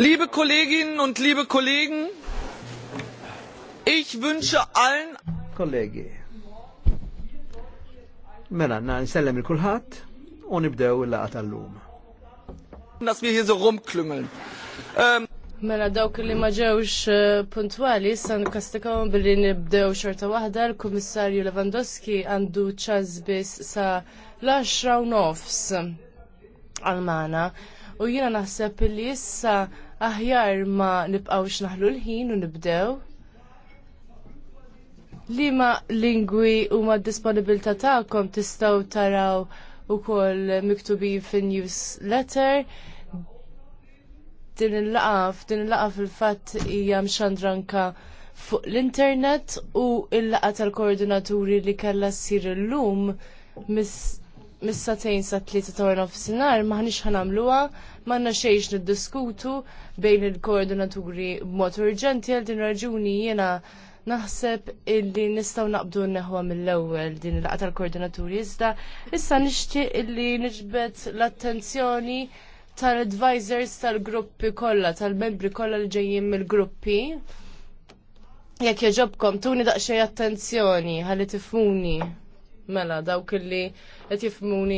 Liebe Kolleginnen und liebe Kollegen, ich wünsche allen Kollegi. Mela, na nsellem il kulħat u nibdew il-laqa tal-lum. Dass wir hier so rumklüngeln. Ähm, mela dawk li maġewx äh, puntuali, san kastikaw billi nibdew xorta wahda, l komissarju Lewandowski għandu ċazbis sa l-10 nofs għal-mana. U jiena naħseb li issa aħjar ma nibqgħux naħlu l-ħin u nibdew. ma lingwi huma d-disponibilità tagħkom tistgħu taraw ukoll miktubin fin-newsletter din il laqaf din il laqaf il fatt hija mxandranka fuq l-internet u il-laqa tal-koordinaturi li kellha ssir illum mis satajn sa tlieta ta' nofsinhar sinar maħnix ħanamluwa manna xejx niddiskutu bejn il-koordinaturi b'mod urġenti għal din raġuni jiena naħseb illi nistaw naqbdu neħwa mill-ewwel din il laqgħa tal-koordinaturi iżda issa nixtieq illi niġbed l-attenzjoni tal-advisors tal-gruppi kollha, tal-membri kollha li ġejjin mill-gruppi. Jekk jogħġobkom tuni daqsxejn attenzjoni ħalli tifuni. Mela, dawk li qed jifmuni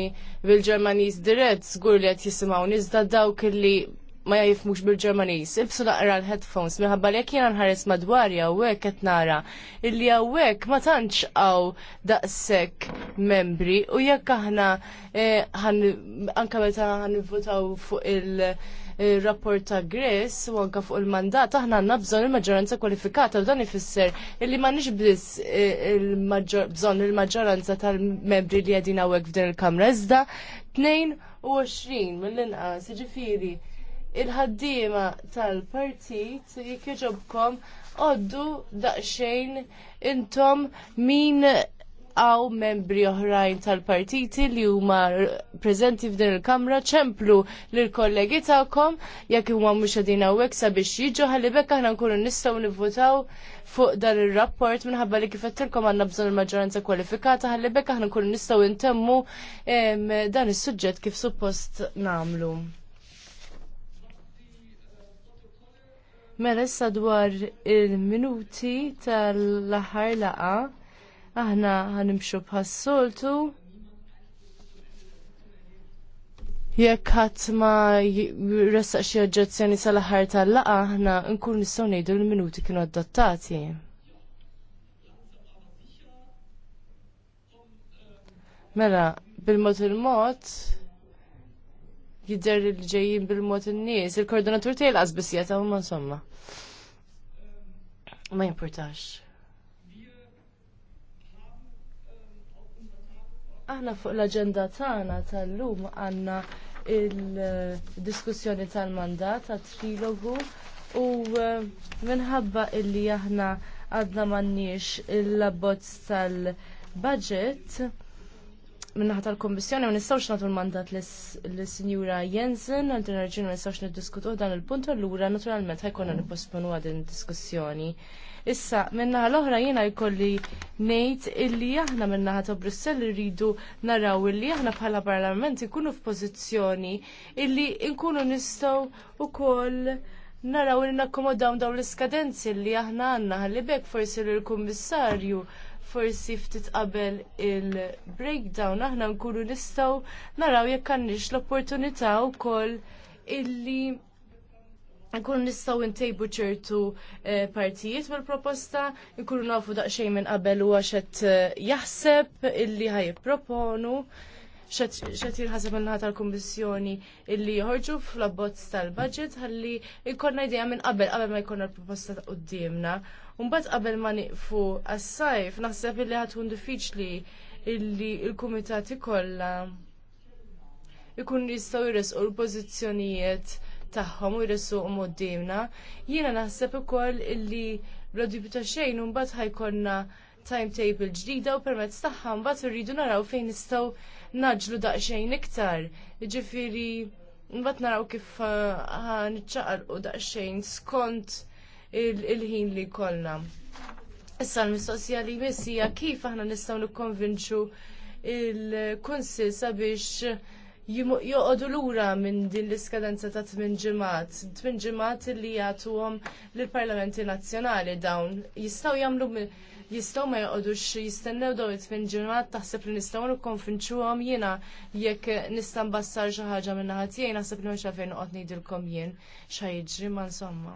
bil-Ġermaniż dirett żgur li qed jisimgħu iżda dawk li ma jifmux bil-Ġermaniż. Ibsu naqra l-headphones minħabba li jekk jiena nħares madwar hekk qed nara illi hawnhekk ma tantx qaw daqshekk membri u jekk aħna eh, anke meta ħanivvutaw fuq il- il-rapport ta' Gress u anka fuq il-mandat aħna għandna bżonn il-maġġoranza kwalifikata u dan ifisser illi nix biss eh, bżonn il-maġġoranza tal-membri li qegħdin hawnhekk f'din il-Kamra iżda 22 mill-inqas, ġifieri il-ħaddiema tal-partit jekk oddu għoddu daqsxejn intom min Aw membri oħrajn tal-partiti li huma prezenti f'din il-kamra ċemplu lill kollegi tagħkom jekk huma mhux qegħdin hawnhekk sabiex jiġu ħalibek aħna nkunu nistgħu nivvotaw fuq dan ir-rapport minħabba li kif qedtilkom għandna bżonn il-maġġoranza kwalifikata ħalibek aħna nkunu nistgħu intemmu dan is-suġġett kif suppost nagħmlu. Mela issa dwar il-minuti tal-aħħar laqa' aħna ħanimxu bħas-soltu. Jekk ħadd ma jressaq xi oġġezzjoni sal-aħħar tal-laqgħa aħna nkun nistgħu ngħidu l-minuti kienu adottati. Mela, bil-mod il-mod jidher li ġejjin bil-mod in-nies, il-koordinatur tiegħi laqas biss ma insomma. Ma jimpurtax. Aħna fuq l-agenda tagħna tal-lum għandna il-diskussjoni tal-mandat ta' trilogu u eh, minħabba illi aħna għadna m'għandniex il-labbozz tal-budget minnaħat tal-Kommissjoni ma nistgħux nagħtu l-mandat lis-Sinjura Jensen għal din raġuni nistawx nistgħux niddiskutuh dan il-punt allura naturalment ħajkonna nipposponu għad din diskussjoni Issa, minna l-oħra jiena jkolli ngħid illi aħna minna ta' Brussell rridu naraw illi aħna bħala parlament ikunu f'pożizzjoni illi nkunu nistgħu ukoll naraw illi nakkomodaw dawn l-iskadenzi li aħna għandna għalli bekk forsi l-kummissarju forsi ftit qabel il-breakdown aħna nkunu nistgħu naraw jekk għandix l-opportunità wkoll illi nkunu nistgħu ntejbu ċertu eh, partijiet mill-proposta, nkunu nafu daqsxejn minn qabel u għaxet eh, jaħseb illi proponu, xed jirħaseb minnaħa tal-Kummissjoni illi joħorġu fl-abbozz tal-budget għalli jkollna idea minn qabel qabel ma jkollna l-proposta ta' qudiemna. Mbagħad qabel ma nieqfu għas-sajf naħseb illi ħatkun diffiċli illi l-kumitat ikollha ikun jistgħu jresqu l-pożizzjonijiet tagħhom u jrissuqhom qudiemna. Jiena naħseb ukoll illi bla dubju ta' xejn u mbagħad ħajkonna timetable ġdida u permezz tagħha mbagħad irridu naraw fejn nistgħu naġlu daqsxejn iktar. Jiġifieri mbagħad naraw kif uh, ħaniċċaqalqu daqsxejn skont il-ħin li jkollna. Issa l-mistoqsija li jmissija kif aħna nistgħu nikkonvinċu il-kunsil sabiex joqogħdu lura minn din l-iskadenza ta' tmien ġimgħat, tmien ġimgħat li jagħtuhom lill-Parlamenti Nazzjonali dawn. Jistgħu jagħmlu jistgħu ma joqogħdux jistennew dawn it-tmien ġimgħat taħseb li nistgħu nikkonfinċuhom jiena jekk nista' mbassar xi ħaġa minn naħat jgħin naħseb li mhux għalfejn noqgħod ngħidilkom jien x'ħajġri ma insomma.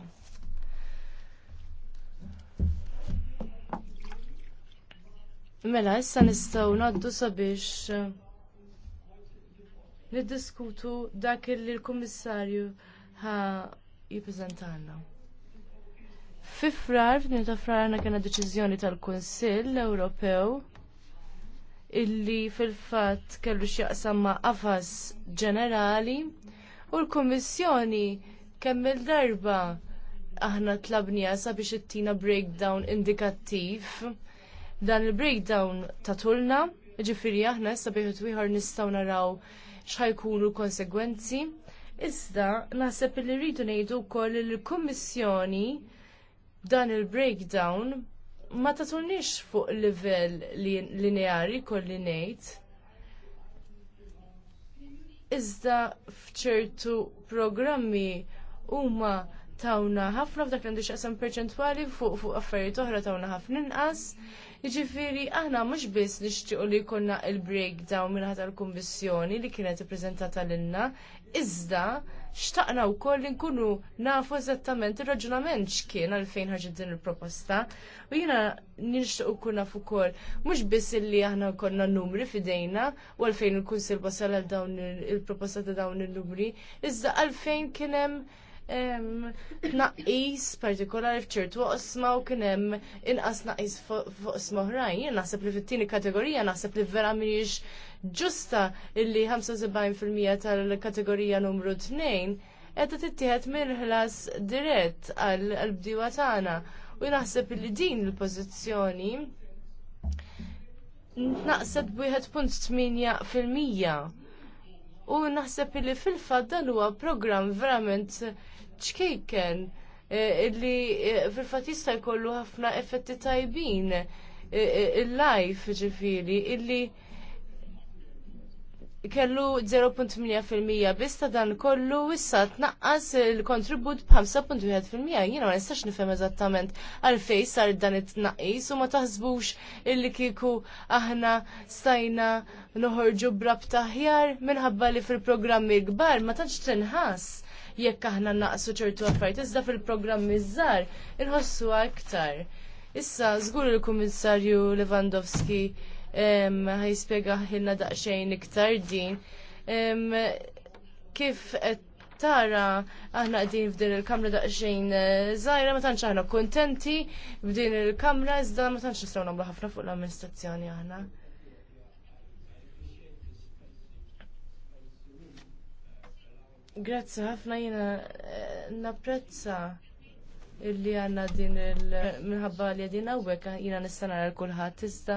Mela, issa nistgħu ngħaddu sabiex niddiskutu dak li l-Kummissarju ħa jippreżentanna. Fifrar, frar, f'din ta' frar kena deċiżjoni tal-Kunsill Ewropew illi fil-fatt kellu xieqsam ma' qafas ġenerali u l-Kummissjoni kemm il-darba aħna tlabnija sabiex it-tina breakdown indikattiv. Dan il-breakdown ta' tulna, ġifiri aħna sabiex twieħor nistgħu naraw x'ħajkunu konsegwenzi. Iżda naħseb li rridu ngħidu wkoll li l-Kummissjoni dan il-breakdown ma tatunix fuq livell lineari kolli ngħid. Iżda fċertu programmi huma tawna ħafna f'dak l-għandu xaqsam perċentwali fuq fuq affarijiet oħra tawna ħafna inqas. Jiġifieri aħna mhux biss nixtiequ li jkollna il-breakdown minn ħadd l-Kummissjoni li kienet ippreżentata lilna, iżda xtaqna wkoll li nkunu nafu eżattament ir-raġunament x'kien għalfejn ħarġet din il-proposta. U jiena nixtieq ukoll nafu ukoll mhux biss illi aħna konna numri f'idejna u għalfejn il-Kunsil wasal għal dawn il-proposta ta' dawn il-numri, iżda għalfejn kien hemm tnaqqis partikolari f'ċertu oqsma u kien hemm inqas naqis fuq oqsma oħrajn. naħseb li fit-tieni kategorija naħseb li vera mhijiex ġusta illi 75% tal-kategorija numru 2 qiegħda tittieħed mill-ħlas dirett għall-bdiewa tagħna. U naħseb li din il-pożizzjoni naqset fil-Mija. u naħseb li fil-fatt dan huwa programm verament ċkejken eh, illi eh, fil fatt jista' jkollu ħafna effetti tajbin eh, il-life ġifiri illi kellu 0.8% biss ta' dan kollu issa tnaqqas il-kontribut b'5.1% jiena ma nistax nifhem eżattament għalfej sar dan it-tnaqqis u ma taħsbux illi kieku aħna stajna noħorġu brabta ħjar minħabba li fil-programmi kbar ma tantx tinħass jekk aħna naqsu ċertu affarijiet, iżda fil-programmi żgħar inħossu aktar. Issa, żgur il-Kummissarju Lewandowski ħajspjega ħilna daqsxejn iktar din. Kif qed tara aħna qegħdin f'din il-kamra daqsxejn eh, żgħira ma tantx aħna kuntenti b'din il-kamra iżda ma tantx nistgħu nagħmlu ħafna fuq l-amministrazzjoni aħna. Grazzi ħafna jina eh, napprezza illi għanna din il-minħabba li għadin għawek jina nista nara l-kulħat, tista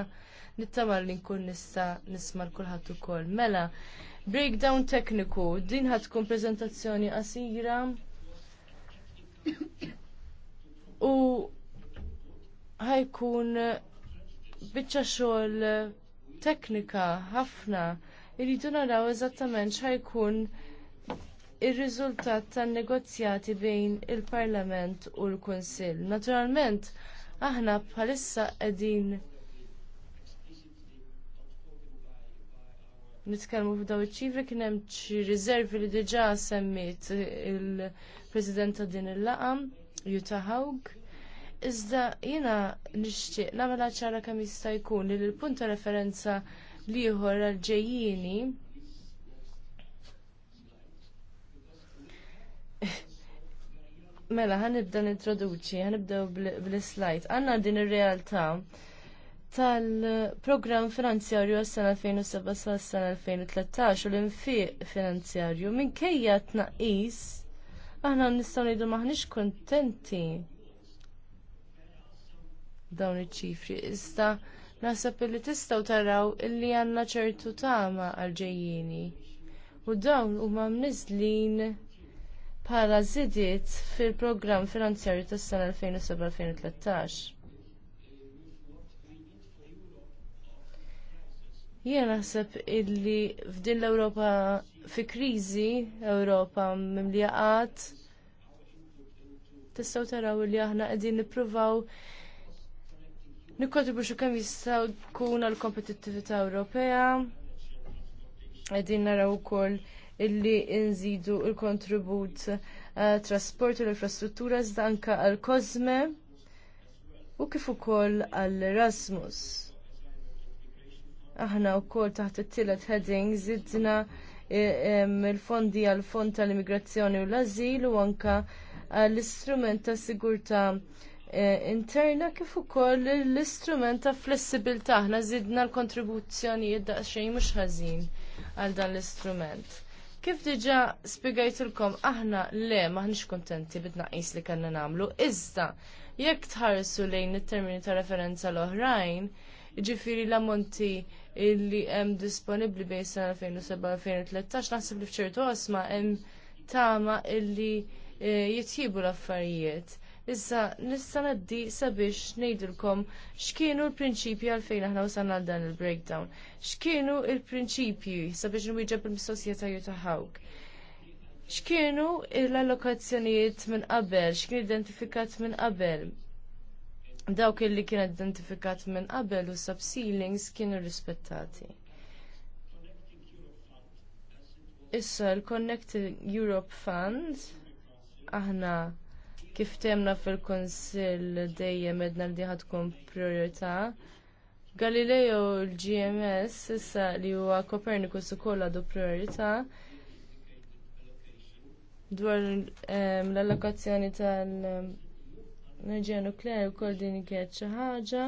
nittamar li nkun nista nisma l-kulħat u kol. Mela, breakdown tekniku, din ħat prezentazzjoni qasira u ħajkun bieċa xogħol teknika ħafna irridu naraw eżattament x'ħajkun jkun ir-riżultat tan-negozjati bejn il-Parlament u l-Kunsill. Naturalment, aħna bħalissa qegħdin nitkellmu f'daw iċ-ċifri kien hemm xi riservi li diġà semmit il-President ta' din il-laqam, Jutta Hawg. Iżda jiena nixtieq nagħmel ċara kemm jista' jkun li l-punt ta' referenza liħor għal ġejjini Mela, ħanibda nintroduċi, nibda bl slajt Għanna din ir-realtà tal-programm finanzjarju għas-sena 2007 sa' sena 2013 u l-infiq finanzjarju minkejja tnaqis aħna nistgħu ngħidu maħniex kuntenti dawn iċ-ċifri. issa naħseb li tistgħu taraw illi għandna ċertu tama għal ġejjini U dawn huma mniżlin bħala żidiet fil-programm finanzjarju tas-sena 2007-2013. Jien naħseb illi f'din l-Ewropa fi kriżi, Ewropa mimlija qatt, tistgħu taraw li aħna qegħdin nippruvaw nikkontribwixxu kemm jistgħu jkun għall kompetittività Ewropea. Qegħdin naraw ukoll illi nżidu l kontribut eh, trasport u l-infrastruttura iżda anke għall kozme u kif ukoll għall Erasmus. Aħna wkoll taħt it-tielet heading zidna eh, il-fondi għall fond tal-immigrazzjoni u l-azil u anke għall-istrument ta' sigurtà eh, interna kif ukoll l-istrument ta' flessibilità aħna żidna l-kontribuzzjonijiet daqsxejn mhux ħażin għal dan l-istrument. Kif diġa spiegajtulkom, aħna le maħnix kontenti bid-naqis li kanna namlu, iżda jekk tħarsu lejn it-termini ta' referenza l-oħrajn, ġifiri l-ammonti li hemm disponibbli bejn sena 2007-2013, naħseb li fċertu osma hemm tama illi eh, jitjibu l-affarijiet. Issa nista' naddi sabiex ngħidilkom x'kienu l-prinċipji għalfejn aħna wasalna għal dan il-breakdown. X'kienu l-prinċipji sabiex nwieġeb il-mistoqsija ta' Hawk. X'kienu l-allokazzjonijiet minn qabel, x'kien identifikat minn qabel. Dawk li kien identifikat minn qabel u sub-ceilings kienu rispettati. Issa l connecting Europe Fund aħna Kif temna fil-Konsil dejjem edna li tkun priorità. Galileo l-GMS issa li huwa Copernicus ukoll għadu priorità dwar ehm, l-allokazzjoni tal-enerġija nukleari wkoll din kienet xi ħaġa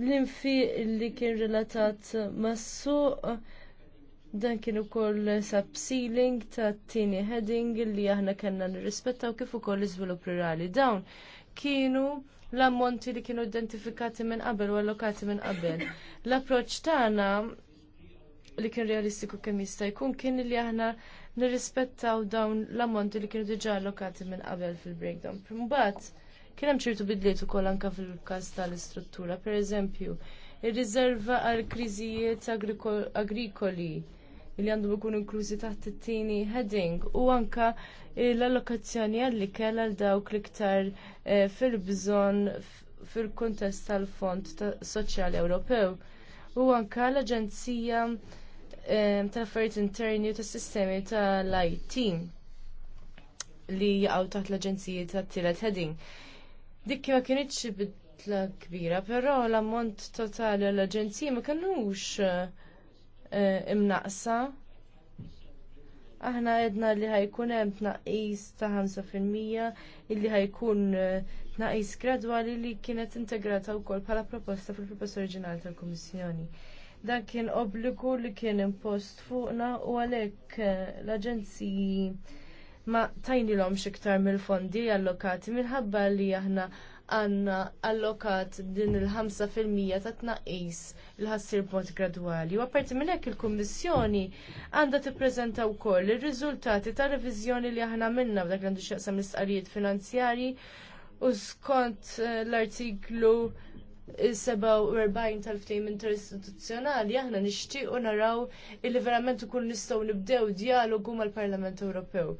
l-infi li kien relatat mas-suq Dan kien ukoll sub-sealing ta' tini heading li aħna kellna nirrispettaw kif ukoll iżvilupp rurali. Dawn kienu l-ammonti li kienu identifikati minn qabel u allokati minn qabel. L-approċċ tagħna li kien realistiku kemm jista' jkun kien li aħna nirrispettaw dawn l-ammonti li kienu diġà allokati minn qabel fil-breakdown. Mbagħad kien hemm ċertu bidliet ukoll anke fil-każ tal-istruttura, pereżempju, ir-riserva għal kriżijiet agrikoli li għandu ikunu inklużi taħt it tini heading u anka l-allokazzjoni għalli kell għal dawk l-iktar eh, fil-bżonn fil-kuntest tal-Fond Soċjali Ewropew u anka l-Aġenzija eh, tal-Affarijiet Interni u tas-Sistemi tal-IT li jaqgħu taħt l-Aġenziji tat-tielet heading. Dik ma kienitx bidla kbira, però l-ammont totali l-Aġenziji ma kinux eh, Eh, imnaqsa. Aħna għedna li ħajkun hemm tnaqqis ta' 5% illi ħajkun eh, tnaqis gradwali li kienet integrata wkoll bħala proposta fil-proposta oriġinali tal-Kummissjoni. Dan kien obbligu li kien impost fuqna u għalhekk eh, l-aġenziji ma tajnilhom xiktar mill-fondi allokati minħabba li aħna għanna allokat din il-5% ta' tnaqqis il-ħassir b'mod gradwali. U apparti minn hekk il-Kummissjoni għandha tippreżenta wkoll ir-riżultati ta' reviżjoni li aħna minna b'dak li għandu xaqsam l-istqarijiet finanzjarji u skont eh, l-artiklu 47 tal-ftejm interistituzzjonali aħna nixtiequ naraw li verament ikun nistgħu nibdew dialogu mal-Parlament Ewropew.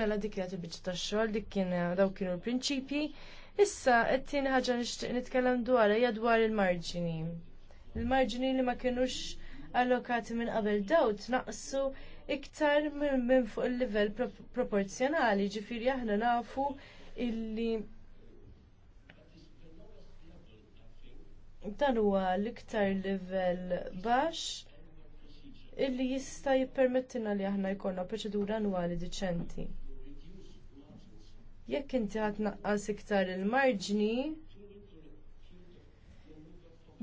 Mela dik kienet il-biċċa tax-xogħol, dik kien eh, daw kienu l-prinċipji. Issa qed tieni ħaġa nixtieq nitkellem dwar hija dwar il-marġini. Il-marġini li ma kinux allokati minn qabel daw tnaqsu iktar minn fuq il-livell proporzjonali, ġifiri aħna nafu illi dan huwa l-iktar livell baxx illi jista' jippermettina li aħna jkollna proċedura annwali diċenti jekk inti għad naqqas iktar il-marġni,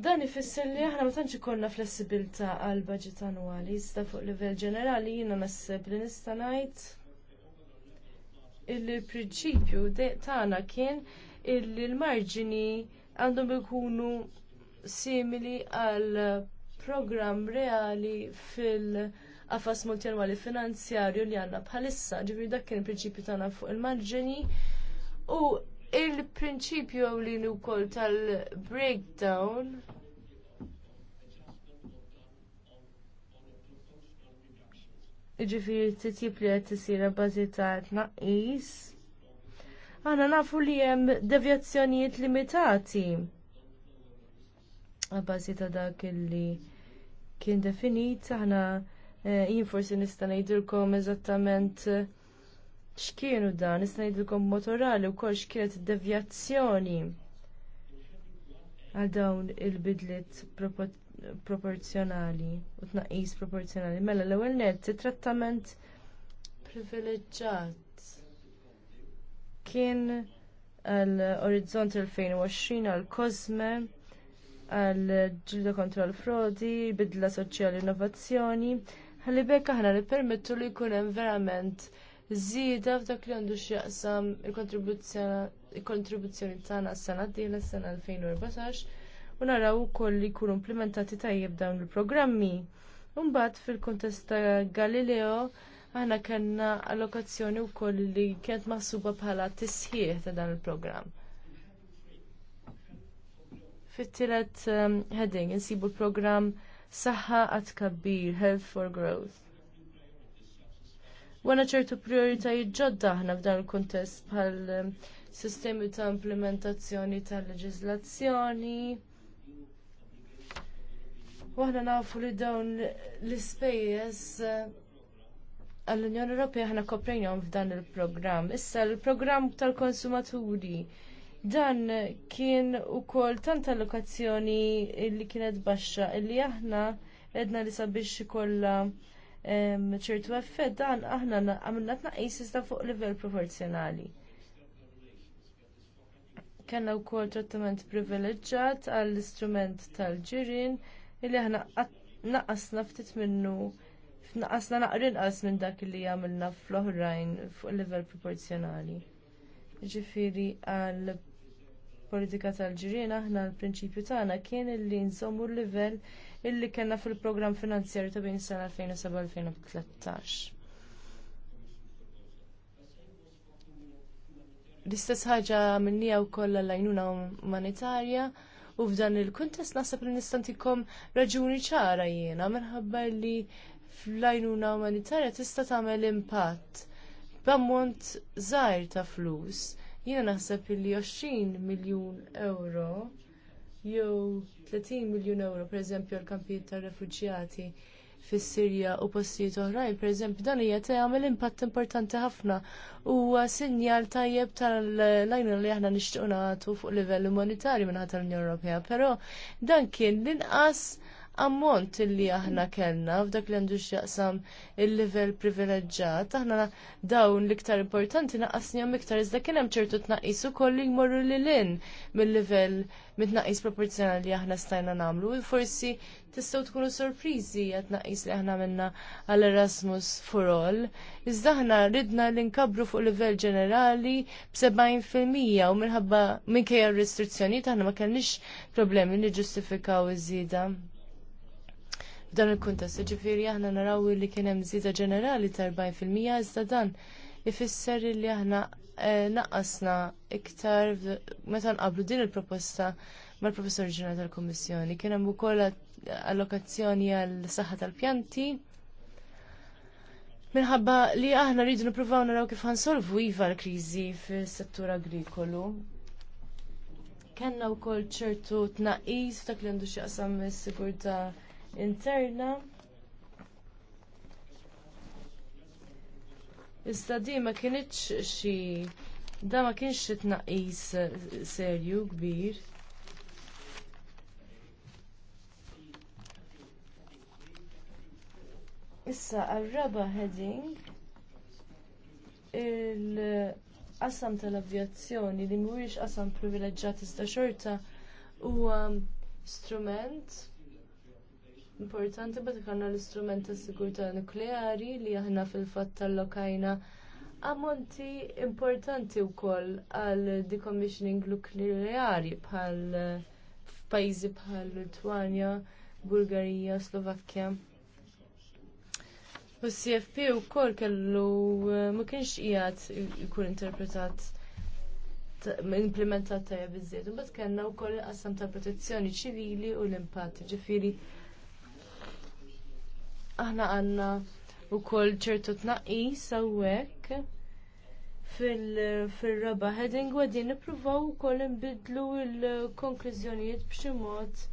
dan ifisser li aħna ma tantx ikollna flessibilità għal budget annwali, iżda fuq livell ġenerali jiena naħseb li nista' ngħid illi l-prinċipju tagħna kien illi l-marġini għandhom ikunu simili għal programm reali fil- għafas multjanwali finanzjarju li għanna bħalissa, ġifiri dak kien il-prinċipju tagħna fuq il-marġini u il-prinċipju li kol tal-breakdown Ġifiri t-tip li għed t-sira bazi ta' tnaqis. Għana nafu li jem devjazzjonijiet limitati. Għabazi ta' dak li kien definit, għana Eh, jien forsi nista' ngħidilkom eżattament eh, x'kienu dan, nista' ngħidilkom motorali wkoll x'kienet id-devjazzjoni għal dawn il-bidliet proporzjonali u tnaqqis proporzjonali. Mela l-ewwel nett it-trattament privileġġjat kien għal orizzont 2020 għal kosme għal ġilda kontra l-frodi, bidla soċjali innovazzjoni, Ħalli bekk aħna nippermettu li jkun hemm verament żieda f'dak li għandu x'jaqsam il-kontribuzzjoni tagħna s-sena d-dieħla s-sena 2014 u naraw ukoll li jkunu implementati tajjeb dawn il-programmi. Imbagħad fil kuntest ta' Galileo aħna kellna allokazzjoni wkoll li kienet maħsuba bħala tisħiħ ta' dan il-programm fit-tielet um, heading insibu l-programm saħħa għat kabbir, health for growth. Wana ċertu prioritajiet ġodda aħna f'dan il-kuntest bħal ehm, sistemi ta' implementazzjoni ta' leġizlazzjoni. Waħna nafu li dawn l-ispejjeż ehm, għall-Unjoni Ewropea ħna koprejnjom f'dan il-programm. Issa l-programm tal-konsumaturi Dan kien ukoll tant allokazzjoni li kienet baxxa illi aħna edna li sabiex ikollha ċertu effett dan aħna għamilna tnaqqis iżda fuq livell proporzjonali. Kellna wkoll trattament privileġġjat għall-istrument tal-ġirien illi aħna naqqasna ftit minnu f'naqasna naqrin qas minn dak li għamilna fl-oħrajn fuq livell proporzjonali. Ġifiri għal politika tal-ġirien aħna l-prinċipju tagħna kien illi nżommu l-livell illi kellna fil-programm finanzjarju ta' bejn sena 2007-2013. L-istess ħaġa minnija wkoll l-għajnuna umanitarja u f'dan il-kuntest naħseb li nistantikom raġuni ċara jiena minħabba li fl-għajnuna umanitarja tista' tagħmel impatt b'ammont żgħir ta' flus Jiena naħseb li 20 miljun euro jew 30 miljun euro pereżempju għall kampijiet tar refuġjati fis-Sirja u postijiet oħrajn, pereżempju dan hija tagħmel impatt importanti ħafna huwa sinjal tajjeb tal-lajna li aħna nixtiequ nagħtu fuq livell umanitarju minn l-Unjoni Ewropea, però dan kien l-inqas ammont illi aħna kellna f'dak li għandu x'jaqsam il-livell privileġġjat, aħna dawn l-iktar importanti naqqasnihom iktar iżda kien hemm ċertu tnaqqis ukoll li jmorru lil in mill-livell mit-tnaqqis proporzjonali li aħna stajna nagħmlu. Forsi tistgħu tkunu sorpriżi għat tnaqqis li aħna minna għal Erasmus for All. Iżda aħna ridna li nkabru fuq livell ġenerali b'70% u minħabba minkejja r-restrizzjonijiet aħna ma kellniex problemi li ġustifikaw iż-żieda f'dan il-kuntest. Ġifieri aħna naraw li kien hemm żieda ġenerali ta' 40% iżda dan ifisser li aħna eh, naqqasna iktar meta nqablu din il-proposta mal-Professor Ġenerali tal-Kummissjoni. Kien hemm ukoll allokazzjoni għall saħħa tal-pjanti. Minħabba li aħna rridu nippruvaw naraw kif ħansolvu iva l-kriżi fis-settur agrikolu. Kenna wkoll ċertu tnaqqis f'dak li għandu xi qasam sigurtà interna. Iżda di ma kienieċ xi da ma kienx xi tnaqqis serju kbir. Issa għal-raba heading il-qasam tal-avjazzjoni li mhuwiex qasam privileġġjat iżda xorta huwa strument importanti bat ikanna l-istrument ta' sigurtà nukleari li aħna fil fat tal-lokajna ammonti importanti wkoll għal decommissioning nukleari bħal f'pajjiżi bħal Litwanja, Bulgarija, Slovakkja. U CFP u koll kellu ma kienx ijat jkun interpretat implementat tajja bizzejt. U bat kellna wkoll koll qasam ta' protezzjoni ċivili u l-impatt. Ġifiri, aħna għandna wkoll ċertu tnaqqis hawnhekk fil-raba heading u għadin nippruvaw ukoll inbidlu l-konklużjonijiet b'xi mod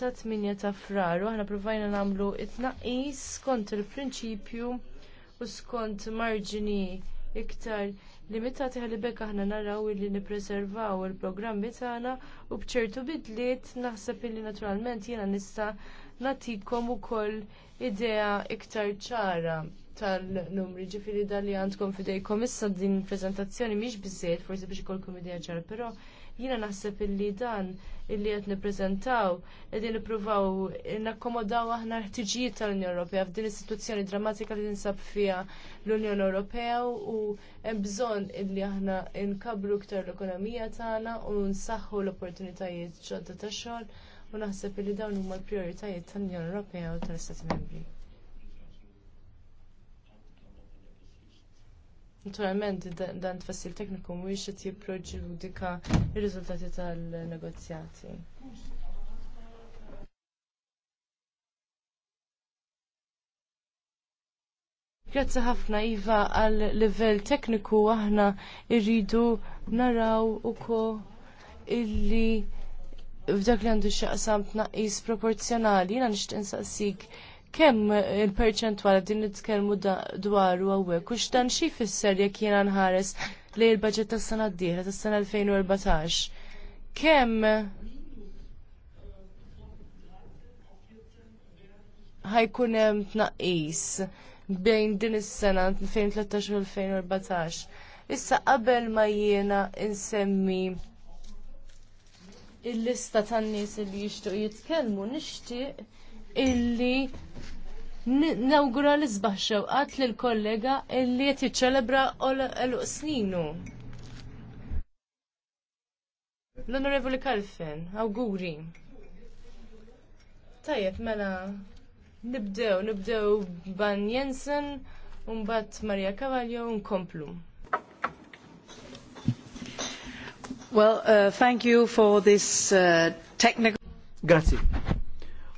ta' tminja ta' Fraru. aħna provajna nagħmlu t tnaqqis skont il-prinċipju u skont marġini iktar limitati ħalli bekk aħna naraw li nippreservaw il-programmi tagħna u bċertu bidliet naħseb illi naturalment jiena nista' natikom ukoll idea iktar ċara tal-numri ġifiri li għandkom fidejkom issa din prezentazzjoni miex bizzejt, forsi biex kolkom idea ċara, pero jina naħseb illi dan illi qed nippreżentaw qegħdin nippruvaw nakkomodaw aħna l-ħtiġijiet tal-Unjoni Ewropea f'din is drammatika li ninsab fiha l-Unjoni Ewropea u hemm bżonn illi aħna nkabru iktar l-ekonomija tagħna u nsaħħu l-opportunitajiet ġodda tax-xogħol u naħseb li dawn huma l-prijoritajiet tal-Unjoni Ewropea u tal-Istati Membri. Naturalment dan tfassil tekniku mhuwiex qed jipproġudika r-riżultati tal-negozjati. Grazzi ħafna Iva għal livell tekniku aħna irridu naraw ukoll illi f'dak li għandu xaqsam tnaqqis proporzjonali, jina nixtieq insaqsik kemm il perċentwali din nitkellmu u hawnhekk u x'dan xi jfisser jekk jiena nħares li l-baġġett tas-sena d-dieħla tas-sena 2014. Kemm ħajkun hemm tnaqqis bejn din is-sena 2013 u 2014. Issa qabel ma jiena insemmi il-lista tan-nies li jixtiequ jitkellmu nixtieq illi nawgura l-isbaħ xewqat lil kollega illi qed jiċċelebra eluq sninu. L-Onorevoli Kalfin, awguri. Tajjeb, mela nibdew, nibdew ban Jensen, un bat Maria Cavallo, un komplum. Well, uh, thank you for this uh, technical... Grazie.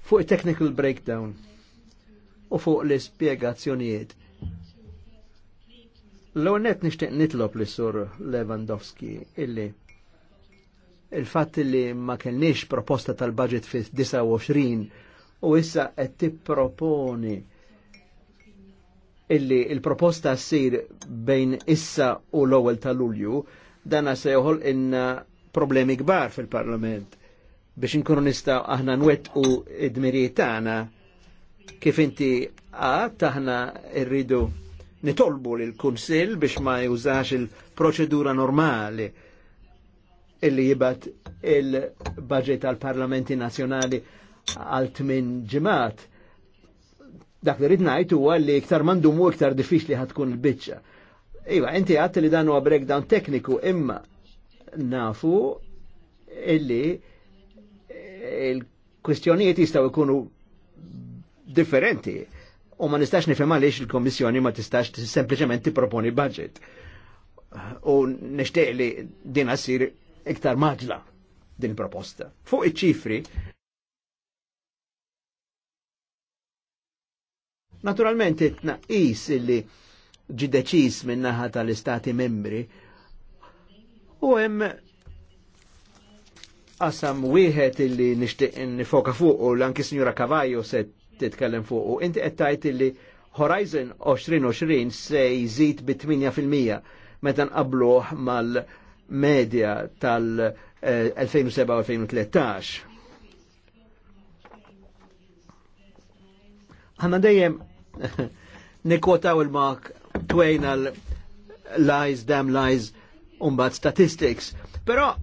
Fuq technical breakdown u fuq l-spiegazzjonijiet. L-għonet nishtiq nitlob li sur Lewandowski illi il fat li ma kellniex proposta tal-budget fi 29 u issa qed tipproponi illi il-proposta ssir bejn issa u l-ewwel ta' Lulju dana se joħol inna uh, problemi kbar fil-parlament biex inkunu nistaw aħna nwet u id-mirijiet tagħna kif inti għad aħna rridu nitolbu l kunsill biex ma jużax il-proċedura normali illi jibat il-budget għal parlamenti nazjonali għal tmin ġimat. Dak li rrid ngħid huwa li iktar mandumu iktar diffiċli ħatkun il-biċċa Iva, inti għatt li dan huwa breakdown tekniku imma nafu illi il-kwistjonijiet jistaw ikunu differenti u ma nistax nifema għaliex il komissjoni ma tistax sempliċement tipproponi budget. U nixtieq li din assir iktar maġla din proposta. Fuq iċ-ċifri, naturalment it naqis illi ġi deċis minn naħa tal-istati membri. U hemm qasam wieħed illi nixtieq nifoka fuq u l-anki Sinjura Kavajo se titkellem fuq u inti qed tgħid illi Horizon 2020 se jżid bi 8% fil-mija meta nqabluh mal-medja tal-2007-2013. Ħanna dejjem nikwotaw il-mak twain twejna lies, damn lies, umbat statistics. Però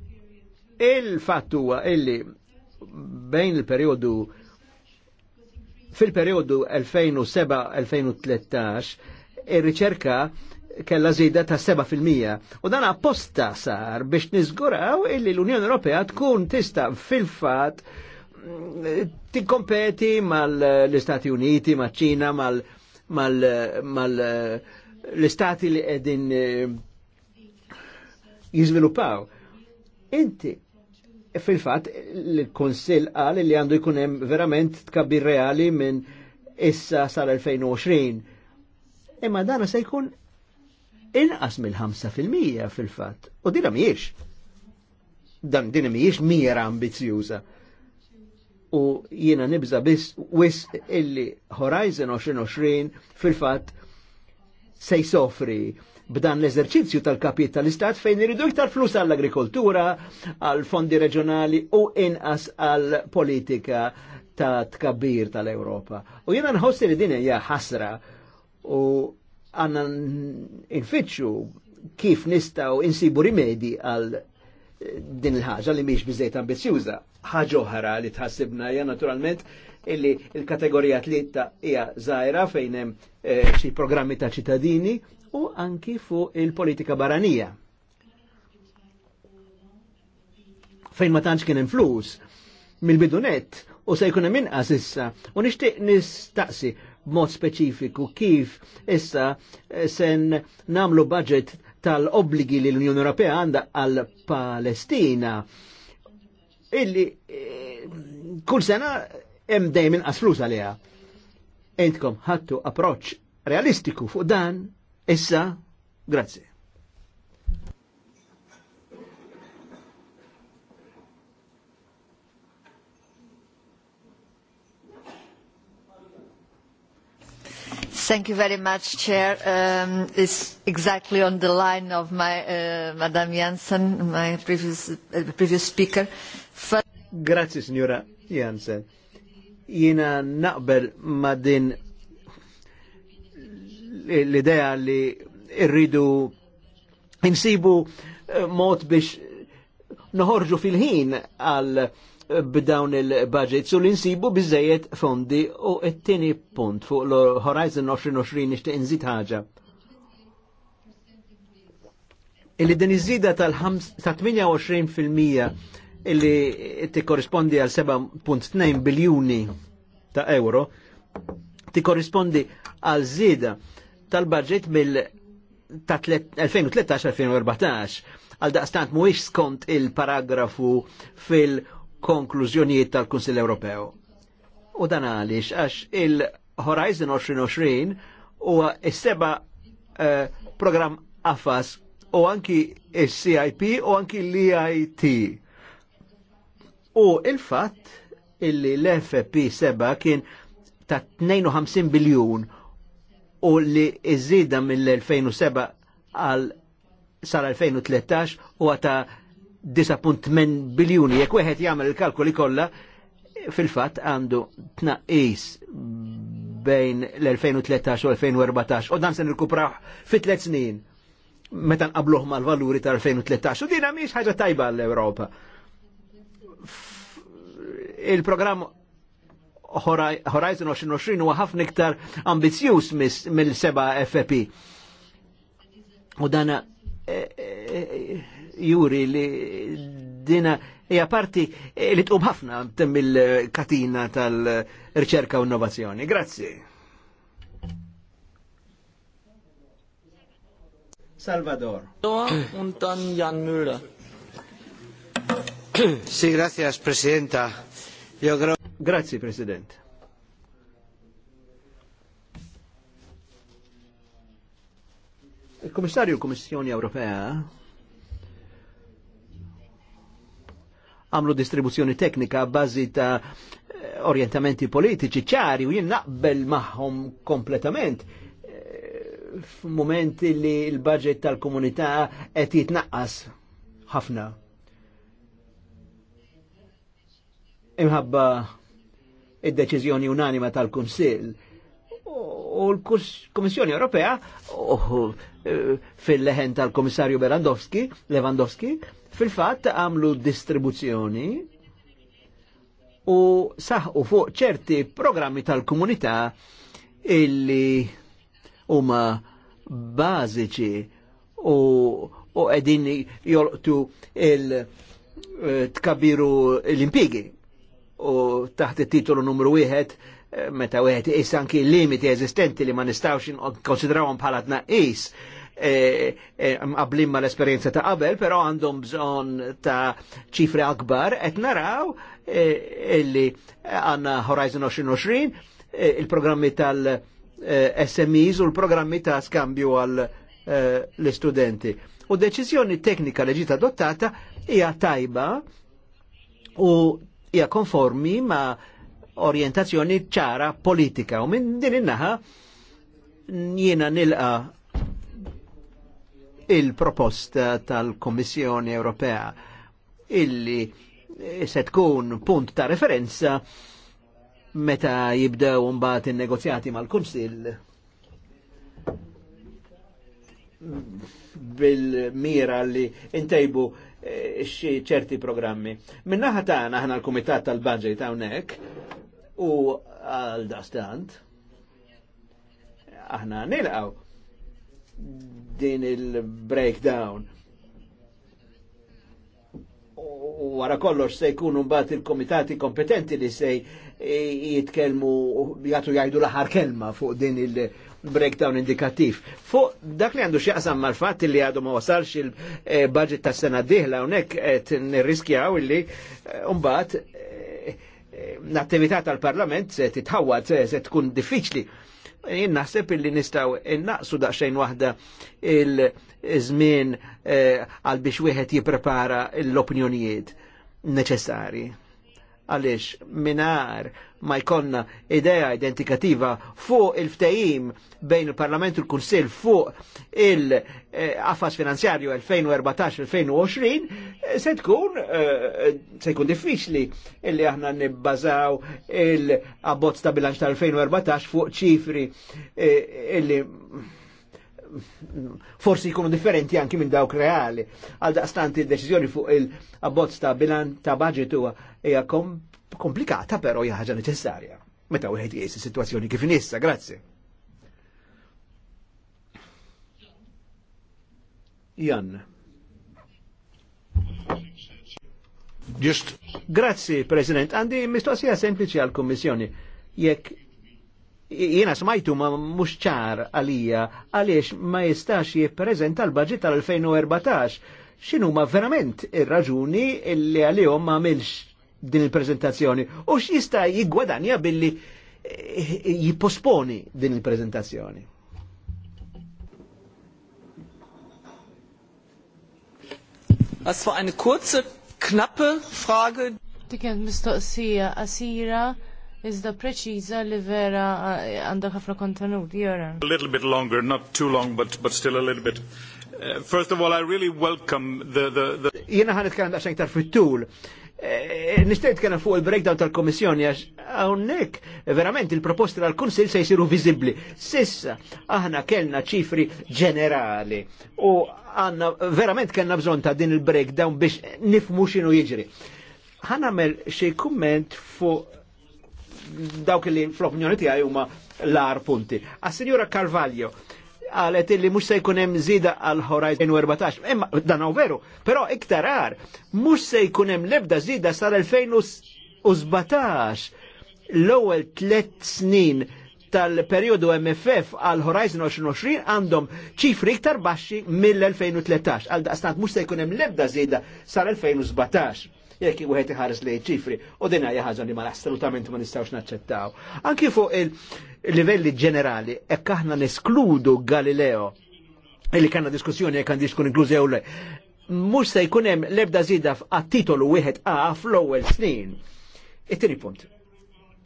il-fatt huwa illi bejn il-periodu fil-periodu 2007-2013 ir-riċerka kella zida ta' 7% u dan apposta sar biex nizguraw illi l-Unjoni Ewropea tkun tista fil-fat mm, tikkompeti mal-Istati Uniti, mal-ċina, mal-Russja, mal, mal, mal, mal l-istati li għedin eh, jizvilupaw. Inti, e fil-fat, l-Konsil għal li għandu jkunem verament tkabbir reali minn issa sal-2020. Imma dana se jkun inqas mill-5% fil-fat. U dina miex. Dan dina miex mira ambizjuża. U jiena nibza biss wis illi Horizon 2020 fil-fat se jsofri b'dan l-eżerċizzju tal kapitalistat fejn iridu iktar flus għall-agrikoltura, għall-fondi reġjonali u inqas għall-politika ta' tkabbir tal ewropa U jena nħossi li din hija ħasra u għanna nfittxu kif nistaw insibu rimedi għal din il-ħaġa li miex bizzejt ambizjuża. Ħaġa oħra li tħassibna hija naturalment illi il-kategorija tlitta hija zaħira fejn hemm eh, xi programmi ta' ċittadini u anki fuq il-politika baranija. Fejn ma tantx kien hemm flus mill-bidunet u se jkun hemm inqas issa u nixtieq nistaqsi b'mod speċifiku kif issa eh, sen namlu budget tal-obbligi li l-Unjoni Ewropea għandha għal Palestina illi eh, kull sena hemm dejjem inqas flus għaliha. Intkom ħattu approċċ realistiku fuq dan issa grazzi. Thank you very much, Chair. Um, it's exactly on the line of my uh, Madame Janssen, my previous, uh, previous speaker. Grazie, signora Janssen. Jiena naqbel ma din l-idea li rridu insibu eh, mod biex noħorġu fil-ħin għal eh, b'dawn il-budgets u l-insibu bizzejiet fondi u it-tieni punt fuq l-Horizon 2020 nixtieq inżid ħaġa. Illi din iżida tal-28% illi ti korrispondi għal 7.2 biljuni ta' euro, ti korrispondi għal zida tal-budget mill ta' 2013-2014 għal daqstant muwix skont il-paragrafu fil-konklużjonijiet tal-Kunsill Ewropew. U dan għaliex għax il-Horizon 2020 huwa s-seba uh, program AFAS u anki il-CIP u anki l-EIT u il-fatt illi l-FP7 kien ta' 52 biljun u li iżida mill-2007 għal sal-2013 u għata 10.8 biljuni. Jek weħet jagħmel il-kalkoli kollha, fil-fatt għandu tnaqis bejn l-2013 u l-2014 u dan se kupraħ fit tliet snin meta qabluħ mal-valuri tal-2013 u dina mhix ħaġa tajba l-Ewropa il-programm Horizon 2020 huwa ħafna iktar ambizjuż mill-seba FP. U dana eh, eh, juri li dina hija parti li tqum ħafna il katina tal-riċerka u innovazzjoni. Grazzi. Salvador. Un tan Jan Müller sì, grazie Presidenta. Io creo... Grazie Presidente. Il-Komissarju Komissjoni Ewropea għamlu distribuzzjoni teknika bazi ta' eh, orientamenti politiċi ċari u jinnaqbel naqbel maħħom kompletament eh, f'mumenti li l-budget tal-komunità qed jitnaqqas ħafna. imħabba id-deċiżjoni unanima tal-Kunsill u l-Komissjoni Ewropea oh, fil-leħen tal-Komissarju Berandowski, Lewandowski, fil-fatt għamlu distribuzzjoni u saħu fuq ċerti programmi tal-komunità illi huma bażiċi u u qegħdin jolqtu il eh, tkabiru l-impigi u taħt it-titolu numru wieħed eh, meta wieħed is anki limiti eżistenti li ma nistgħux konsidrawhom bħala tnaqqis eh, eh, qablin ma l esperjenza ta' qabel, però għandhom bżonn ta' ċifri akbar, et naraw illi għandna Horizon 2020, il-programmi tal-SMEs u l-programmi ta' skambju għal l-istudenti. U deċizjoni teknika li ġiet adottata hija tajba u hija konformi ma' orientazzjoni ċara politika u minn din innaħa jiena nilqa il-proposta tal-Kommissjoni Ewropea illi se tkun punt ta' referenza meta jibdew mbagħad in-negozjati mal-Kunsill bil-mira li intejbu xi ċerti programmi. Minnaħa tagħna aħna l-Kumitat tal-Budget hawnhekk u għal dastant aħna nilqaw din il-breakdown. U wara kollox se jkunu mbagħad il-komitati kompetenti li se jitkellmu jagħtu jgħidu l-aħħar kelma fuq din il- breakdown indikativ. Fuq dak li għandu xieqsam mal-fat li għadu ma wasalx il-budget ta' sena diħla unek nirriskjaw illi eh, umbat eh, eh, l-attività tal-parlament se titħawad, se tkun diffiċli. Jien naħseb illi nistaw innaqsu daqsxejn waħda il-żmien għal biex wieħed jipprepara l-opinjonijiet neċessari għalix minar ma jkonna idea identikativa fuq il-ftajim bejn il-Parlament u l-Kunsil fuq il-qafas finanzjarju 2014-2020 eh, se tkun eh, se jkun diffiċli illi aħna nibbażaw il-abbozz ta' bilanċ tal-2014 fuq ċifri eh, illi forsi jkunu differenti anki minn dawk reali. Għal daqstanti il deċizjoni fuq il-abbozz ta' bilan ta' budget huwa hija komplikata però hija ħaġa neċessarja. Meta wieħed jgħis is-sitwazzjoni kif inissa, grazzi. Jan. Just. Grazzi, President. Għandi mistoqsija sempliċi għal-Kommissjoni. Jekk jiena smajtu ma mhux ċar għalija għaliex ma jistax jippreżenta l-budget tal-2014. Xinu ma verament il raġuni li għalihom ma għamilx din il-preżentazzjoni u x'jista' jiggwadanja billi eh, jipposponi din il-preżentazzjoni. Was war eine kurze, knappe Frage? Dikken mistoqsija għasira iżda preċiża li vera eh, għandha ħafna kontenut, jara. A little bit longer, not too long, but, but still a little bit. Uh, first of all, I really welcome the... the, the... Jena ħan itkellem daqsxejn iktar fit-tul. Eh, Nishtiq nitkellem fuq il-breakdown tal-Komissjoni għax hawnhekk verament il-proposti tal-Kunsill se jisiru viżibbli. Sissa aħna kellna ċifri ġenerali u għanna, verament kellna bżon ta' din il-breakdown biex nifmu xinu x'inhu jiġri. Ħanamel xie komment fuq dawk li fl-opinjoni tiegħi huma l-ar punti. A Signora Carvalho, għalet illi mux se hemm zida għal Horizon 2014. Emma, dan u veru, pero iktar għar, mux se hemm lebda zida sar 2017. L-ewel tlet snin tal-periodu MFF għal Horizon 2020 għandhom ċifri iktar baxxi mill-2013. Għal daqstant mux se hemm lebda zida sar 2017 jekk wieħed iħares lejn ċifri u din hija ħaġa li ma assolutament ma nistgħux naċċettaw. Anki fuq il-livelli ġenerali hekk aħna neskludu Galileo illi kanna diskussjoni jekk għandix tkun inkluzi jew le. Mhux se jkun hemm l-ebda żieda għat-titolu wieħed għaf fl-ewwel snin. It-tieni punt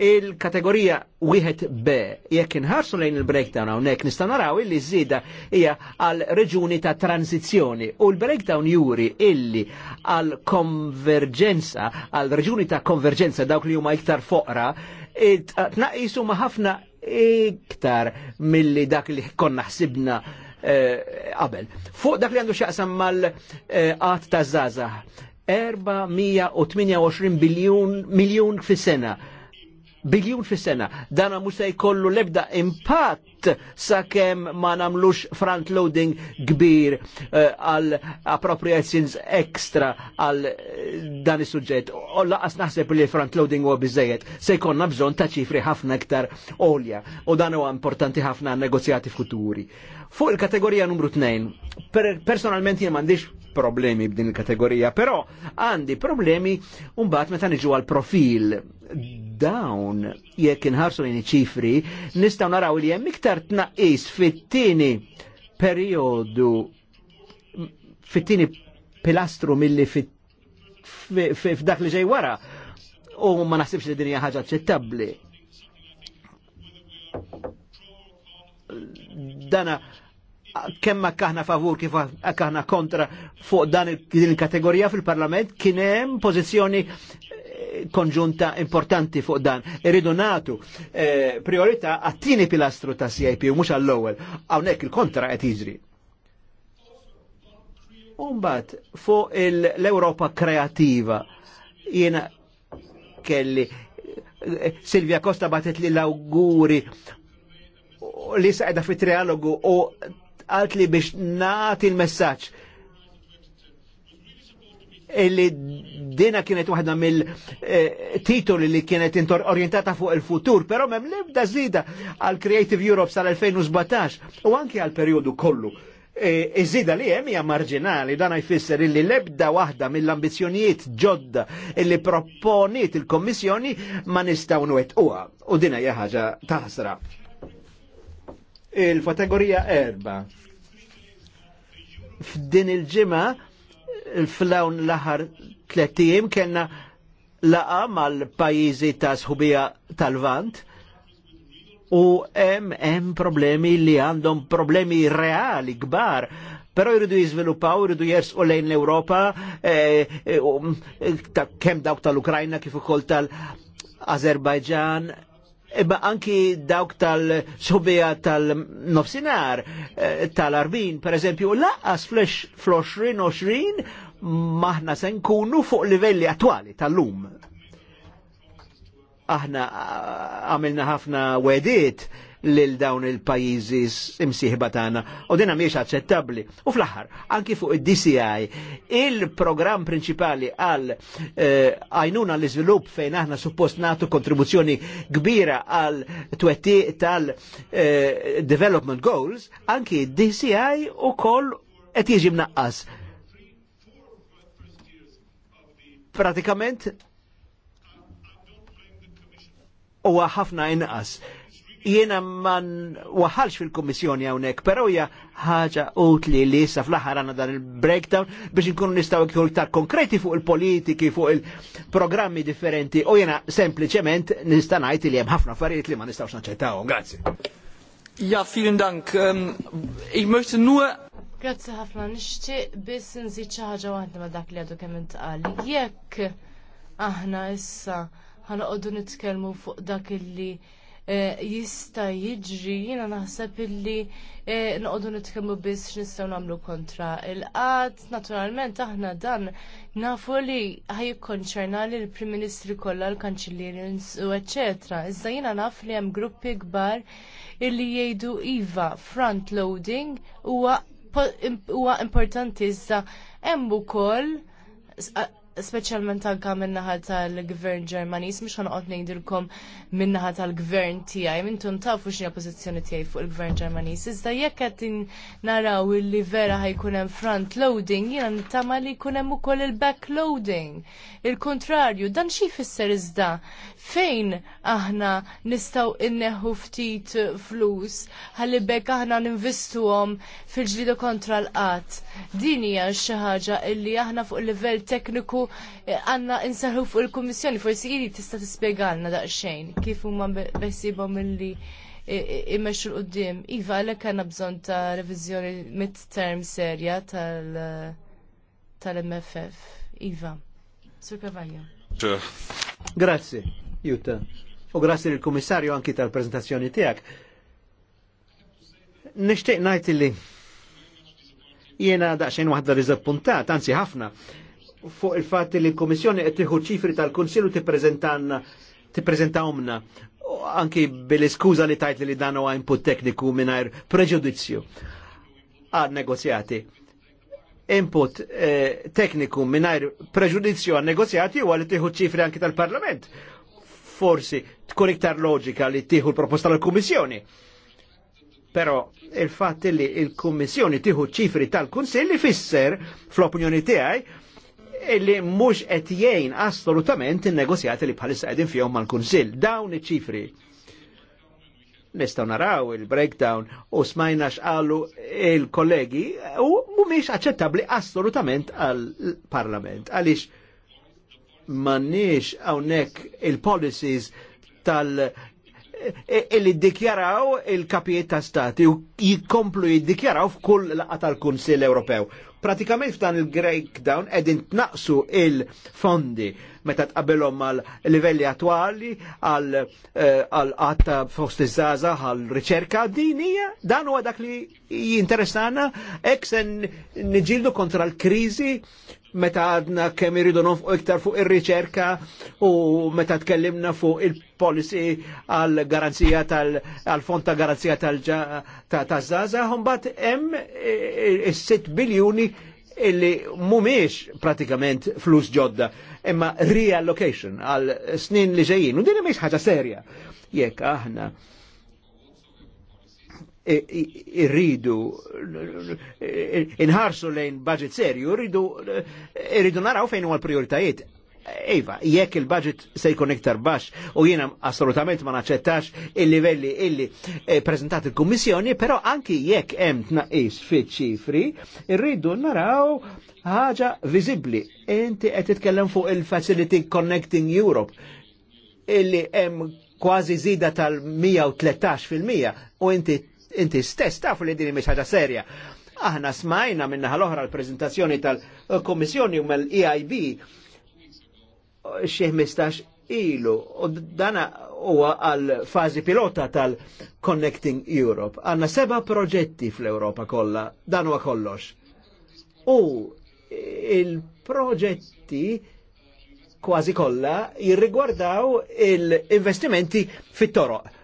il-kategorija wieħed B jekk inħarsu lejn il-breakdown hawnhekk nista' naraw illi żieda hija għal reġuni ta' tranzizzjoni u l-breakdown juri illi għal konverġenza għal reġuni ta' konverġenza dawk li huma iktar foqra t-tnaqqisu ma ħafna iktar milli dak li konna ħsibna eh, qabel. Fuq dak li għandu xaqsam mal-qat ta' zaza 428 miljon miljun sena biljun fis-sena. Dana mhux se jkollu l-ebda impatt sakemm ma namlux front loading kbir eh, għal uh, appropriations extra għal eh, dan is-suġġett. U laqas naħseb li front loading huwa biżejjed se jkollna bżonn ta' ċifri ħafna iktar olja u dan huwa importanti ħafna negozjati futuri. Fuq il-kategorija numru 2, per personalment jien m'għandix problemi b'din il-kategorija, però għandi problemi mbagħad meta niġu għal profil dawn jekk inħarsu lejn ċifri nistgħu naraw li hemm iktar tnaqqis fit-tieni periodu fit-tieni pilastru milli f'dak li ġej wara u ma naħsibx li dinja ħaġa ċettabli dana kemm kaħna favur kif kaħna kontra fuq dan il-kategorija fil-Parlament kien hemm pożizzjoni eh, konġunta importanti fuq dan. Irridu natu priorita eh, priorità għattini pilastru ta' CIP u mhux għall-ewwel. Hawnhekk il-kontra qed jiġri. Umbat fuq l-Europa kreativa jiena kelli eh, Silvia Costa batet li l-auguri li saqda fit trialogu u għalt li biex nagħti l-messaġġ illi dina kienet waħda mill-titoli eh, li kienet intor orientata fuq il-futur, pero mem libda zida għal Creative Europe sal-2017 u anki għal periodu kollu. Eh, Iżida li hemm hija marġinali dan jfisser illi lebda waħda mill-ambizzjonijiet ġodda illi proponiet il-Kommissjoni ma nistgħu nwettquha u dina hija ħaġa taħsra il-kategorija erba. F'din il-ġimgħa fl-hawn l-aħħar tlettim kellna laqa mal-pajjiżi ta' sħubija tal-Vant u hemm hemm problemi li għandhom problemi reali kbar Pero jridu jizviluppaw, jridu jersqu lejn l-Europa, eh, eh, eh, kem dawk tal-Ukrajna kif ukoll tal-Azerbajġan, Iba anki dawk tal subija tal-nofsinar, eh, tal-arbin, per eżempju, laqqas fl-20 maħna se nkunu fuq livelli attwali tal-lum. Aħna għamilna ħafna wedit lil dawn il-pajjiżi imsiħba tagħna u dinha mhijiex aċċettabbli. U fl-aħħar, anki fuq id-DCI, il-programm prinċipali għal eh, għajnuna l iżvilupp fejn aħna suppost nagħtu kontribuzzjoni kbira għal twetti tal-Development eh, Goals, anki DCI u koll qed jiġi mnaqqas. Pratikament huwa ħafna inqas Jiena man waħalx fil-Kommissjoni hawnhekk, però hija ħaġa utli li issa fl-aħħar dan il-breakdown biex nkunu nistgħu iktar konkreti fuq il-politiki, fuq il-programmi differenti u jiena sempliċement nista' ngħid li hemm ħafna affarijiet li ma nistgħux naċċettawhom. Grazzi. Ja, vielen Dank. Ähm, ich möchte nur Grazzi ħafna nixtieq biss nżid xi ħaġa waħda ma' dak li għadu kemm intqal. Jekk aħna issa ħanoqogħdu nitkellmu fuq dak li Eh, jista jiġri, jiena naħseb illi eh, noqogħdu nitkellmu biss x'nistgħu nagħmlu kontra il-qatt. Naturalment aħna dan nafu li ħajikkonċerna li l-Prim Ministri kollha l-Kanċillieri u eċetera. Iżda jiena naf li hemm gruppi kbar illi jgħidu iva front loading huwa importanti iżda hemm ukoll speċjalment anke min-naħa tal-Gvern Ġermaniż mux għan ngħidilkom min-naħa tal-Gvern tiegħi intom tafu x'inhi pożizzjoni tiegħi fuq il-Gvern Ġermaniż. Iżda jekk qed naraw li vera ħajkun hemm front loading, jiena nittama li jkun hemm ukoll il-back loading. Il-kontrarju, dan xi jfisser iżda fejn aħna nistgħu inneħu ftit flus ħalli bekk aħna għom fil-ġlidu kontra l-qatt. Din hija xi ħaġa illi aħna fuq il livell tekniku għanna insaħu fuq il-Kommissjoni, forsi jiri tista t-spiegħalna daqxejn kif huma mill milli immexxu l qoddim Iva, għalhekk għandna bżonn ta' reviżjoni mid-term serja tal-MFF. Iva, Sur kavajja. Grazzi, Jutta. U grazie lill-Kummissarju anki tal-prezentazzjoni tiegħek. Nixtieq ngħid li Jiena daqsxejn waħda rizappuntat, anzi ħafna, fuq il-fat li l-Komissjoni qed tieħu ċifri tal-Kunsillu tippreżentanna tippreżentawmna anki bil-iskuża li tajt li dan huwa input tekniku mingħajr preġudizzju għal negozjati. Input eh, tekniku mingħajr preġudizzju għal negozjati huwa li tieħu ċifri anki tal-Parlament. Forsi tkun iktar loġika li tieħu l-proposta tal-Kummissjoni. Però il-fatt li l kummissjoni tieħu ċifri tal-Kunsilli fisser fl-opinjoni tiegħi illi mhux qed jgħin assolutament il negozjati li bħalissa qegħdin fihom mal-Kunsill. Dawn iċ-ċifri nistgħu naraw il-breakdown u smajna xqallu il-kollegi u mhumiex aċċettabbli assolutament għall-Parlament għaliex m'għandniex hawnhekk il-policies tal- illi e, e, dikjaraw il-kapijiet ta' stati u jikomplu jiddikjaraw f'kull laqa tal-Kunsill Ewropew. Pratikament f'dan il down edin tnaqsu il-fondi meta tqabelhom mal livelli attwali għal eh, għatta fost iż-żaza għal riċerka din hija dan huwa dak li jinteressana hekk se niġildu kontra l-kriżi meta għadna kemm iridu nofqu iktar fuq ir-riċerka u meta tkellimna fuq il-policy għal garanzija tal-fond ta' garanzija tal-żaza, mbagħad hemm eh, eh, is-6 biljuni illi mumiex pratikament flus ġodda, imma reallocation għal snin li ġejjin. U din mhix ħaġa serja. Jekk aħna irridu inħarsu lejn budget serju, irridu naraw fejn huwa l-prioritajiet. Eva, jekk il-budget se jkun iktar baxx u jiena assolutament ma naċċettax il-livelli illi eh, preżentat il-Kummissjoni, però anki jekk hemm tnaqis fiċ-ċifri, irridu naraw ħaġa viżibbli. Inti qed titkellem fuq il-Facility Connecting Europe illi hemm kważi zida tal-113 fil-mija u inti inti stess tafu li dini mhix ħaġa serja. Aħna smajna minnaħa l-oħra l-prezentazzjoni tal-Komissjoni u mal-EIB xi 15 ilu u dana huwa għal fażi pilota tal-Connecting Europe. Għanna seba proġetti fl-Europa kollha, dan huwa kollox. U il-proġetti kważi kollha jirrigwardaw il-investimenti fit-toroq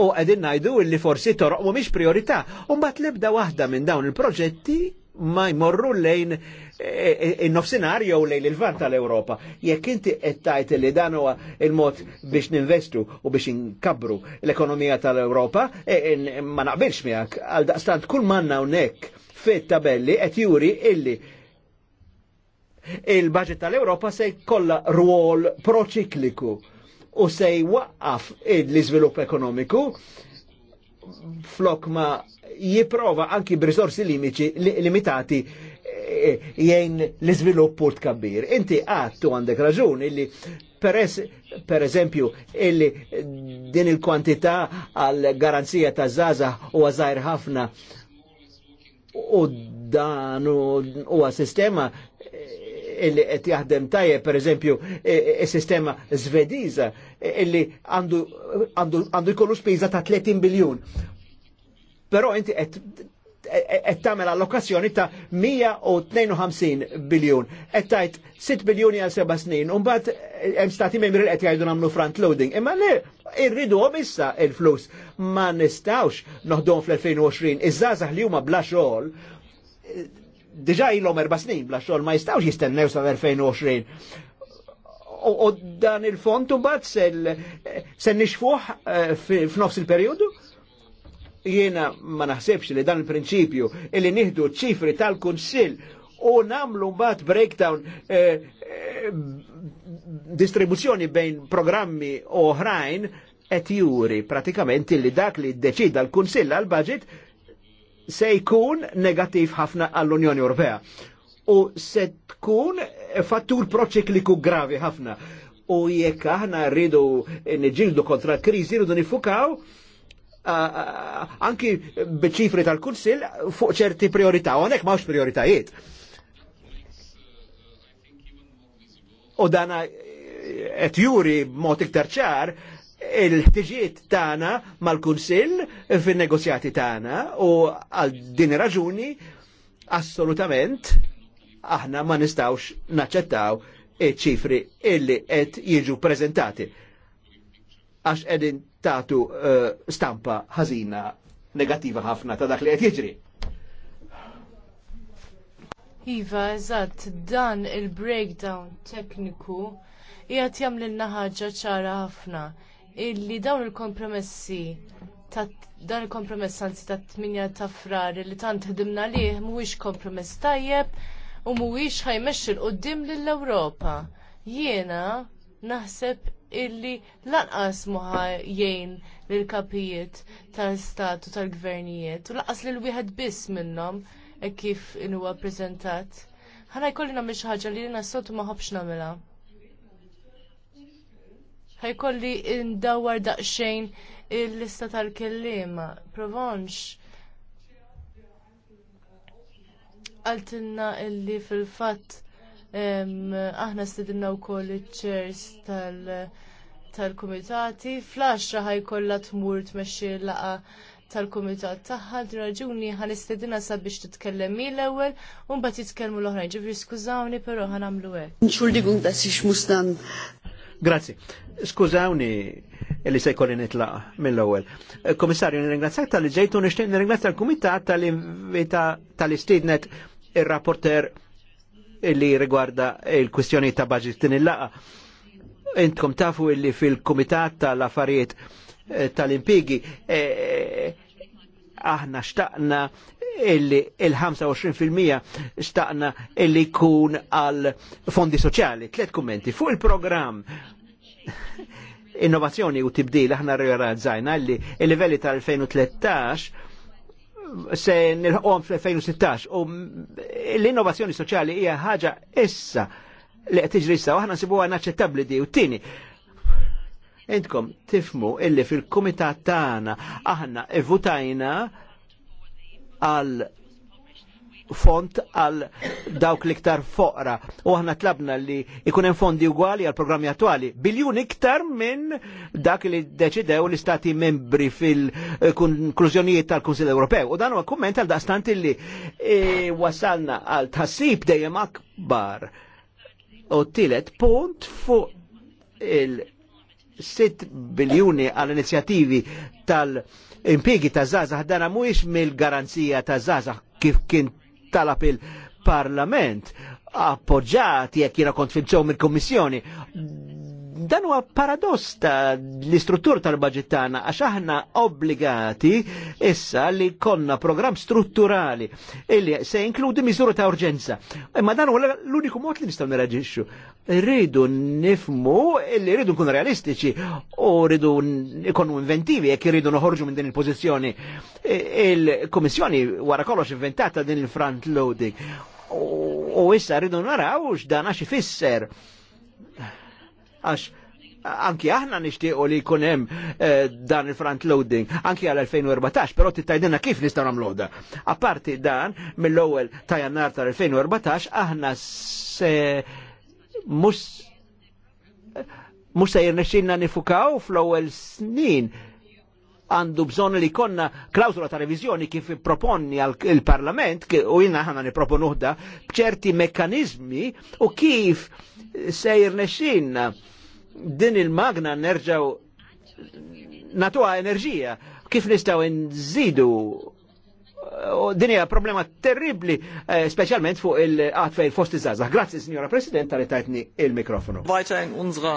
u għedin najdu li forsi toroq u miex priorità. Umbat libda wahda minn dawn il-proġetti ma jmorru lejn il-nofsinar eh, eh, eh, jew lejn il-vant tal-Europa. Jekk inti qed li dan huwa il-mod biex ninvestu u biex inkabru l-ekonomija tal-Europa, ma naqbilx miegħek għal daqstant kull manna hawnhekk fit-tabelli qed juri illi il-budget tal-Europa se jkollha rwol proċikliku u se jwaqqaf l-iżvilupp ekonomiku flok ma jiprova anki b'risorsi limitati eh, jgħin l-iżvilupp u tkabbir. Inti għattu għandek raġun illi peress per eżempju illi din il-kwantità għal garanzija ta' zaza u għazajr ħafna u dan u sistema eh, illi qed jaħdem tajjeb pereżempju is-sistema e, e, e, Svediża illi għandu jkollu spiża ta' 30 biljun. Però inti qed qed tagħmel allokazzjoni ta' 152 biljun. Qed tajt 6 biljuni għal seba' snin, u mbagħad hemm stati membri li qed jgħidu nagħmlu front loading. Imma le irridhom issa il-flus. Ma nistgħux noħdom fl-2020 iż-żgħażagħ li huma bla xogħol diġa ilhom erba' snin bla xogħol ma jistawx jistennew sa 2020. U dan il-fond imbagħad se nixfuħ eh, f'nofs il periodu Jiena ma naħsebx li dan il-prinċipju illi nieħdu ċifri tal-Kunsill u namlu mbagħad breakdown eh, distribuzzjoni bejn programmi oħrajn qed juri pratikament li dak li ddeċida l-Kunsill għal budget se jkun negativ ħafna għall-Unjoni Ewropea u se tkun fattur proċikliku gravi ħafna. U jekk aħna rridu niġildu kontra kriżi rridu nifukaw anki bċifri tal-Kunsil fuq ċerti priorità, u għonek mawx prioritajiet. U dana et juri mod iktar ċar il-ħtiġijiet tagħna mal-Kunsill fin-negozjati tagħna u għal din raġuni assolutament aħna ma nistawx naċċettaw iċ-ċifri illi qed jiġu prezentati. Għax qegħdin tagħtu uh, stampa ħażina negattiva ħafna ta' dak li qed jiġri. Iva, eżatt, dan il-breakdown tekniku jgħat jamlilna ħaġa ċara ħafna illi dawn il-kompromessi ta' dan il-kompromess anzi ta' 8 ta' frar li tant ħdimna lih mhuwiex kompromess tajjeb u mhuwiex ħajmexxi l-qudiem lill-Ewropa. Jiena naħseb illi lanqas moħa jgħin lill kapijiet tal-statu tal-gvernijiet u lanqas lil wieħed biss minnhom e kif inhuwa ppreżentat. Ħana jkolli nagħmel xi ħaġa li jiena s-sotu ma nagħmilha ħajkolli ndawwar daqsxejn il-lista tal kelliema Provonx. Għaltinna illi fil-fatt aħna stidinna u koll il-ċers tal-komitati. Flasha ħajkolla tmur tmexxi laqa tal-komitat taħħa, raġuni ħan istedina sabiex titkellem mi l-ewel, un bat jitkellmu l-oħrajn, ġifri skużawni, pero ħan għamlu għek. da mustan Grazie. Skużawni li se jkolli nitlaq mill-ewwel. Eh, Komissarju, nirringrazzjak tal-li ġejtu nixtieq nirringrazzja l-Kumitat tal-invita tal-istidnet ir-rapporter li rigwarda il-kwistjoni ta' baġit din il-laqa. Intkom tafu illi fil-Kumitat tal-Affarijiet eh, tal-Impigi eh, aħna xtaqna illi il-25% xtaqna illi kun għal fondi soċjali. Tlet kummenti fuq il-programm innovazzjoni u tibdil aħna realizzajna li il-livelli tal-2013 se nil-ħom fl-2016 u l-innovazzjoni soċjali hija ħaġa issa li qed tiġri issa aħna nsibuha naċċettabbli di u tini Intkom tifmu illi fil-kumitat tagħna aħna evutajna għal font għal dawk liktar foqra. U aħna tlabna li ikun hemm fondi ugwali għal programmi attwali. Biljun iktar minn dak li deċidew l-istati membri fil-konklużjonijiet tal-Kunsill Ewropew. U dan huwa kumment għal daqstant li e, wasalna għal tħassib dejjem akbar. U tielet punt fuq il- 6 biljuni għall-inizjattivi tal-impiegi ta' Zazax dana mhuwiex mill-garanzija ta' Zazax kif kien talab il-Parlament appoġġat jekk jiena kont fil mill-Kummissjoni dan huwa paradoss ta' l-istruttur tal-budget tagħna għax aħna obbligati issa li konna programm strutturali illi se inkludi miżuru ta' urġenza. Imma dan huwa l-uniku mod li nistgħu nirraġixxu. Rridu nifmu illi rridu nkunu realistiċi u rridu ikonu inventivi jekk irridu noħorġu minn din il-pożizzjoni. E, Il-Kummissjoni wara kollox inventata din il-front loading. U issa rridu naraw x'dan għax ifisser għax anki aħna nishtiqo li jkun hemm eh, dan il-front loading anki għal 2014, però tittajdinna kif nistgħu A parti dan mill-ewwel ta' jannar tal-2014 aħna se mhux mux se jirnexxinna nifukaw fl-ewwel snin għandu bżon li konna klawzula ta' revizjoni kif proponni għal-parlament u jina ħana niproponu uħda bċerti mekkanizmi u kif sejr nexin din il-magna nerġaw natuha enerġija kif nistaw nżidu din hija problema terribli, eh, specialment fuq il-qat fejn fost iż Signora President, tal tajtni il-mikrofonu. Grazie unżra.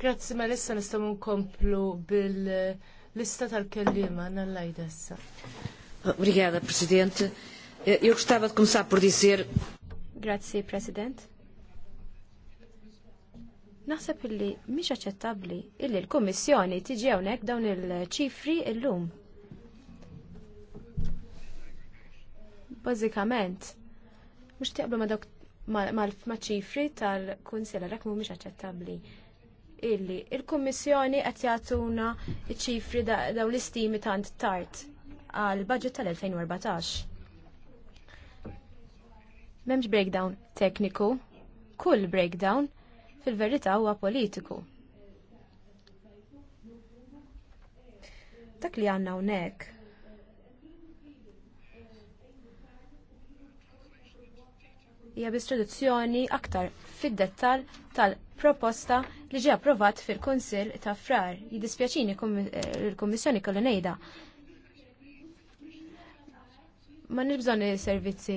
Grazzi, ma lissa nistgħu komplu bil- Lista tal-kellima nallajda issa. Obrigada, Presidente. Eh, eu gostava di começar por dizer. Grazie, President. Naħseb illi mhix aċċettabbli illi l-Kummissjoni tiġi hawnhekk dawn il-ċifri illum. Bażikament, mhux tieqblu ma' ċifri tal-Kunsill għalhekk mhumiex aċċettabbli illi il-Kummissjoni qed jagħtuna ċifri dawn l-istimi tant tard għal budget tal-2014. M'hemmx breakdown tekniku, kull breakdown fil-verità huwa politiku. Dak li għandna hawnhekk hija bistraduzzjoni aktar fid dettall tal proposta li ġie approvat fil-Kunsill ta' Frar. Jidispjaċini eh, l-Kummissjoni kollu ngħidha. Ma nix bżonn servizzi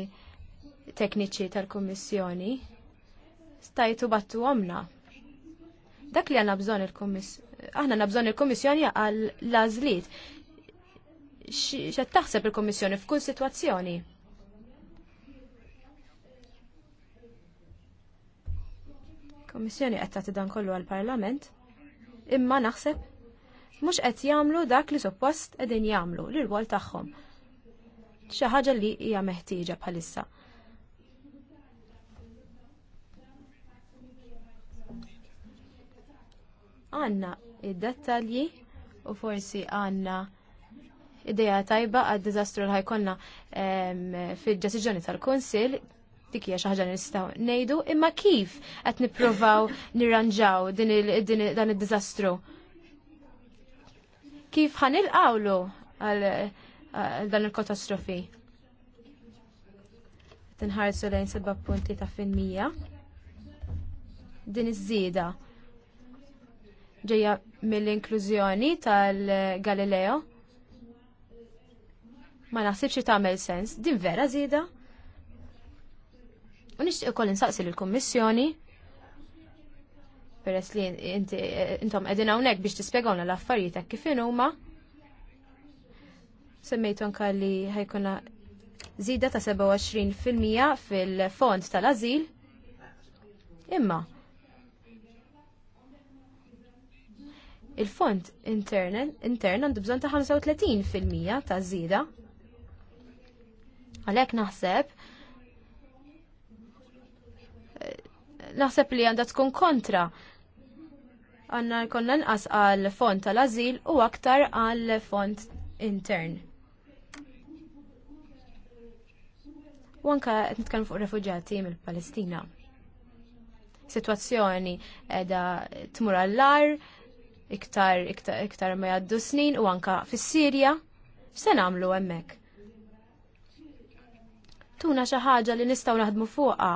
tekniċi tal-Kummissjoni. Stajtu battu għomna. Dak li għanna bżon il-Kummissjoni, aħna għanna il-Kummissjoni għal lażliet. Xa taħseb il-Kummissjoni f'kull sitwazzjoni? Kommissjoni qed tagħti dan kollu għall-Parlament, imma naħseb mhux qed jagħmlu dak li suppost qegħdin jagħmlu l-irwol tagħhom. Xi ħaġa li hija meħtieġa bħalissa. Għanna id-dettalji u forsi għanna ideja tajba għad-dizastru li ħajkonna fil-ġesiġjoni tal-Konsil dik hija xi ħaġa nistgħu ngħidu, imma kif qed nippruvaw nirranġaw din dan id-diżastru? Kif ħanilqawlu għal dan il-katastrofi? Tinħarsu lejn seba' punti ta' fil-mija. Din iż-żieda ġejja mill-inklużjoni tal-Galileo. Ma naħsibx tagħmel sens, din vera żieda? U nixtieq ukoll insaqsi lill-Kummissjoni peress li intom qegħdin hawnhekk biex tispjegawna l-affarijiet hekk kif huma. Semmejtu anka li ħajkuna żida ta' 27% fil-fond tal-ażil. Imma il-fond intern għandu bżon ta' 35% ta' Zida, Għalhekk naħseb naħseb li għandha tkun kontra għanna konna nqas għal fond tal-azil u aktar għal font intern. U anka nitkellmu fuq refuġjati mill-Palestina. Situazzjoni edha tmur għall-ar, iktar, iktar, iktar ma jaddu snin u anka fis-Sirja, se nagħmlu hemmhekk. Tuna xi ħaġa li nistgħu naħdmu fuqha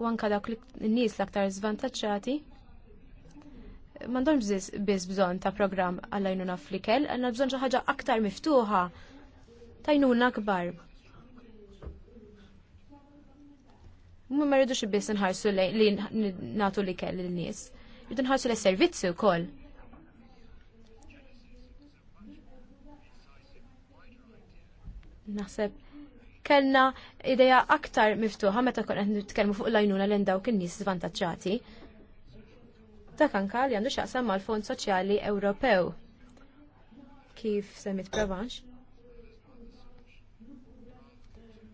u anka dawk n-nies l-aktar zvantaċċati m'għandhomx biss bżonn ta' programm għall-għajnuna fl-ikel, għandna bżonn xi ħaġa aktar miftuħa tajnuna akbar. Mhum marridu xie biss nħarsu li natu l kell l nies rridu nħarsu li servizzi wkoll. Naħseb kellna ideja aktar miftuħa meta kon qed nitkellmu fuq l-għajnuna lejn dawk in-nies żvantaġġati. Dak anka li għandu x'aqsam mal-Fond Soċjali Ewropew. Kif semmit Provanx?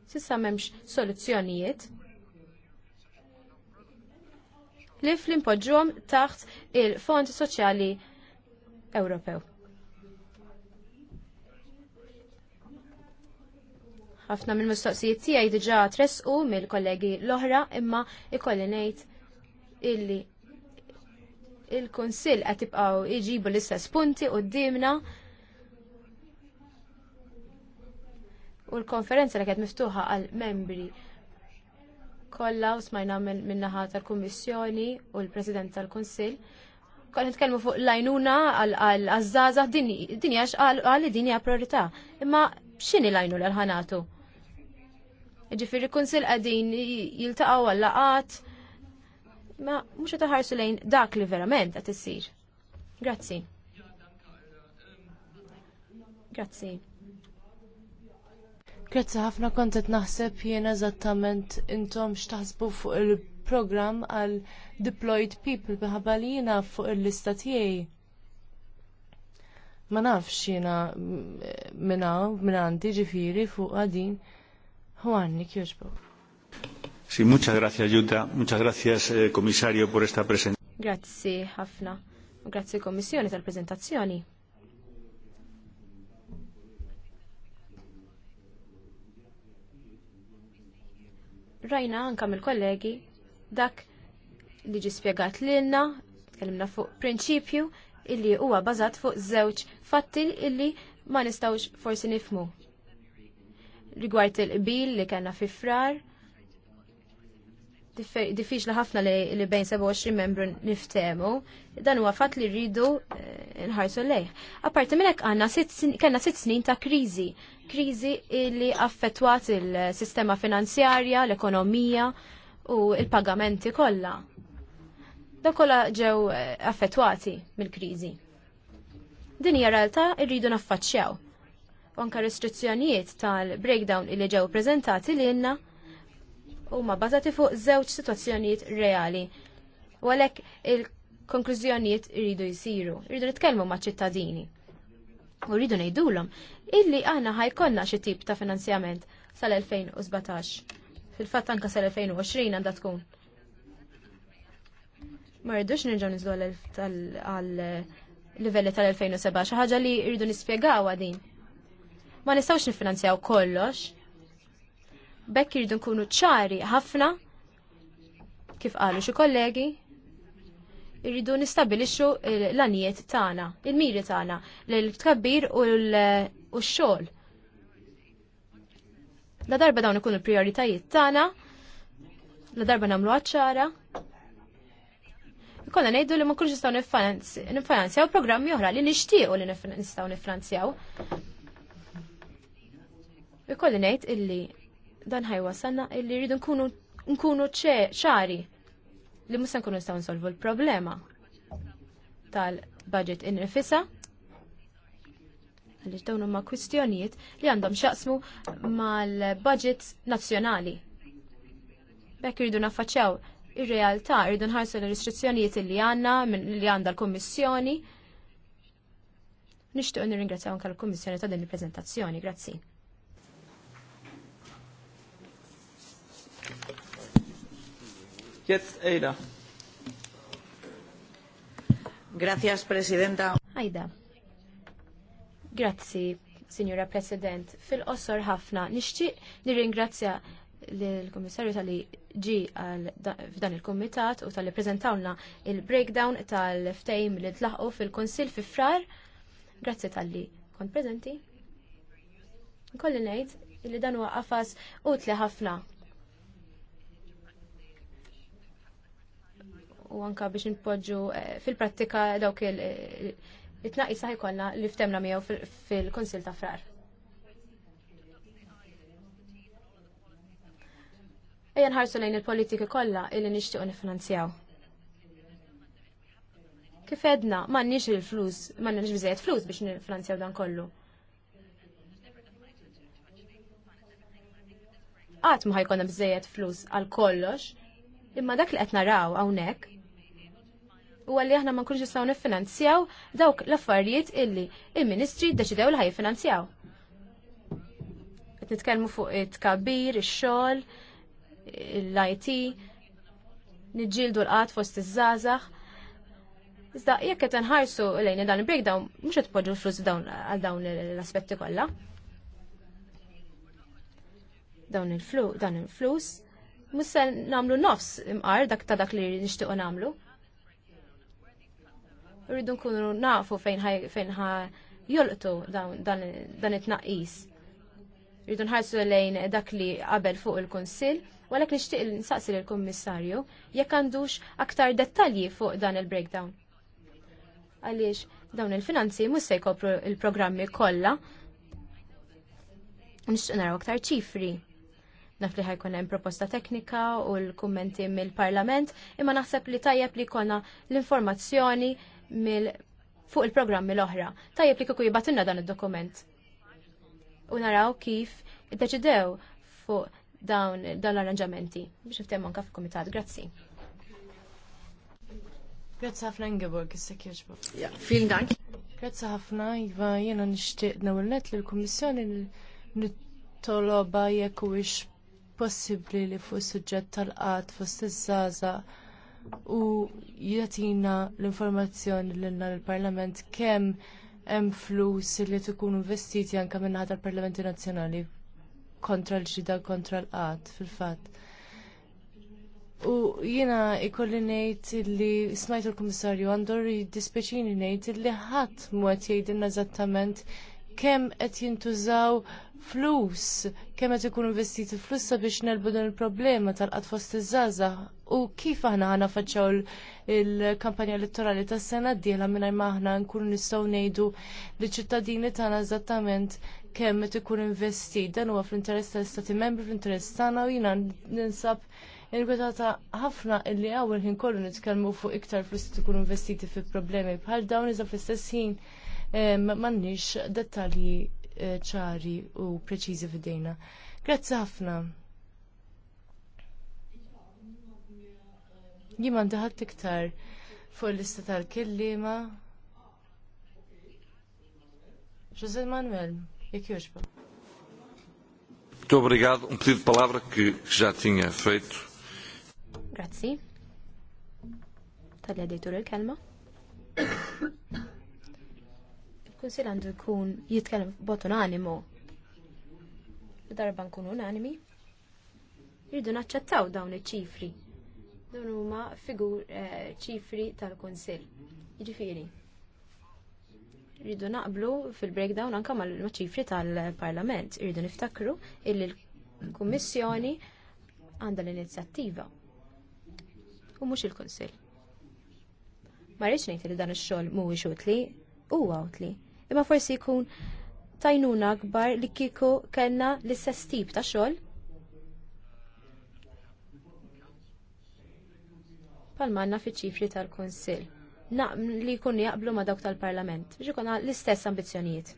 Sissa m'hemmx soluzzjonijiet li l impoġġuhom taħt il-Fond Soċjali Ewropew. ħafna mill-mistoqsijiet tiegħi diġà tresqu mill-kollegi l-oħra imma ikolli ngħid illi il-Kunsill qed tibqgħu jġibu l-istess punti quddiemna u l-konferenza li kienet miftuħa għal membri kollha u smajna min-naħa tal-Kummissjoni u l-President tal-Kunsill kon nitkellmu fuq lajnuna għal-azzaza, dinja għal dinja priorità. Imma x'inhi lajnuna l-ħanatu? Ġifiri kunsil għadin jiltaqaw għallaqat. Ma mux taħarsu lejn dak li verament għat issir. Grazzi. Grazzi. Grazzi ħafna kontet naħseb jien eżattament intom xtaħsbu fuq il-program għal Deployed People biħabba li jiena fuq il-lista tiegħi ma nafx jena minna minna għandi ġifiri fuq għadin Juan, nikjuġbu. Si, muchas gracias, Jutta. Muchas gracias, eh, comisario, por esta presentación. Grazzi, ħafna. Grazzi, komissjoni, tal-prezentazzjoni. Rajna anka mill-kollegi dak li ġi spjegat lilna, tkellimna fuq prinċipju illi huwa bażat fuq żewġ fatti illi ma nistgħux forsi nifmu rigward il-qbil li kena fi frar. Diffiċ li ħafna li bejn 27 membru niftemu, dan huwa fatt li rridu eh, nħarsu lejh. Apparti minn hekk għandna kellna sitt snin ta' kriżi, kriżi li affettwat il-sistema finanzjarja, l-ekonomija u il-pagamenti kollha. Da kollha ġew eh, affettwati mill-kriżi. Din hija realtà rridu naffaċċjaw u anka restrizzjonijiet tal-breakdown illi ġew jenna lilna huma bbażati fuq żewġ sitwazzjonijiet reali. U għalhekk il-konklużjonijiet rridu jsiru, Rridu nitkellmu maċ-ċittadini. U rridu ngħidulhom illi aħna ħajkonna xi tip ta' finanzjament sal-2017. Fil-fatt anka sal-2020 għandha tkun. Ma rridux nirġgħu niżlu għal livelli tal-2007 xaħġa ħaġa li rridu nispiegaw din ma nistawx nifinanzjaw kollox. Bekk irridu nkunu ċari ħafna kif qalu xi kollegi irridu nistabilixxu l-anijiet tagħna, il-miri tagħna, l-tkabbir u x-xogħol. La darba dawn ikunu l-prijoritajiet tagħna, la darba nagħmlu ċara. Ikolla ngħidu li ma kunx nistgħu nifinanzjaw programmi oħra li nixtiequ li nistgħu nifinanzjaw. Ikolli ngħid illi dan ħajwa sanna illi rridu nkunu nkunu ċari li musa nkunu nistgħu nsolvu l-problema tal-budget in-rifisa għaliex dawn ma' kwistjonijiet li għandhom xaqsmu mal-budget nazzjonali. Bekk irridu naffaċċjaw ir-realtà, rridu nħarsu l-restrizzjonijiet li għandna li għandha l-Kummissjoni. Nixtieq nirringrazzjaw anke l-Kummissjoni ta' din il-preżentazzjoni. Grazzi. Jetzt Ada. Gracias, Presidenta. Aida. Grazzi, Signora President. Fil-qosor ħafna, nixtieq nirringrazzja l-Komissarju tal-li ġi f'dan il-Komitat u tal-li prezentawna il-breakdown tal-ftejm li tlaħqu fil-Konsil fi frar. Grazzi tal-li kont prezenti. Nkolli ngħid li dan huwa qafas utli ħafna u anka biex nipoġġu eh, fil-prattika dawk il saħi kolla li ftemna miegħu fil-Konsil ta' Frar. Ejja nħarsu lejn il-politiki kollha illi nixtiequ nifinanzjaw. Kif edna, m'għandniex il-flus, m'għandniex biżejjed flus biex nifinanzjaw dan kollu. Qatt ma ħajkonna bżejjed flus għal kollox, imma dak li qed naraw hawnhekk u għalli aħna ma nkunx nistgħu niffinanzjaw dawk l-affarijiet illi il-Ministri ddeċidew li ħajfinanzjaw. Qed nitkellmu fuq it-tkabbir, ix-xogħol, l-IT, niġġieldu l qat fost iż-żgħażagħ. Iżda jekk qed nħarsu lejn dan il-breakdown mhux qed tpoġġu l-flus għal dawn l-aspetti kollha. Dawn il-flus, dan il-flus, mussa namlu nofs imqar dak ta' dak li nixtiequ namlu rridu nkunu nafu fejn fejn ħa jolqtu dan it-tnaqqis. Rridu nħarsu lejn dak li qabel fuq il-Kunsill, għalhekk nixtieq nsaqsi lill-Kummissarju jekk għandux aktar dettalji fuq dan il-breakdown. Għaliex dawn il-finanzi mhux se jkopru il-programmi kollha. Nixtieq naraw aktar ċifri naf li ħajkun hemm proposta teknika u l-kummenti mill-Parlament, imma naħseb li tajjeb li jkollna l-informazzjoni mill fuq il-programmi mill oħra Tajjeb li kuku jibatilna dan id-dokument. U naraw kif id-deċidew fuq dawn dan l-arranġamenti biex iftemmu anka fil-komitat. Grazzi. Grazzi ħafna Ingeborg, issa kieġbu. Ja, fil Dank. Grazzi ħafna, Iva, jena nishtiq nawilnet li l-Kommissjoni nittoloba jekk u possibli li fuq suġġett tal-qat fost iż-żaza u jagħtina l-informazzjoni lilna l-Parlament kemm hemm flus li tkun investiti anke minn tal parlamenti Nazzjonali kontra l-ġida kontra l-qatt fil-fatt. U jiena ikolli ngħid li smajtu l-Kummissarju għandu jiddispeċini ngħid li ħadd mod jgħidilna eżattament kemm qed jintużaw flus, kemm qed ikunu investiti flus sabiex nelbu din il-problema tal qatfost iż-żgħażagħ u kif aħna ħana faċċaw il-kampanja elettorali tas-sena d-dieħla mingħajr ma aħna nkunu nistgħu ngħidu li ċittadini tagħna eżattament kemm qed ikun investit dan huwa fl-interess tal-Istati Membri, fl-interess tagħna u jiena ninsab inkwetata ħafna illi hawn ħin kollu nitkellmu fuq iktar flus tkun investiti fi problemi bħal dawn iżda fl-istess ħin mannix dettali eh, ċari u preċizi f'idejna. Grazzi ħafna. Jien m'għandi ħadd iktar fuq l-lista tal-kelliema. José Manuel, jek jogħġbu. Muito obrigado. Um pedido de palavra que, que já tinha feito. Grazie. Tal-editur il-kelma. Kunsil għandu jkun jitkellem b'mod unanimu. Darba nkunu unanimi. Jridu naċċettaw dawn iċ-ċifri. Dawn huma figur eh, ċifri tal-Kunsil. Jiġifieri. Jridu naqblu fil-breakdown anke mal-ċifri tal-Parlament. Jridu niftakru illi l-Kummissjoni għandha l-inizjattiva u mhux il-Kunsil. Ma rridx ngħid li dan ix-xogħol mhuwiex utli, huwa utli imma forsi jkun tajnuna akbar li kieku kellna l-istess tip ta' xogħol. Palmanna fi ċifri tal-Konsil. Naqm li jkun jaqblu ma dawk tal-Parlament biex ikun l-istess ambizzjonijiet.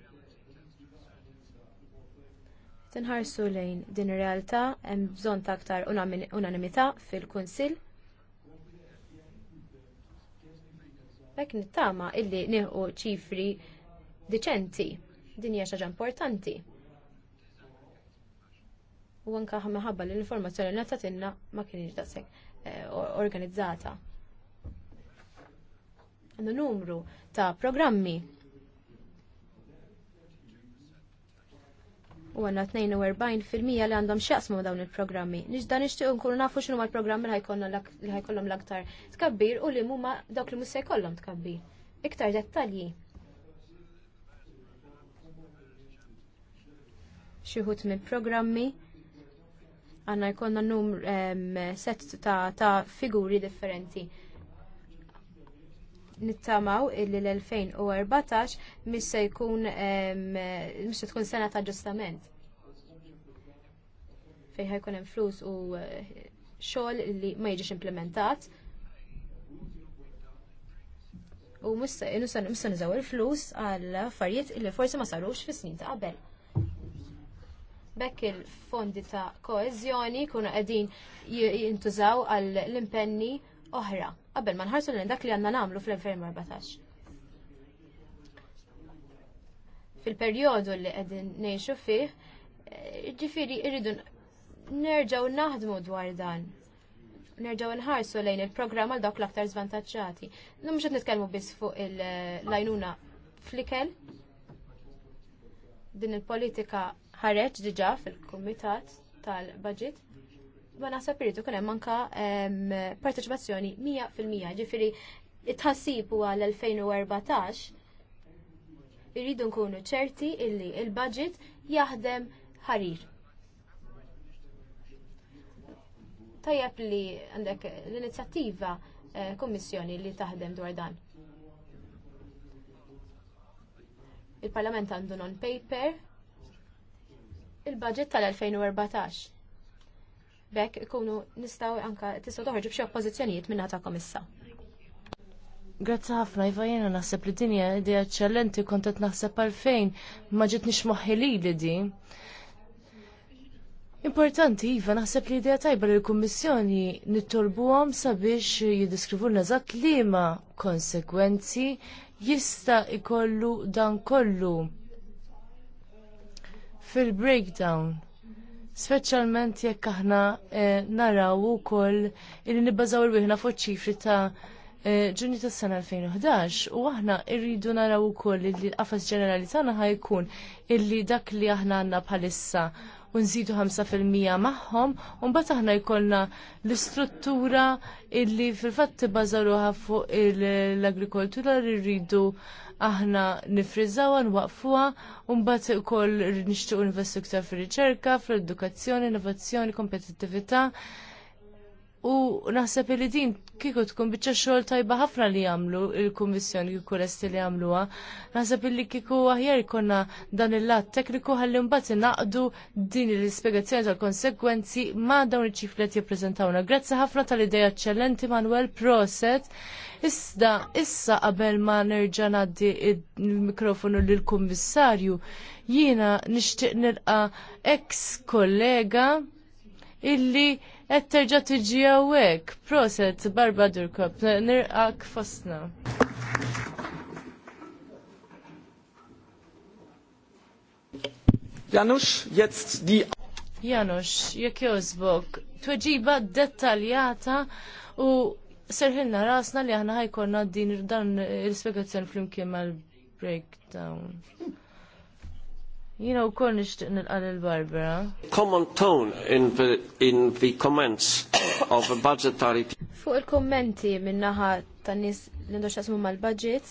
Tinħarsu lejn din ir-realtà hemm bżonn ta' aktar unanimità fil-Kunsill Hekk nittama illi nieħu ċifri diċenti. Din hija xi ħaġa importanti. U anke ħabba li l-informazzjoni li natatinna ma kienx daqshekk eh, organizzata. Għandu numru ta' programmi u għanna 42% li għandhom xaqsmu dawn il-programmi. Nixda u nkunu nafu x'inhu l-programmi li ħajkollom l-aktar tkabbir u li huma dawk li musse jkollhom tkabbir. Iktar dettalji xi wħud mill-programmi għandna jkollna numru set ta', ta figuri differenti nittamaw illi l-2014 missa jkun missa tkun sena ta' ġustament. Fejħa jkun hemm flus u eh, xogħol li ma jiġix implementat. U missa missa niżaw il-flus għal affarijiet illi forsi ma sarux fis-snin ta' qabel. Bekk il-fondi ta' koezjoni kunu qegħdin jintużaw għal l-impenni oħra qabel ma nħarsu l dak li għandna nagħmlu fl-2014. Fil-perjodu li qegħdin ngħixu fih, eh, ġifiri irridu nerġgħu naħdmu dwar dan nerġaw nħarsu lejn il-programm għal dok l-aktar zvantaġġati. Nu mhux qed nitkellmu biss fuq il-lajnuna flikel. Din il-politika ħareġ diġà fil-kumitat tal-budget ma naħseb irridu kien hemm anke parteċipazzjoni 100% ġifieri it-ħassib huwa l-2014 irridu nkunu ċerti illi l budget jaħdem ħarir. Tajjeb li għandek l-inizjattiva eh, Kummissjoni li taħdem dwar dan. Il-Parlament għandu non-paper il-budget tal-2014. Bekk ikunu nistaw anka tistgħu toħorġu b'xi oppożizzjonijiet minna ta' komissa. Grazzi ħafna, Iva jena naħseb li dinja di eccellenti kontet naħseb għalfejn ma ġitnix moħħili li di. Importanti, Iva, naħseb li idea tajba li l-Kummissjoni nittolbuhom sabiex jidiskrivu l-nazat li liema konsekwenzi jista' ikollu dan kollu fil-breakdown. Speċjalment jekk aħna eh, naraw ukoll illi nibbażaw il fuq fuq ċifri ta' eh, ġunju tas sena 2011 u aħna rridu naraw ukoll li l-qafas ġenerali tagħna ħajkun illi dak li aħna għandna bħalissa u nżidu 5% magħhom u mbagħad aħna jkollna l-istruttura illi fil-fatt tibbażaruha fuq l-agrikoltura li rridu aħna nifriżawha, nwaqfuha, u mbagħad ukoll nixtiequ investu iktar fir-riċerka, fl-edukazzjoni, innovazzjoni, kompetitivita. U naħseb li din kieku tkun biċċa xogħol tajba ħafna li jagħmlu il-Kummissjoni kieku lesti li jagħmluha. Naħseb li kieku aħjar ikonna dan il-lat tekniku ħalli mbagħad inaqdu din l-ispjegazzjoni tal konsegwenzi ma' dawn iċ ċiflet jippreżentawna. Grazzi ħafna tal-idea eċċellenti Manuel Proset. Issa issa qabel ma nerġa' ngħaddi il-mikrofonu lill-Kummissarju, jiena nixtieq nilqa' ex kollega illi qed terġa' tiġi għawek. Proset Barba Durkop, nirqak fostna. Janusz, jetzt di. Janusz, jekk jozbok, tweġiba dettaljata u serħilna rasna li aħna ħajkonna din dan il-spiegazzjoni fl-imkien mal-breakdown. You know, Cornish nishtiq nilqal il-Barbara. Common tone in the, in the comments of a budgetary... Fuq il-kommenti minnaħa tan nies li indu xasmu mal-budget,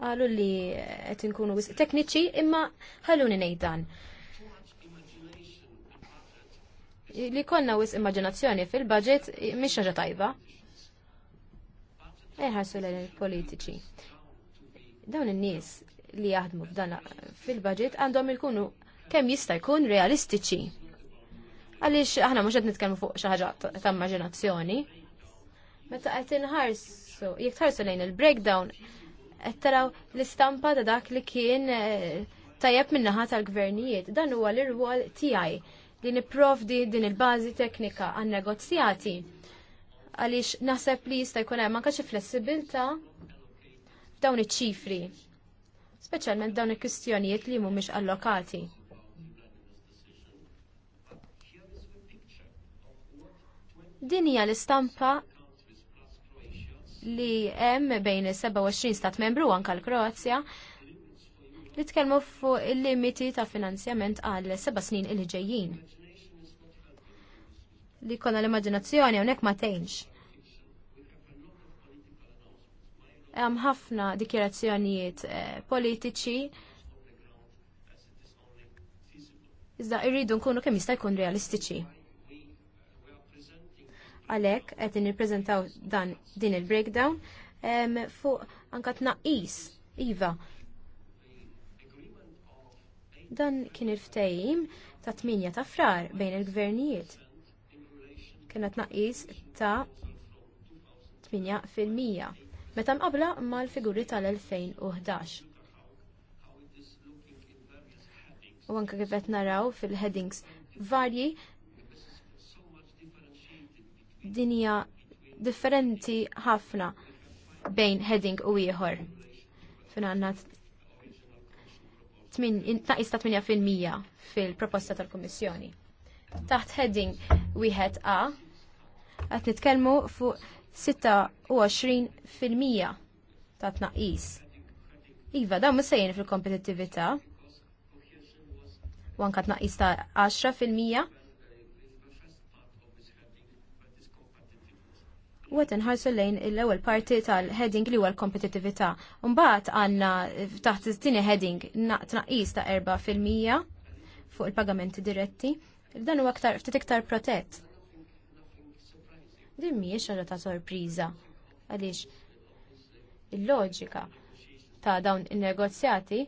għalu li għet nkunu tekniċi imma ħalluni nejdan. Li konna wisq immaġinazzjoni fil-budget mhix ħaġa tajba. Eħarsu l-politiċi. Dawn in-nies li jaħdmu f'dan fil-budget għandhom ikunu kemm jista' jkun realistiċi. Għaliex aħna mhux qed nitkellmu fuq xi ħaġa ta' immaġinazzjoni. Meta qed inħarsu, jekk tħarsu lejn il-breakdown, qed taraw l-istampa ta' dak li kien eh, tajjeb min-naħa tal-gvernijiet. Dan huwa l-irwol tiegħi li nipprovdi din il-bażi teknika għan-negozjati għaliex naħseb li jista' jkun hemm anke xi flessibilta f'dawn iċ-ċifri speċjalment dawn il-kwistjonijiet li mhumiex allokati. Din hija l-istampa li hemm bejn is-27 stat membru anke l-Kroazja li tkellmu fuq il-limiti ta' finanzjament għal seba' snin il ġejjin. Li konna l-immaġinazzjoni hawnhekk ma tgħinx Hemm ħafna dikjerazzjonijiet eh, politiċi Iżda irridu nkunu kemm jista' jkun realistiċi. Għalhekk qed nippreżentaw dan din il-breakdown fuq anka tnaqqis iva. Dan kien il-ftehim ta' 8 ta' frar bejn il-gvernijiet. Kien tnaqqis ta' 8 fil-mija meta mqabla mal-figuri tal-2011. U anke kifet naraw fil-headings varji dinja differenti ħafna bejn heading u ieħor. Finanna tnaqis ta' 8% fil-proposta tal-Kummissjoni. Taħt heading wieħed A qed nitkellmu fuq 26% ta' tnaqqis. Iva, dawn ma sejjen fil-kompetittività. Wanka tnaqqis ta' 10%. U għet nħarsu lejn l-ewel parti tal-heading li huwa l-kompetittività. Mbagħad għandna taħt it-tieni heading tnaqqis ta' 4% fuq il-pagamenti diretti. Dan huwa aktar ftit iktar protett Din mhijiex ħaġa ta' sorpriża għaliex il-loġika ta' dawn in-negozjati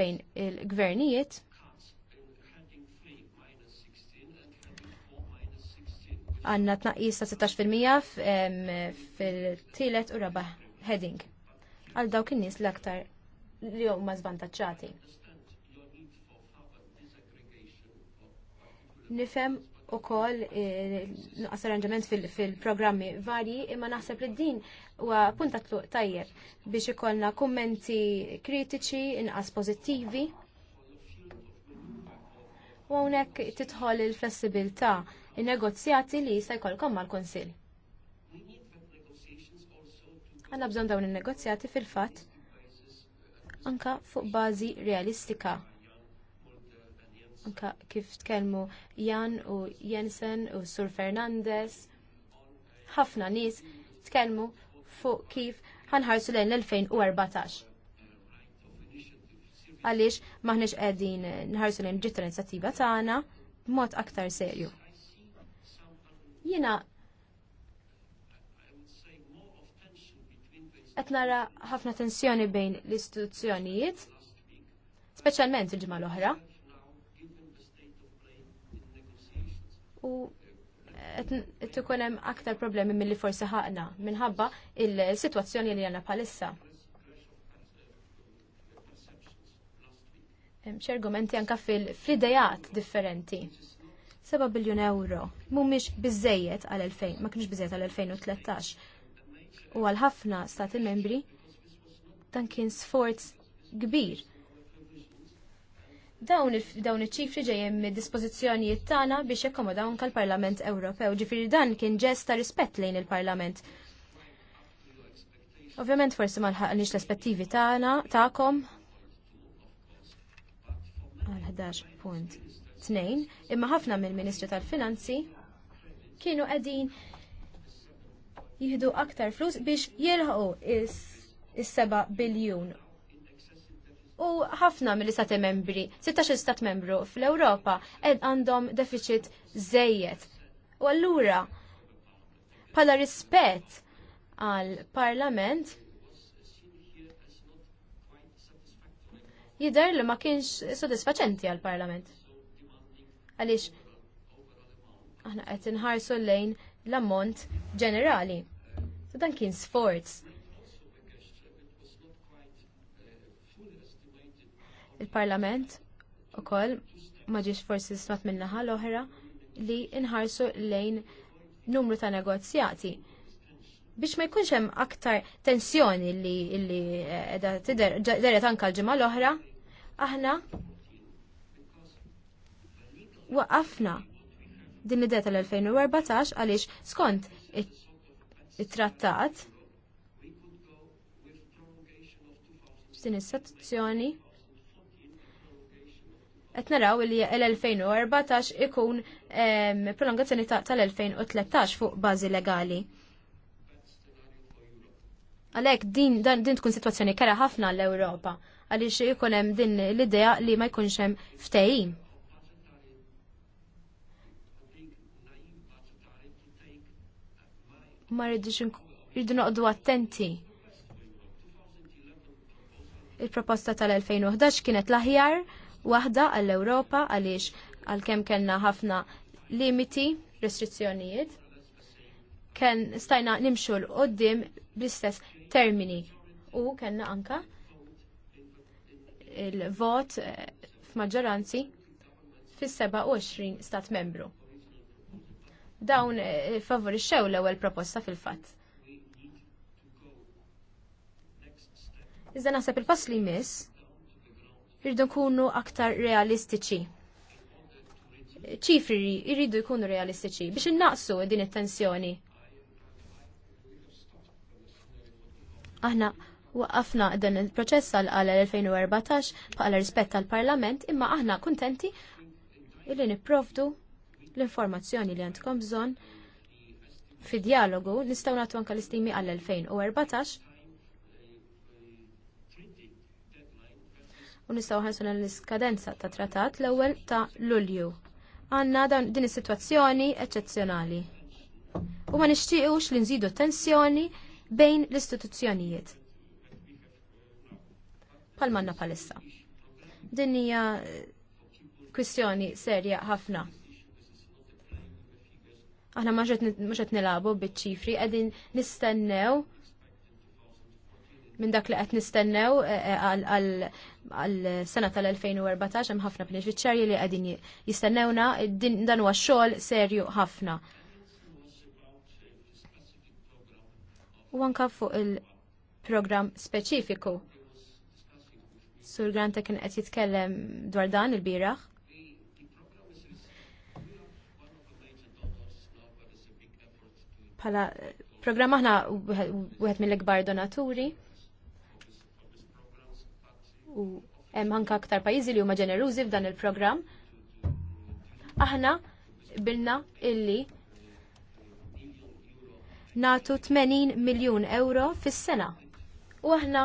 bejn il-gvernijiet għanna tnaqqis ta' 16% fil-tielet u rabaħ heading. Għal dawk in-nies l-aktar li huma żvantaġġati. Nifhem u koll eh, nuqqas arranġament fil-programmi varji imma naħseb li din huwa punta tluq tajjeb biex ikollna kummenti kritiċi inqas pożittivi. U hawnhekk titħol il-flessibilità in-negozjati li se jkollkom mal-Kunsill. Għandna bżonn dawn in-negozjati fil-fatt anka fuq bażi realistika anka kif tkellmu Jan u Jensen u Sur Fernandez. Ħafna nies tkellmu fuq kif ħanħarsu lejn l-2014. Għaliex maħniex qegħdin nħarsu lejn ġitta l-inizjattiva tagħna b'mod aktar serju. Jiena qed nara ħafna tensjoni bejn l-istituzzjonijiet, speċjalment il-ġimgħa l-oħra. u qed ikun hemm aktar problemi milli forsi ħaqna minħabba il-sitwazzjoni li għandna bħalissa. Hemm argumenti anke fil fridejat differenti. 7 biljun euro mhumiex biżejjed għal 2000, ma kienx biżejjed għal 2013. U għal ħafna stati membri dan kien sforz kbir Dawn iċ-ċifri ġejjin mid-dispożizzjonijiet tagħna biex jakkomodaw anke l-Parlament Ewropew. Ġifieri dan kien ġest ta' rispett lejn il-Parlament. Ovvjament forsi ma nħaqniex l-aspettivi tagħna tagħkom għal 11.2 imma ħafna mill-Ministru tal-Finanzi kienu qegħdin jihdu aktar flus biex jilħu is-7 biljun U ħafna mill-istati membri, 16 stat membru fl-Ewropa, ed għandhom deficit zejjed. U allura, pala rispett għal-parlament, jider li ma kienx sodisfaċenti għal-parlament. Għalix, aħna qed inħarsu lejn l-ammont ġenerali. So dan kien sforz Il-Parlament ukoll ma ġiex forsi smat min-naħa l-oħra li inħarsu lejn numru ta' negozjati biex ma jkunx hemm aktar tensjoni li li qiegħda eh, tidher deret anke l-ġimgħa l-oħra, aħna waqafna din l deta tal-2014 għaliex skont it-trattat din is-sezzjoni qed naraw li l-2014 ikun prolongazzjoni tal-2013 fuq bażi legali. Għalhekk din dan din tkun sitwazzjoni kera ħafna l-Ewropa għaliex ikun hemm din l-idea li ma jkunx hemm ftehim. Ma rridux rridu noqdu attenti. Il-proposta tal-2011 kienet l-aħjar, waħda għall-Ewropa għaliex għalkemm kellna ħafna limiti, restrizzjonijiet, kien stajna nimxu l qoddim bl-istess termini u kellna anka il-vot eh, f'maġġoranzi fis-27 stat membru. Dawn eh, favorixxew l-ewwel proposta fil-fatt. Iżda naħseb il-pass li miss. Irridu nkunu aktar realistiċi. Ċifri irridu jkunu realistiċi biex innaqsu din it-tensjoni. Aħna waqafna dan il-proċess għal 2014 bħala rispett tal parlament imma aħna kuntenti illi niprovdu l-informazzjoni li għandkom bżon fi dialogu nistaw natu anka l-istimi għal 2014 u nistgħu ħansu l-iskadenza ta' trattat l-ewwel ta' Lulju. Għandna din is-sitwazzjoni eċċezzjonali. U ma nixtiequx li nżidu tensjoni bejn l-istituzzjonijiet. Pal manna palissa. Din hija eh, kwistjoni serja ħafna. Aħna ma ġet nilabu biċ-ċifri, qegħdin nistennew minn dak li qed nistennew eh, eh, għal-sena tal-2014 hemm ħafna beneficjarji li qegħdin jistennewna dan huwa xogħol serju ħafna. U anka fuq il-programm speċifiku. Sur Granta kien qed jitkellem dwar dan il-bieraħ. Pala eh, programm aħna wieħed mill-ikbar donaturi u hemm anke aktar pajjiżi li huma ġenerużi f'dan il-programm. Aħna bilna illi natu 80 miljun euro fis-sena. U aħna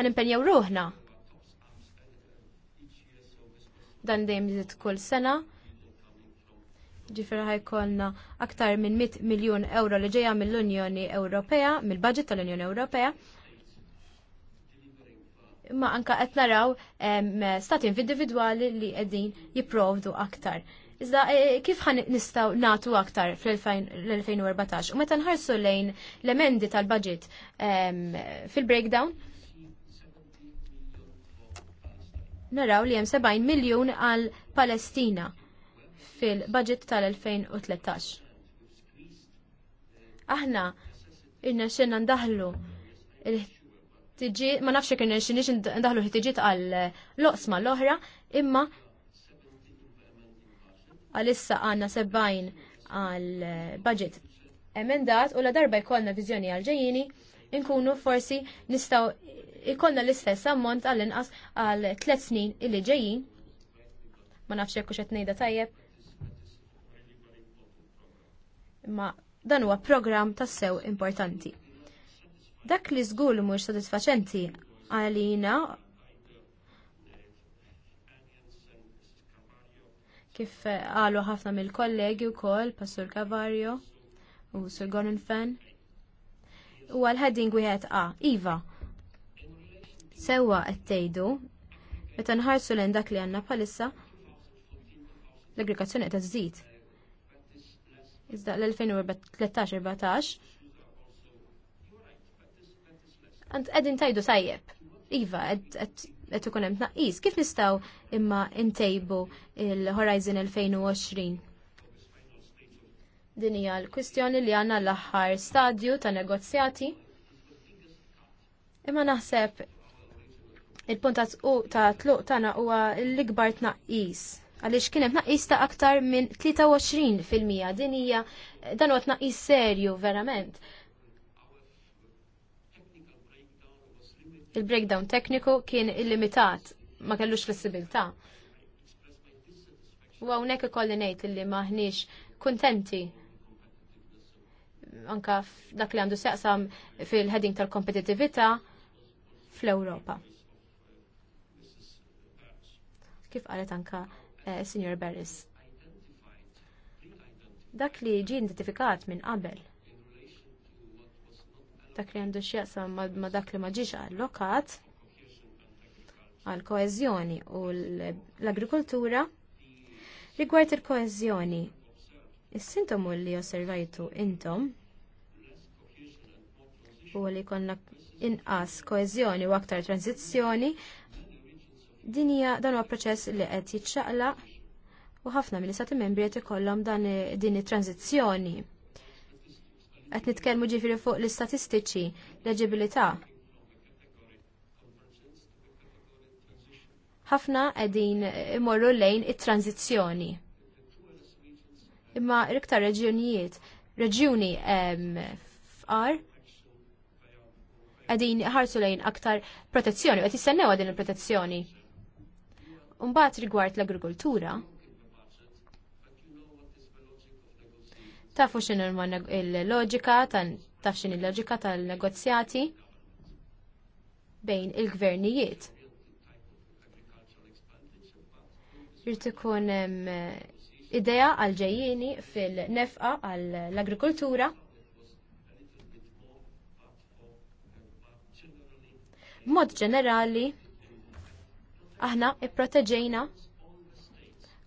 ħanimpenjaw ruħna. Dan dejjem jżid kull sena. Ġifieri ħajkolna aktar minn 100 miljun euro li ġejja mill-Unjoni Ewropea, mill-budget tal-Unjoni Ewropea Ma anka qed naraw stati individwali li qegħdin jipprovdu aktar. Iżda e, kif ħan nistaw natu aktar fl-2014 u meta nħarsu lejn l-emendi tal-budget fil-breakdown naraw li hemm 70 miljun għal Palestina fil-budget tal-2013. Aħna inna xena ndaħlu tiġi, ma nafx kien nix ndaħlu ħtiġiet għal eh, loqsma l-oħra, imma għalissa għanna sebbajn għal eh, budget emendat u la darba jkollna viżjoni għal ġejjini, inkunu forsi nistaw ikollna l-istess ammont għall-inqas għal tliet snin illi ġejjin. Ma nafx jekk qed ngħidha tajjeb. Ma dan huwa programm tassew importanti. Dak li żgur li sodisfaċenti għalina kif qalu ħafna mill-kollegi wkoll kol, Sur Cavarjo u Sur Gorenfen. U għal-heading wieħed A, Iva. Sewwa qed tgħidu meta nħarsu lejn dak li għandna bħalissa l-aggregazzjoni qed żżid. Iżda l-2013-14 għant għedin tajdu tajjeb. Iva, għed ikun hemm tnaqqis. Kif nistgħu imma ntejbu il-Horizon 2020? Din hija l-kwistjoni li għandna l-aħħar stadju ta' negozjati. Imma naħseb il-punt ta' tluq tagħna huwa l-ikbar tnaqqis. Għaliex kien hemm tnaqqis ta' aktar minn 23% din hija dan huwa tnaqqis serju verament. Il-breakdown tekniku kien illimitat, ma kellux flessibilità. U hawnhekk ikolli ngħid illi maħniex kuntenti anka dak li għandu seqsam fil-heading tal-kompetitività fl-Ewropa. Kif qalet anka eh, Sr. Barris? Dak li ġi identifikat minn qabel dak li għandu xieqsam ma dak li maġiġ ġiex allokat għal koezjoni u l-agrikoltura rigward il-koeżjoni. sintom sintomu li osservajtu intom u li konna inqas koeżjoni u aktar tranzizzjoni din hija dan huwa proċess li qed jiċċaqlaq u ħafna mill-istati membri qed ikollhom din it-tranzizzjoni. Qed nitkellmu ġifieri fuq l-istatistiċi, l Ħafna qegħdin imorru lejn it-tranzizzjoni. Imma iktar reġjonijiet, reġjuni far għedin ħarsu lejn aktar protezzjoni, qed jistennew din il-protezzjoni. Mbagħad rigward l-agrikoltura, tafu xin il-loġika, taf xin il-loġika tal-negozjati bejn il-gvernijiet. Jirti ikun eh, idea għal-ġejjini fil-nefqa għall-agrikoltura. Mod ġenerali, aħna i-proteġejna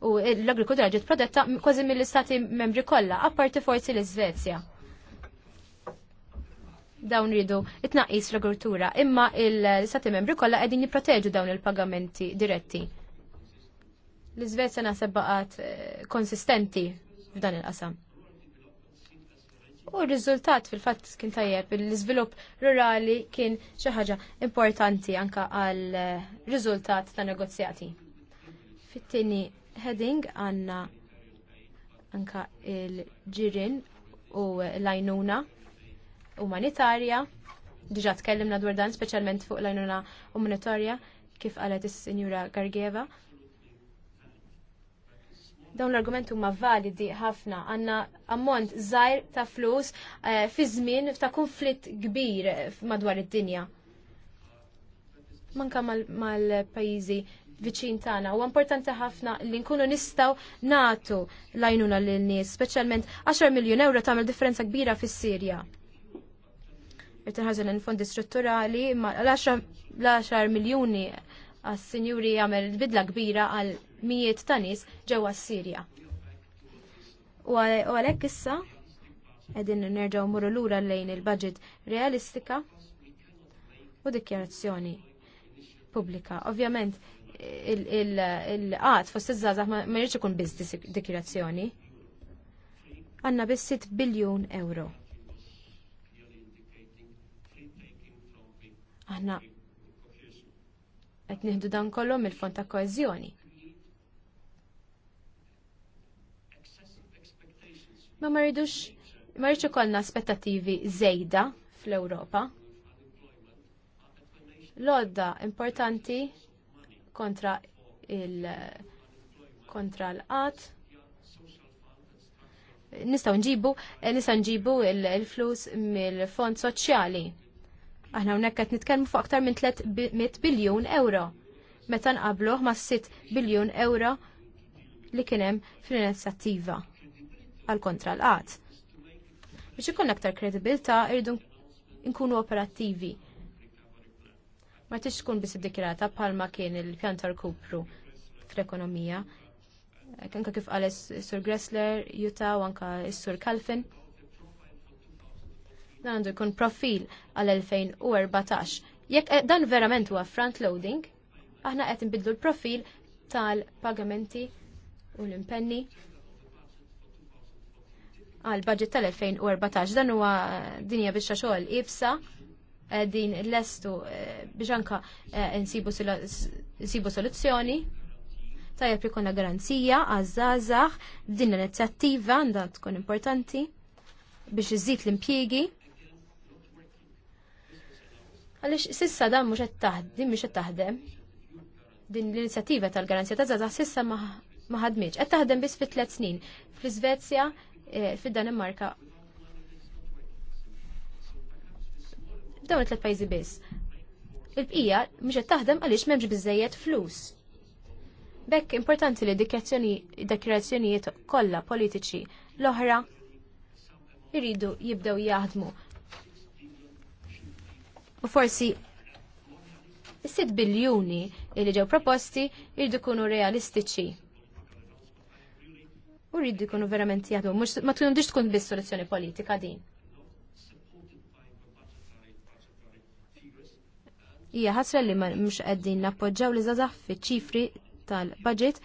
u l agrikultura ġiet prodetta kważi mill-istati membri kollha, apparti forsi l-Iżvezja. Dawn ridu itnaqis l agrikultura imma l-istati membri kollha qegħdin jipproteġu dawn il-pagamenti diretti. L-Iżvezja naħseb baqgħet eh, konsistenti f'dan il-qasam. U r-riżultat fil-fatt kien tajjeb, l-iżvilupp rurali kien xi ħaġa importanti anka għal eh, riżultat ta' negozjati. Fit-tieni heading għanna anka il-ġirin u l ajnuna umanitarja. Diġa tkellimna dwar dan, specialment fuq l ajnuna umanitarja, kif qalet is-Sinjura Gargeva. Dawn l argument huma validi ħafna għandna ammont zaħir ta' flus uh, fi żmien ta' konflitt kbir madwar id-dinja. Manka mal-pajjiżi mal viċin tagħna. U importanti ħafna li nkunu nistgħu nagħtu lajnuna lil nies, speċjalment 10 miljun euro tagħmel differenza kbira fis-Sirja. Irid l-fondi strutturali ma l-10 miljuni għas-sinjuri jagħmel bidla kbira għal mijiet ta' nies ġewwa s-Sirja. U għalhekk issa qegħdin nerġgħu mmorru lura lejn il-budget realistika u dikjarazzjoni pubblika. Ovvjament, il-qat fost iż żazax ma jirċi kun biz dikirazzjoni. Għanna biss 6 biljun euro. Aħna qed nieħdu dan kollu il fond ta' koezjoni. Ma ma rridux ma rridx ikollna aspettattivi żejda fl-Ewropa. Lodda importanti kontra il kontra l-qat. Nistaw nġibu, eh, nistaw nġibu il-flus mill-fond soċjali. Aħna unnek qed nitkellmu fuq aktar minn 300 biljun euro. Meta nqabluh ma' 6 biljun euro li kien hemm fl-inizjattiva għal kontra l-qat. Biex ikun aktar kredibilta irridu nkunu operattivi ma tix tkun biss iddikjarata bħalma kien il-pjan kupru fl-ekonomija. Kanka kif qales Sur Gressler, Juta u anka Sur Kalfin. Dan għandu jkun profil għal-2014. Jekk eh, dan verament huwa front-loading, aħna qed nbidlu l-profil tal-pagamenti u l-impenni għal budget tal-2014 dan huwa dinja biex xogħol ibsa din l-estu eh, biex eh, nsibu soluzzjoni. Tajab jikonna garanzija għazzazax din l-inizjattiva għandha tkun importanti biex iżid l-impjiegi għalix sissa dan mux din mux taħdem din l-inizjattiva tal-garanzija ta' zazax sissa ma ħadmiġ. Qed taħdem biss fit tliet snin fl-Iżvezja, eh, fid-Danimarka dawn it-tlet pajjiżi biss. Il-bqija mhix qed taħdem għaliex m'hemmx biżejjed flus. Bekk importanti li dikjarazzjonijiet kollha politiċi l-oħra jridu jibdew jaħdmu. U forsi is-6 biljuni li ġew proposti jridu jkunu realistiċi u jridu jkunu verament jaħdmu, ma tkunux tkun biss soluzzjoni politika din. Hija ħasra li ma mhux għeddin nappoġġaw li zazax fiċ-ċifri tal-budget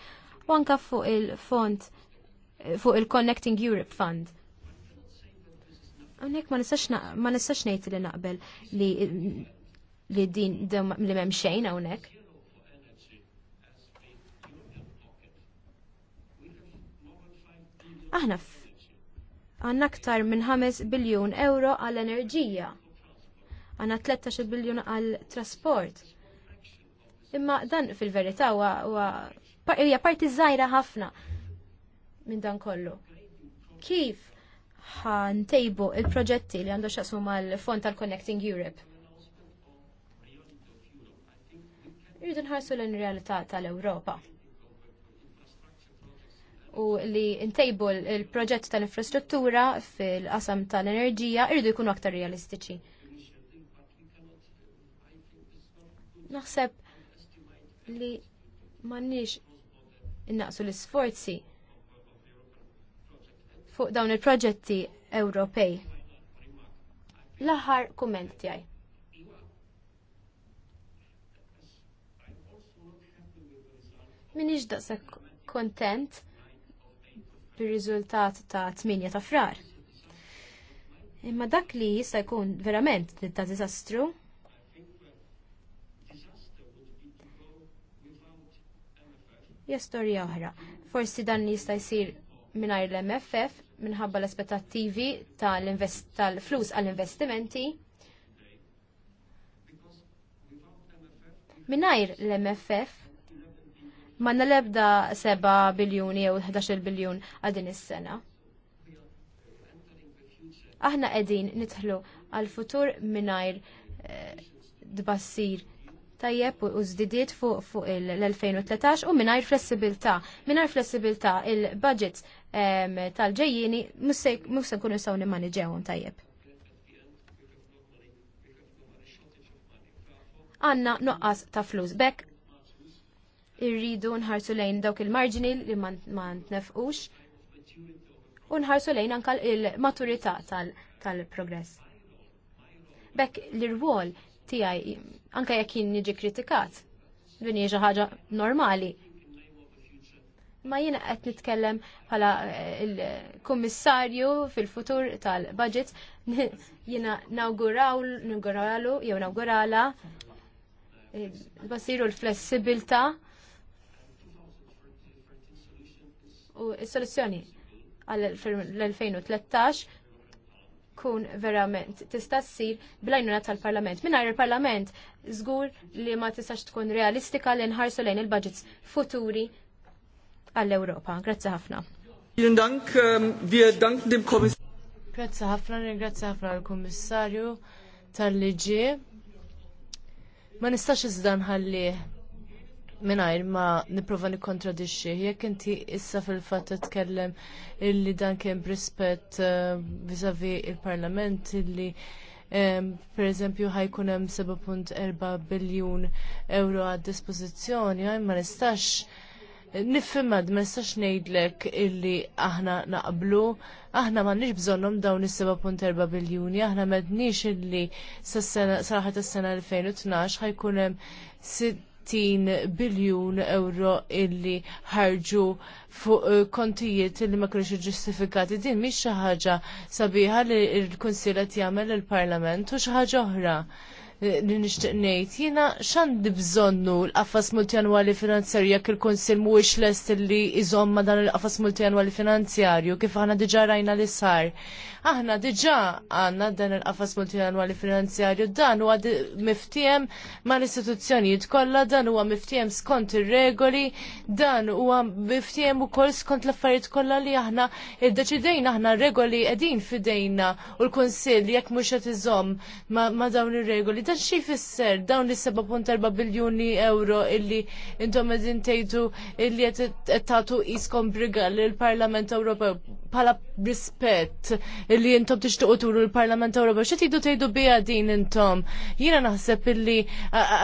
u anke fuq il-fond fuq il-Connecting Europe Fund. Unnek ma nistax ngħid li naqbel li li din li m'hemm xejn hawnhekk. Aħna għandna aktar minn 5 biljun euro għall-enerġija għanna 13 biljon għal trasport. Imma dan fil-verità huwa parti żgħira ħafna minn dan kollu. Kif ħantejbu il-proġetti li għandu x'aqsum mal-fond tal-Connecting Europe? Irridu nħarsu l-realtà tal-Ewropa. U li ntejbu l-proġett tal-infrastruttura fil-qasam tal-enerġija irridu jkunu aktar realistiċi. Naħseb li m'għandniex innaqsu l-isforzi fuq dawn il-proġetti Ewropej. L-aħħar kumment tiegħi. Minix daqshekk kontent bir-riżultat ta' 8 ta' frar. Imma dak li jista' jkun verament ta' diżastru hija storja oħra. Forsi dan jista' jsir mingħajr l-MFF minħabba l-aspettattivi tal-flus għall-investimenti. Mingħajr l-MFF ma nalebda 7 biljuni jew 11 biljun għal din is-sena. Aħna qegħdin nidħlu għal futur mingħajr dbassir eh, tajjeb u zdidiet fuq fuq l-2013 u mingħajr flessibilta, Mingħajr flessibilità il-budgets tal-ġejjini mhux se nkunu nistgħu nimmaniġewhom tajjeb. Għanna noqqas ta' flus bekk irridu nħarsu lejn dawk il-marġini li ma ntnefqux u nħarsu lejn anka il-maturità tal-progress. Bekk l-irwol tijaj, anke jekk jien niġi kritikat. Din hija xi ħaġa normali. Ma jiena qed nitkellem bħala eh, il-kummissarju fil-futur tal-budget jiena nawguraw nawguralu jew nawgurala eh, basiru l-flessibilta u s-soluzzjoni għal l-2013 tkun verament tista' ssir bl-għajnuna tal-Parlament. Mingħajr il-Parlament żgur li ma tistax tkun realistika li nħarsu lejn il-budgets futuri għall-Ewropa. Grazzi ħafna. Vielen Dank, ähm, Grazzi ħafna, ringrazzi ħafna l-Kummissarju tal-liġi. Ma nistax iżda ħalli minajr ma niprofa nikontradixxi, jekk inti issa fil-fatt tkellem illi dan kien brispett eh, viżavi il-Parlament illi eh, per eżempju ħajkun hemm 7.4 biljun euro għad dispożizzjoni, ma nistax eh, nifhimad ma nistax ngħidlek illi aħna naqblu aħna ma nix bżonnom dawn is 7.4 biljuni, aħna mednix illi sa ħat s-sena 2012 hemm 30 biljun euro illi ħarġu fuq eh, kontijiet illi ma kienux ġustifikati. Din mhix xi ħaġa sabiħa li l-Kunsill qed jagħmel il-Parlament u xi ħaġa oħra li nixtieq ngħid. Jiena x'għandi dibżonnu l-qafas multjanwali finanzjarju jekk il-Kunsill mhuwiex lest li iżomm ma dan il-qafas Multianwali finanzjarju kif aħna diġà rajna li sar. Aħna diġà għandna dan il-qafas multjanwali finanzjarju dan huwa miftiem mal-istituzzjonijiet kollha dan huwa miftiem skont ir-regoli, dan huwa miftiem ukoll skont l-affarijiet kollha li aħna iddeċidejna aħna regoli qegħdin fidejna u l-Kunsill jekk mhux qed iżomm ma dawn ir-regoli dan xi fisser dawn li 7.4 biljuni euro illi intom qegħdin tejtu illi qed tagħtu qiskom briga lill-Parlament Ewropew bħala rispett illi intom tixtiequ turu l-Parlament Ewropew xi tidu tgħidu biha din intom. Jiena naħseb illi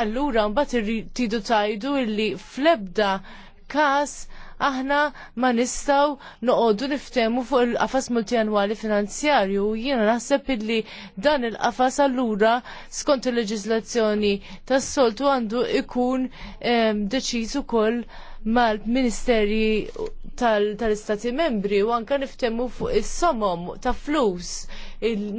allura mbagħad tidu tajdu illi fl-ebda każ aħna ma nistaw noqogħdu niftemu fuq il-qafas multianwali finanzjarju. Jiena naħseb illi dan il-qafas allura skont il-leġislazzjoni tas-soltu għandu ikun deċiż ukoll mal-Ministeri tal-Istati Membri u anka niftemu fuq is-somom ta' flus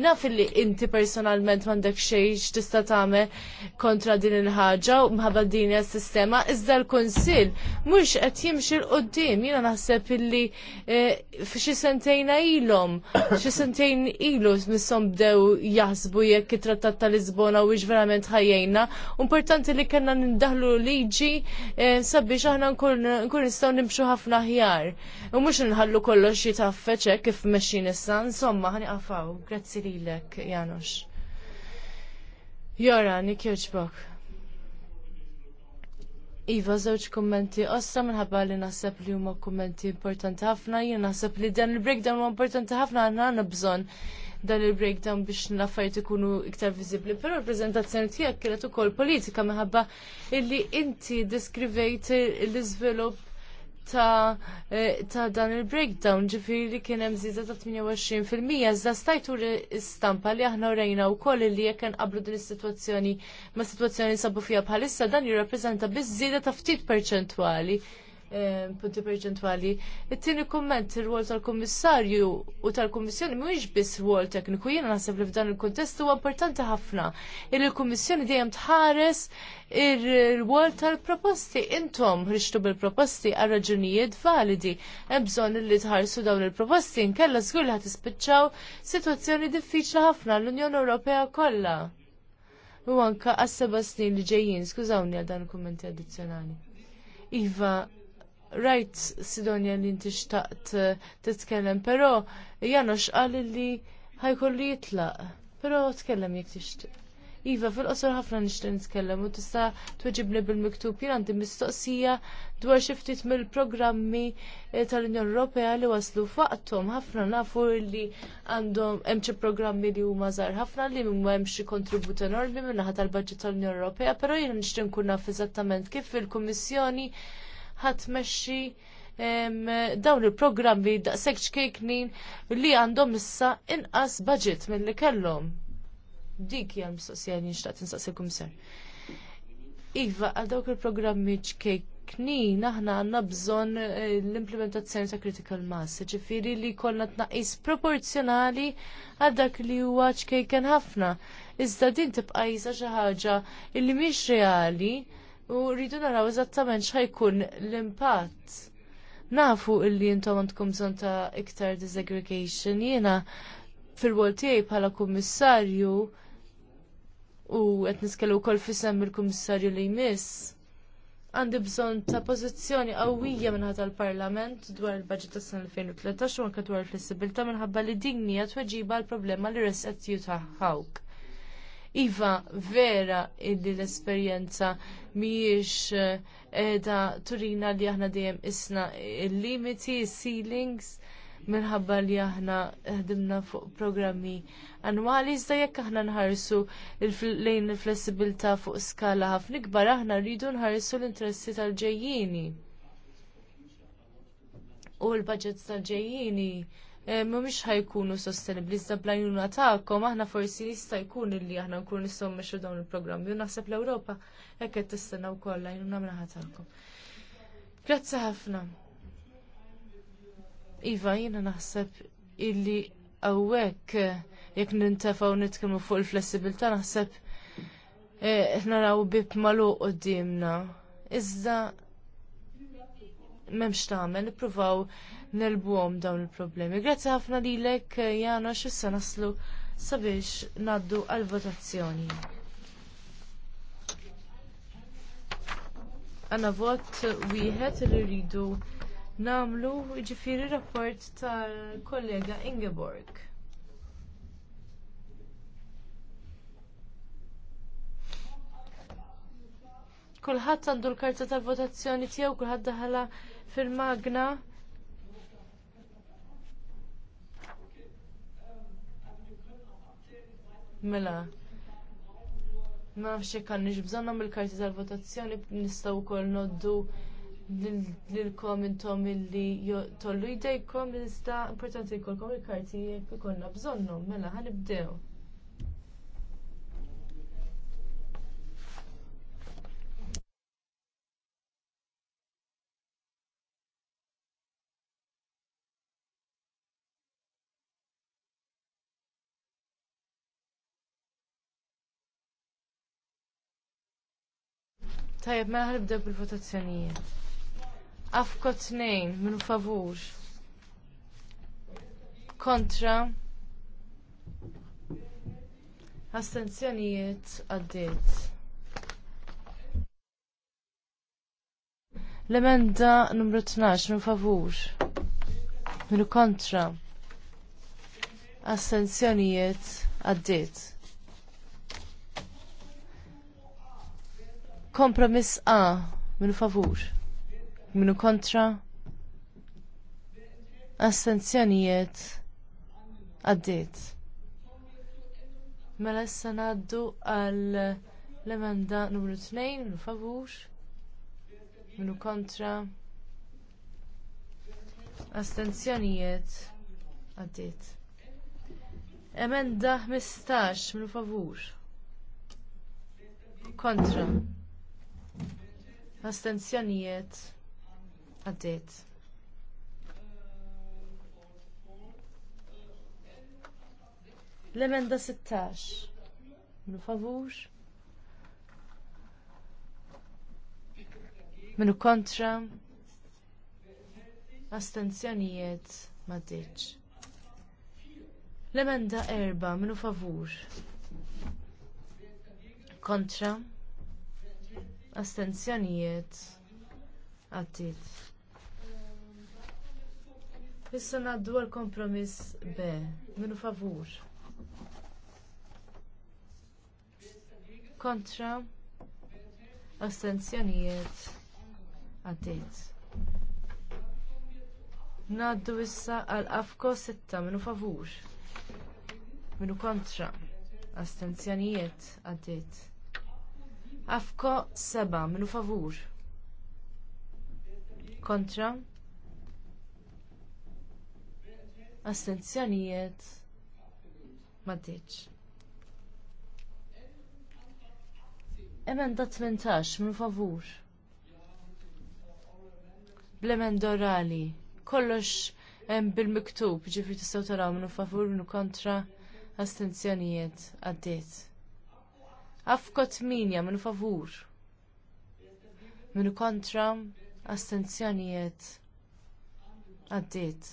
Naf li inti personalment m'għandek xejn tista' tagħmel kontra din il-ħaġa u mħabba din is-sistema, iżda l-Kunsill mhux qed jimxi l qudiem Jiena naħseb illi eh, f'xi sentejna ilhom, xi sentejn ilu misshom bdew jaħsbu jekk it-Trattat tal Lisbona u verament ħajjejna. Importanti li kellna nindaħlu liġi eh, sabiex aħna nkun nistgħu nimxu ħafna ħjar. U mhux nħallu kollox jitaffeċek kif mexxin issa, insomma ħani għafaw, Grazzi lilek, Janox. Jora, nikjoġbok. Iva, żewġ kummenti Ossa minħabba li naħseb li huma kummenti importanti ħafna, jien naħseb li dan il-breakdown huwa importanti ħafna għanna għandna bżonn dan il-breakdown biex l-affarijiet ikunu iktar viżibbli. Però l-preżentazzjoni tiegħek kienet ukoll politika minħabba illi inti deskrivejt l-iżvilupp ta' e, ta' dan il-breakdown ġifiri kien hemm żieda ta' 28% iżda stajtu istampa li aħna rejna wkoll li jekk qablu din is-sitwazzjoni ma' sitwazzjoni sabu fija bħalissa dan jirrappreżenta biż żieda ta' ftit perċentwali. Eh, punti perċentwali. It-tieni kumment ir-rwol tal-Kummissarju u tal-Kummissjoni mhuwiex biss rwol tekniku, jiena naħseb li f'dan il-kuntest huwa importanti ħafna. Il-Kummissjoni dejjem tħares ir-rwol tal-proposti. Intom rixtu bil-proposti għal raġunijiet validi. Hemm bżonn li tħarsu dawn il-proposti nkella żgur li ħatispiċċaw sitwazzjoni diffiċli ħafna l-Unjoni Ewropea kollha. U anka għas-seba snin li ġejjin, skużawni għal dan il-kommenti addizzjonali. Iva, rajt Sidonja li inti xtaqt eh, titkellem, però jano xqal li ħajkolli jitlaq, però tkellem jekk tixtieq. Iva, fil-qosor ħafna nixtieq nitkellem u tista' tweġibni bil-miktub jien għandi mistoqsija dwar xi ftit mill-programmi eh, tal-Unjoni Ewropea li waslu f'waqthom ħafna nafu li għandhom hemm xi programmi li huma żgħar ħafna li hemm xi kontribut enormi min-naħa tal-baġġett tal-Unjoni Ewropea, però jien nixtieq nkun naf eżattament kif il-Kummissjoni ħatmexxi dawn il-programmi daqshekk xkejknin li għandhom issa inqas budget milli kellhom. Dik hija l-mistoqsija li nixtaq tinsaqsilkom ser. Iva, għal dawk il-programmi ċkejknin aħna għandna bżonn eh, l-implementazzjoni ta' critical mass, ġifieri li jkollna tnaqqis proporzjonali għal dak li huwa ċkejken ħafna. Iżda din tibqa' xi ħaġa li mhix reali u rridu naraw eżattament x'ħajkun l-impatt. Nafu illi intom għandkom bżonn ta' iktar disaggregation jiena fil-wol tiegħi bħala kummissarju u qed niskellu wkoll fisem il-kummissarju li jmiss għandi bżon ta' pożizzjoni qawwija minħata tal parlament dwar il-budget tas sena 2013 u anke dwar il-flessibilità minħabba li din hija tweġiba l-problema li resqet jitħawk. Iva, vera illi l-esperjenza mhijiex eh, edha turina li aħna dejjem isna il-limiti, ceilings minħabba li aħna ħdimna fuq programmi annwali, iżda jekk aħna nħarsu lejn il-flessibilità fuq skala ħafna ikbar aħna rridu nħarsu l-interessi tal-ġejjini. U l-budgets tal-ġejjini Eh, mhumiex ħajkunu sostenibli, iżda bl-għajnuna tagħkom aħna forsi jista' jkun illi aħna nkunu nistgħu mmexxu dawn il-programmi u naħseb l-Ewropa hekk qed tistenna wkoll għajnuna minn tagħkom. Grazzi ħafna. Iva, jiena naħseb illi hawnhekk jekk nintafaw nitkellmu fuq il flessibilta naħseb eh, naraw bib magħluq dimna. Iżda m'hemmx tagħmel, nippruvaw nelbuhom dawn il-problemi. Grazzi ħafna lilek eh, Jana x'issa naslu sabiex naddu għal-votazzjoni. Għanna vot wieħed li rridu namlu ġifiri rapport tal-kollega Ingeborg. Kulħadd għandu l-karta tal-votazzjoni tiegħu kulħadd daħala fil-magna. Mela, ma nafx jekk għandix bżonn mill karti tal-votazzjoni nistgħu wkoll noddu lilkom intom illi tollu jdejkom iżda importanti jkollkom il-karti jekk ikollna bżonnhom. Mela ħanibdew. Tajjeb, mela ħalibda bil-votazzjonijiet. Afko tnejn, minu favur. Kontra. Astenzjonijiet għaddiet. L-emenda numru 12, minu favur. Minu kontra. Astenzjonijiet għaddiet. Kompromiss A, minu favur, minu kontra, astenzjonijiet, għaddit. Mela issa ngħaddu għal l-emenda numru 2, minu favur, minu kontra, astenzjonijiet, għaddit. Emenda 15, minu favur, kontra astenzjonijiet għaddiet. L-emenda 16. Minu favur. Minu kontra. Astenzjonijiet ma L-emenda erba' minu favur. Kontra astenzjonijiet għaddit. Issa ngħaddu għal kompromiss B, minu favur. Kontra astenzjonijiet għaddit. Naddu issa għal afko sitta minu favur. Minu kontra. Astenzjonijiet għaddit. Afko seba' minu favur. Kontra. Astenzjonijiet. Matiċ. Emenda 18 minu favur. Blemend orali. Kollox bil-miktub ġifri tistaw taraw minu favur minu kontra astenzjonijiet għaddiet. Afkot minja minn favur. Minn kontra astenzjonijiet għaddit.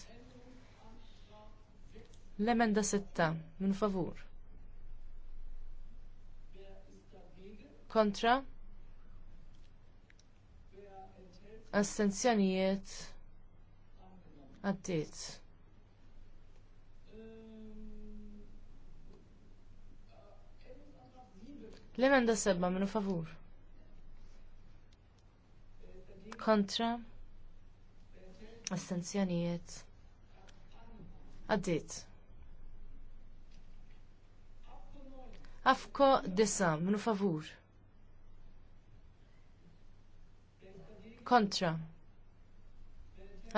L-emenda sitta minn favur. Kontra astenzjonijiet Għaddit. L-emenda sebba minu favur. Kontra. Astenzjonijiet. Għaddit. Afko disa minu favur. Kontra.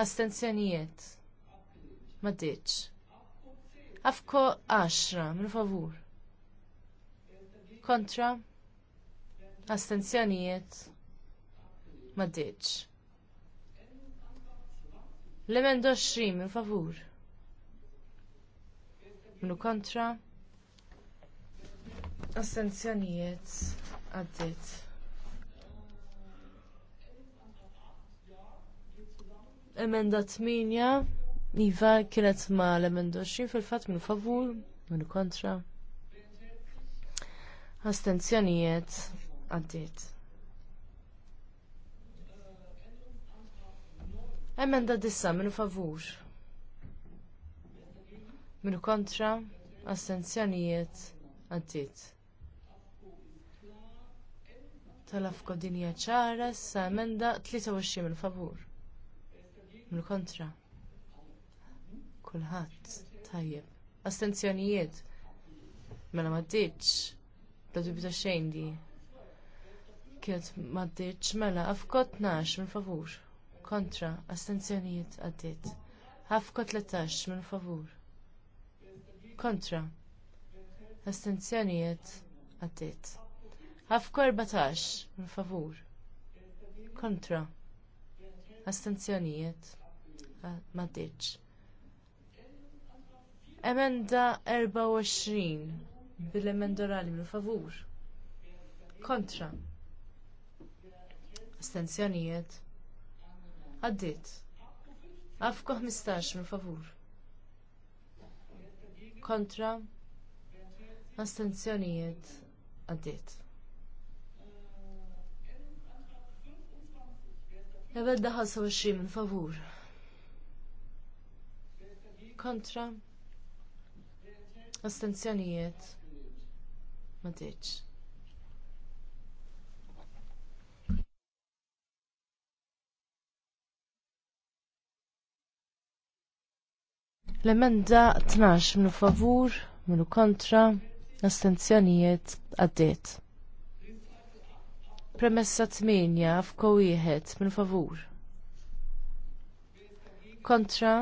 Astenzjonijiet. ditx. Afko 10 minu favur kontra astenzjonijiet ma ditx. L-emend xrim minn favur. Minu kontra astenzjonijiet għaddit. Emenda 8 Iva kienet ma l-emenda 20 fil-fat minn favur minn kontra Astenzjonijiet għaddiet. Emenda dissa minu favur. Minu kontra astenzjonijiet għaddiet. Tal-afko dinja ċara sa emenda 23 minu favur. Minu kontra. Kulħadd tajjeb. Astenzjonijiet. Mela ma ddiċ ta' dubju ta' xejn di. mela, għafkot nax minn favur. Kontra, astenzjonijiet għaddit. Afkot 13 minn favur. Kontra, astenzjonijiet għaddit. Afkot 14 minn favur. Kontra, astenzjonijiet ma Emenda 24 bil-emendorali minn favur. Kontra. Astenzjonijiet. Għaddit. Afko 15 minn favur. Kontra. Astenzjonijiet. Għaddit. Ebed daħal 27 minn favur. Kontra. Astenzjonijiet ma ditx. L-emenda 12 minu favur, minu kontra, astenzjonijiet għaddiet. Premessa 8 f'ko wieħed minn favur. Kontra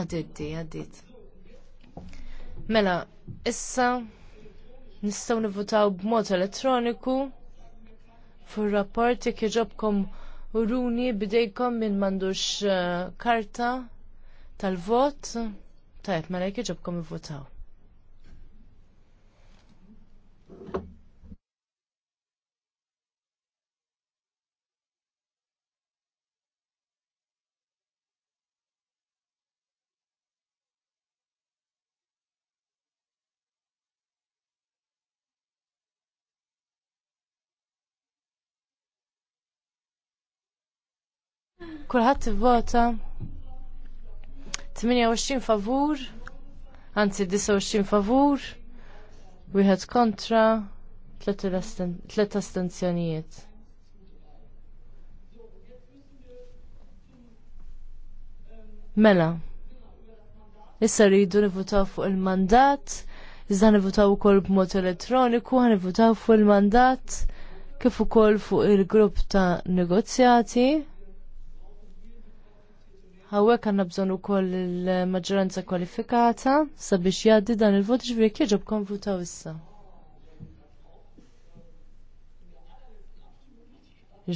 Għaditti, għaddiet. Mela, issa nistgħu nivvutaw b'mod elettroniku fur rapport jekk iġobkom uruni bidejkom minn m'għandux eh, karta tal-vot. Tajb, mela jekk iġobkom ivvutaw. Kulħadd ivvota 28 favur, anzi 29 favur, wieħed kontra, tliet astenzjonijiet. Mela. Issa rridu nivutaw fuq il-mandat, iżda nivutaw ukoll b'mod elettroniku, nivutaw fuq il-mandat kif ukoll fuq il-grupp ta' negozjati. Għawek għanna bżon u koll il-maġġoranza kwalifikata sabiex jaddi dan il-vot ġviri kieġob konvutaw issa.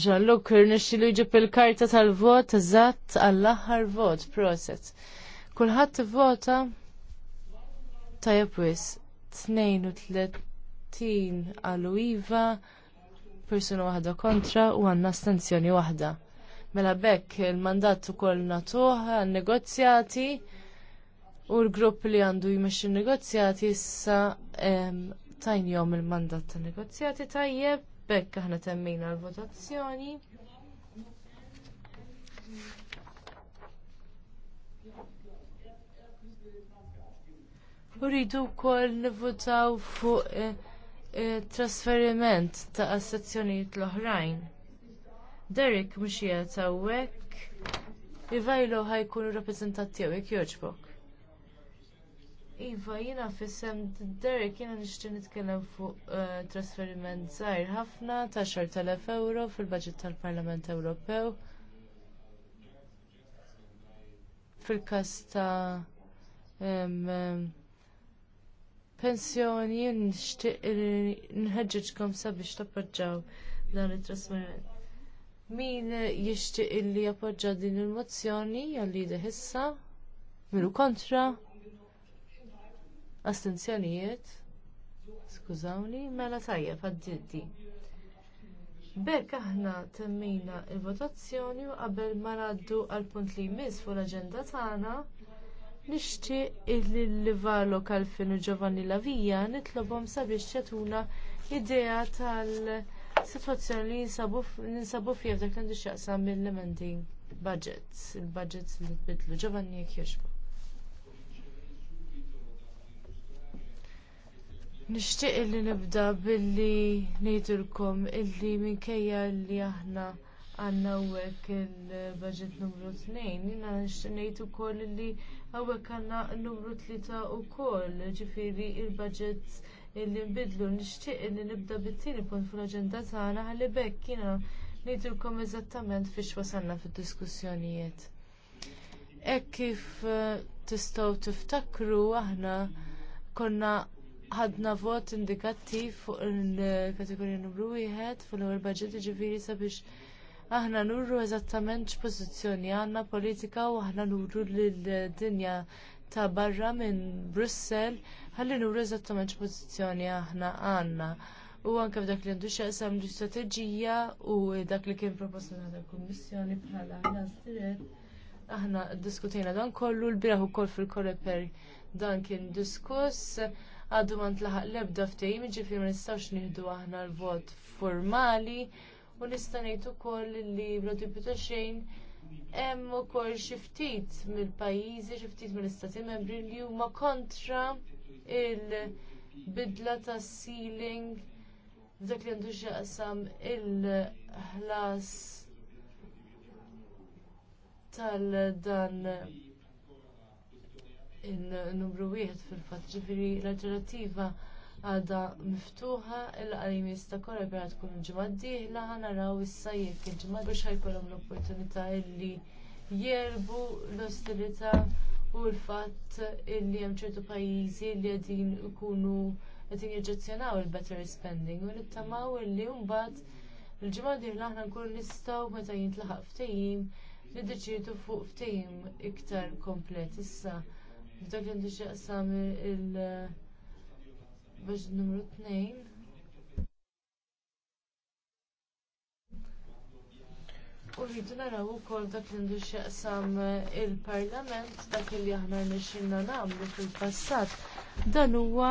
Ġalluk, nixi xilu ġib il-karta tal-vot, zatt għall-aħħar vot, proset. Kulħadd vota tajab wis 32 għal iva, persuna waħda kontra u għanna stanzjoni waħda. Mela bekk il-mandat ukoll natuħ għan-negozjati u l-grupp li għandu jmexxi negozjati issa tajnjom il-mandat tan negozjati tajjeb bekk aħna temmina l-votazzjoni. Uridu wkoll nivvotaw fuq eh, eh, trasferiment ta' sezzjonijiet l-oħrajn. Derek mhux qiegħed hawnhekk. Ivajlo ħajkun tiegħu, jekk jogħġbok. Iva, jiena fissem Derek jiena nixtieq nitkellem fuq eh, trasferiment żgħir ħafna ta' xar telef euro fil-baġit tal-Parlament Ewropew. Fil-każ ta' pensjoni nixtieq nħeġġeġkom sabiex tappoġġaw dan it-trasferiment Min jixtieq illi jappoġġa din il-mozzjoni għalli deħissa? Minu kontra? Astenzjonijiet? Skużawni, mela tajjeb għaddiddi. B'hekk aħna temmina l votazzjoni u qabel ma ngħaddu għall punt li jmiss fuq l-aġenda tagħna nixtieq illi l-livar lokal finu Giovanni Lavija nitlobhom sabiex jagħtuna idea tal- situazzjoni li ninsabu fija f'dak li għandu xaqsam mill-elementi budgets, il-budgets li tbidlu. Ġovanni jek Nixtieq li nibda billi ngħidulkom illi minkejja li aħna għandna hawnhekk il-budget numru 2, jiena nixtieq ngħid ukoll li hawnhekk għandna numru 3 wkoll ġifieri l budgets illi nbidlu nixtieq illi nibda bit-tieni punt fl-aġenda tagħna ħalli bekk jiena nidrukom eżattament fiex wasalna fid-diskussjonijiet. Hekk kif eh, tistgħu tiftakru aħna konna ħadna vot indikattiv fuq il-kategorija numru wieħed fl-ewwel budget jiġifieri sabiex aħna nurru eżattament x'pożizzjoni għandna politika u aħna nurru lill dinja ta' barra minn Brussell ħalli nuru eżattament x'pożizzjoni aħna għandna. U anke f'dak li għandu xaqsam li strateġija u dak li kien proposta ta' dak kummissjoni bħala dirett aħna diskutejna dan kollu l-biraħu kol fil-koreper dan kien diskuss għadu ma ntlaħaq lebda ftehim ġifir ma nistawx nieħdu aħna l-vot formali u nista' ngħid ukoll li bla tipi ta' xejn hemm ukoll xi ftit mill-pajjiżi, xi ftit mill-istati membri li huma kontra il-bidla ta' ceiling dak li għandu xaqsam il-ħlas tal-dan il-numru wieħed fil-fatt ġifiri l-alternativa għadha miftuħa il-qalim jista' korebja tkun il-ġimgħa d-dieħla naraw issa jekk il-ġimgħa biex jkollhom l-opportunità illi jerbu l-ostilità u l-fatt illi hemm ċertu pajjiżi li qegħdin ikunu qegħdin jeġġezzjonaw il-better spending u nittamaw illi mbagħad il-ġimgħa dieħla aħna nkunu nistgħu meta jintlaħaq ftehim niddeċiedu fuq ftehim iktar komplet issa. F'dak li ndixxaqsam il- Baġ numru 2 U rridu naraw ukoll dak li ndu xaqsam eh, il-parlament dak li aħna nixinna nagħmlu fil-passat. Dan huwa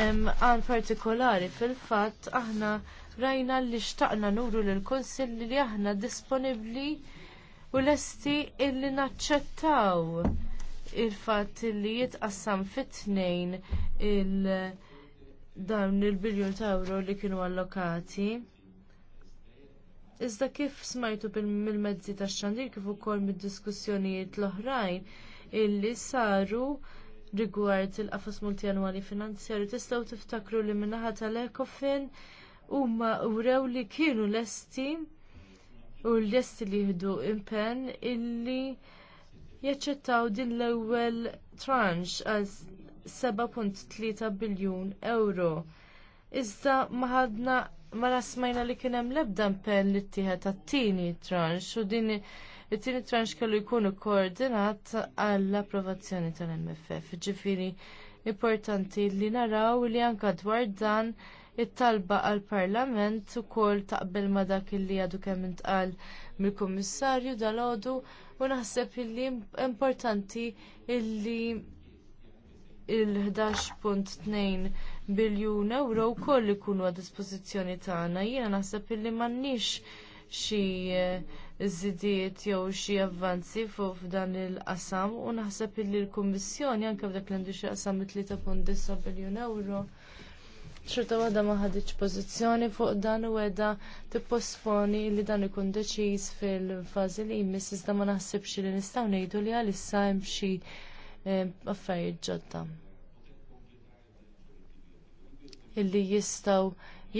għan partikolari fil-fatt aħna rajna li xtaqna nuru lill-kunsill li aħna disponibbli u lesti illi naċċettaw il-fatt li jitqassam fit-tnejn il- dawn il-biljun ta' euro li kienu allokati. Iżda kif smajtu mill-mezzi tax xandir kif ukoll mid-diskussjonijiet l-oħrajn illi saru rigward il-qafas multijanwali finanzjarju tistgħu tiftakru li min-naħa tal-Ekofin huma wrew li kienu lesti u lesti li jieħdu impenn illi jaċċettaw din l-ewwel tranche għal 7.3 biljun euro. Iżda ma ħadna ma mela nasmajna li kien hemm l-ebda impenn li t-tieħed tat-tieni tranx u din it-tieni tranx kellu jkun koordinat għall-approvazzjoni tal-MFF. Ġifieri importanti li naraw li anke dwar dan it-talba għall-Parlament ukoll taqbel ma dak li għadu kemm intqal mill-Kummissarju dal-għodu u naħseb li importanti illi il-11.2 biljun euro wkoll ikunu għad dispożizzjoni tagħna. Jiena naħseb illi m'għandniex xi eh, żidiet jew xi avvanzi fuq f'dan il-qasam u naħseb illi l-Kummissjoni anke f'dak li għandu xi qasam 3.9 biljun euro xorta waħda ma ħaditx pożizzjoni fuq dan u għedha tipposponi li dan ikun deċiż fil-fazi li jmiss iżda ma naħsibx li nistgħu ngħidu li għalissa hemm xi eh, affarijiet ġodda illi jistgħu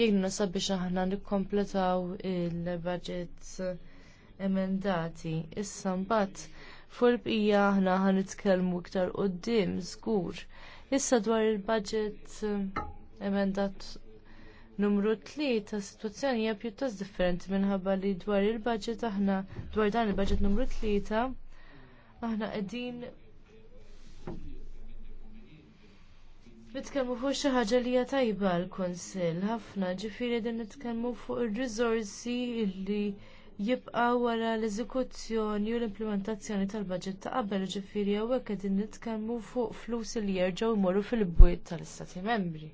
jignu sabiex aħna nikkompletaw il-budget emendati. Issa mbagħad fuq il-bqija aħna ħan nitkellmu iktar quddiem żgur. Issa dwar il-budget eh, emendat numru 3 ta' situazzjoni hija pjuttost differenti minħabba li dwar il-budget aħna dwar dan il-budget numru 3 aħna qegħdin nitkellmu fuq xi ħaġa li hija tajba l-Kunsill ħafna ġifieri din nitkellmu fuq ir-riżorsi li jibqgħu wara l-eżekuzzjoni u l-implementazzjoni tal-baġġett ta' qabel ġifieri hawnhekk qegħdin nitkellmu fuq flus li jerġgħu jmorru fil-bwiet tal-Istati Membri.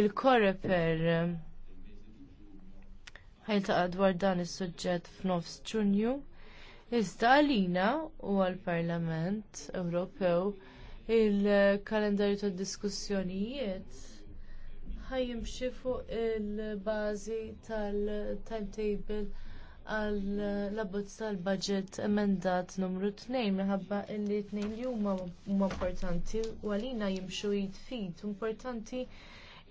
Il-Koreper ħajtaqa' dwar dan is-suġġett f'nofs Ġunju. Iżda għalina u għall-Parlament Ewropew il-kalendarju tad diskussjonijiet ħajjimxi fuq il-bażi tal-timetable għall l-abbozz tal-budget emendat numru 2 minħabba li tnejn li huma importanti u għalina jimxu jitfid importanti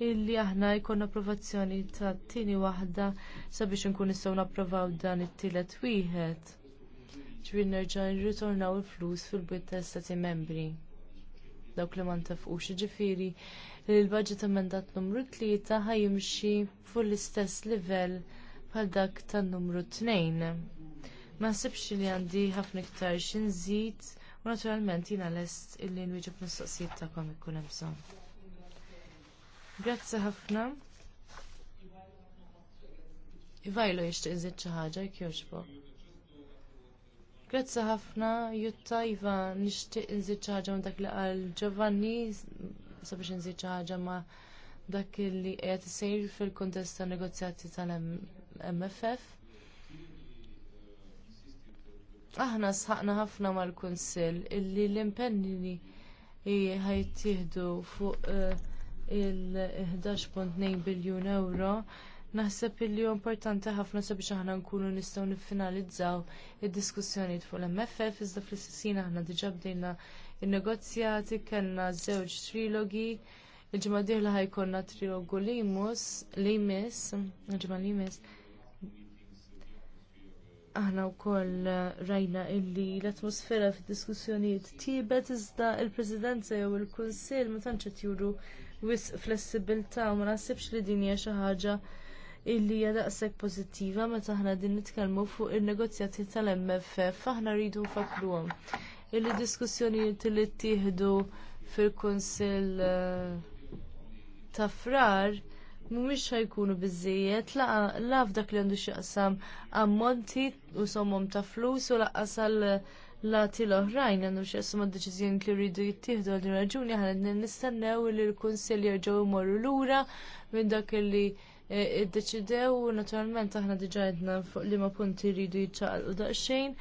illi aħna jkun approvazzjoni ta' tieni waħda sabiex nkun nistgħu napprovaw dan it-tielet wieħed. Ġri nerġa' nirritornaw il-flus fil-bwiet ta' stati membri dawk li ma ntefqux ġifiri li l-budget emendat numru 3 jimxi fuq l-istess livell bħal dak tan numru 2. Ma sibx li għandi ħafna iktar xinżid u naturalment jiena lest illi nwieġeb mistoqsijiet tagħkom ikun hemm bżonn. Grazzi ħafna. Ivajlo jishtiq iżid xi ħaġa jekk jogħġbok. Grazzi ħafna, Jutta Iva, nixtieq xi ħaġa dak li qal Giovanni sabiex nżid ħaġa ma dak li qed isir fil-kuntest tan negozjati tal-MFF. Aħna sħaqna ħafna mal-Kunsill illi l-impenni ħajtieħdu fuq eh, il-11.2 biljun euro Naħseb li hu importanti ħafna sabiex aħna nkunu nistgħu niffinalizzaw id-diskussjoni fuq l-MFF iżda fl-istessin aħna diġà bdejna n-negozjati kellna żewġ trilogi. Il-ġimgħa dieħla ħajkonna trilogu li jmus li jmiss, il li jmiss. Aħna wkoll rajna illi l-atmosfera fid-diskussjonijiet tibet iżda l presidenza jew il-Kunsill ma tantx qed juru wisq flessibilta u ma naħsibx li din hija xi ħaġa illi hija daqshekk pożittiva meta aħna din nitkellmu fuq in-negozjati tal-MFF aħna rridu nfakruhom. Illi diskussjonijiet li ttieħdu fil-Kunsill eh, ta' frar mhumiex ħajkunu biżżejjed la f'dak li għandu x'jaqsam ammonti u sommom ta' flus u laqqas għal lati l-oħrajn għandu x'jaqsam għad-deċiżjoni li rridu jittieħdu għal din raġuni ħanet nistennew li l-Kunsill jerġgħu jmorru lura minn dak li Eh, iddeċidew naturalment aħna diġà għedna fuq liema punti rridu jiċċaqalqu daqsxejn,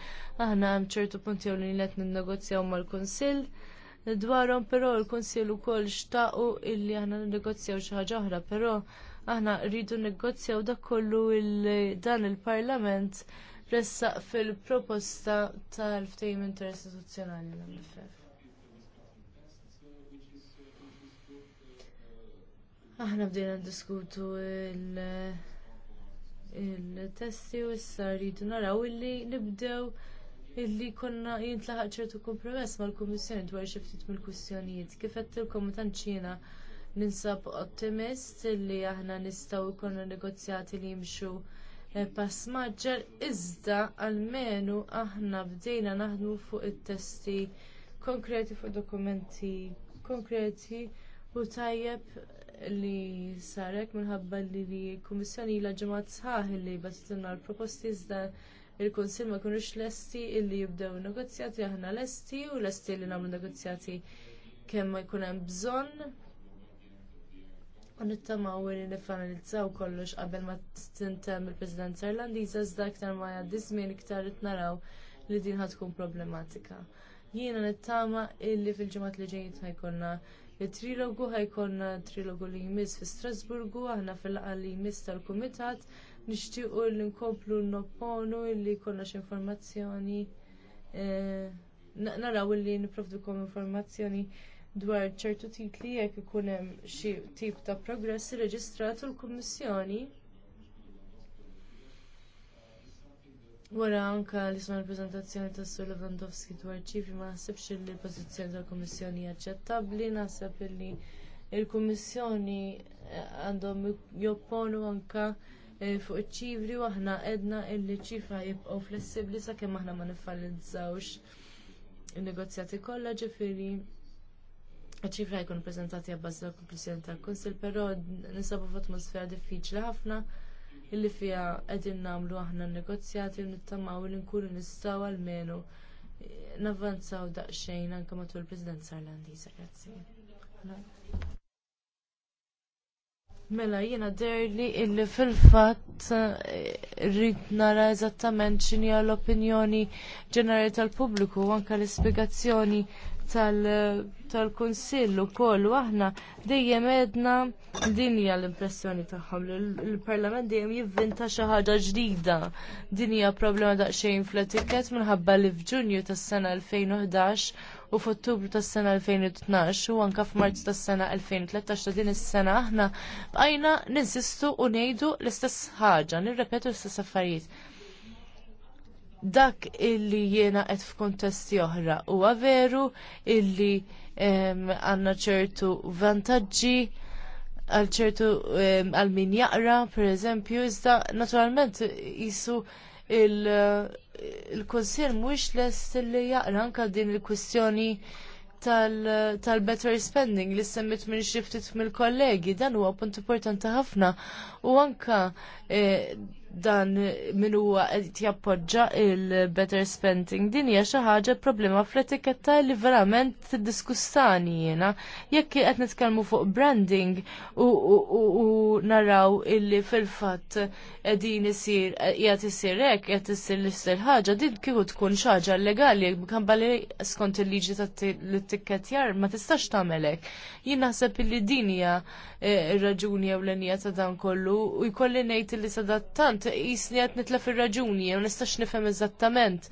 aħna hemm ċertu punti li qed ninnegozjaw mal-Kunsill. Dwarhom però l-Kunsill ukoll xtaqu illi aħna ninnegozjaw xi ħaġa oħra, però aħna rridu negozjaw dak kollu dan il-Parlament ressaq fil-proposta tal-ftehim interistituzzjonali l-MFF. Aħna bdejna ndiskutu il-testi u issa rridu naraw illi nibdew illi konna jintlaħaq ċertu kompromess mal-Kummissjoni dwar xi ftit mill-kwistjonijiet. Kif qed il-Komitant ċina ninsab ottimist illi aħna nistgħu jkollna negozjati li jimxu eh, pass maġġar iżda għalmenu aħna bdejna naħdmu fuq it-testi konkreti fuq dokumenti konkreti u tajjeb li sarek minħabba li l-Kummissjoni la ġemat sħaħ li batunna l-proposti iżda il-Konsil ma kunux lesti illi jibdew negozjati aħna lesti u lesti li nagħmlu negozjati kemm ma jkun hemm bżonn. U nittamaw li nifanalizzaw kollox qabel ma tintem il-Presidenza Irlandiża iżda aktar ma jgħaddi żmien iktar naraw li din tkun problematika. Jiena nittama illi fil-ġimgħat li ġejjin ħajkonna Il-trilogu ħajkon trilogu li jmiss fi Strasburgu, aħna fil laqgħa li jmiss tal-Kumitat, nixtiequ li nkomplu nopponu li jkollna informazzjoni. E, naraw li niprofdukom informazzjoni dwar ċertu titli jekk ikun hemm xi tip ta' progress irreġistrat u l-Kummissjoni Wara anka li sma l-prezentazzjoni ta' Sur Lewandowski dwar ċifri ma naħsibx li l-pożizzjoni tal-Kummissjoni aċċettabbli, naħseb li il-Kummissjoni eh, għandhom jopponu anke eh, fuq iċ-ċifri u aħna qedna li ċifra jibqgħu flessibbli sakemm aħna ma niffallizzawx in-negozjati kollha ġifieri ċifra jkun preżentati għabbaż l konklusjoni tal kunsil però nisabu f'atmosfera diffiċli ħafna illi fiha qegħdin nagħmlu aħna n negozjati u nittamaw li nkunu nistgħu għalmenu eh, navvanzaw daqsxejn anke matul il-Presidenza Irlandiża. Grazzi. Mela jiena derli illi fil-fatt eh, rrid nara eżattament x'inhi l-opinjoni ġenerali tal-pubbliku u anke l-ispjegazzjoni eh, tal-Kunsill ukoll u aħna dejjem edna din hija l-impressjoni tagħhom li l-Parlament dejjem jivvinta xi ħaġa ġdida. Din hija problema daqsxejn fl-etikett minħabba li f'Ġunju tas-sena 2011 u f'Ottubru tas-sena 2012 u anke f'Marzu tas-sena 2013 ta' din is-sena aħna bqajna ninsistu u ngħidu l-istess ħaġa, nirrepetu l-istess affarijiet. Dak illi jiena qed f'kuntesti oħra huwa veru illi għandna ċertu vantaġġi għal ċertu għal min jaqra, per eżempju, iżda naturalment jisu il-Konsil mhuwiex lest li jaqra anke din il-kwistjoni tal-better spending li semmit minn xiftit mill-kollegi, dan huwa punt importanti ħafna. U anka eh, dan min huwa qed jappoġġa il-better spending. Din hija xi ħaġa problema fl-etiketta li verament tiddiskustani jiena. Jekk qed nitkellmu fuq branding u, u, u, u naraw illi fil-fatt qegħdin isir qiegħed isir hekk qed isir l-istess ħaġa din kieku tkun xi ħaġa legali kamba li skont il-liġi tat-tikketjar ma tistax tagħmel hekk. Jien naħseb illi din hija eh, ir-raġuni ewlenija ta' dan kollu u jkolli ngħid illi tant. President, jisni għet nitla fil raġuni jew nistax nifhem eżattament.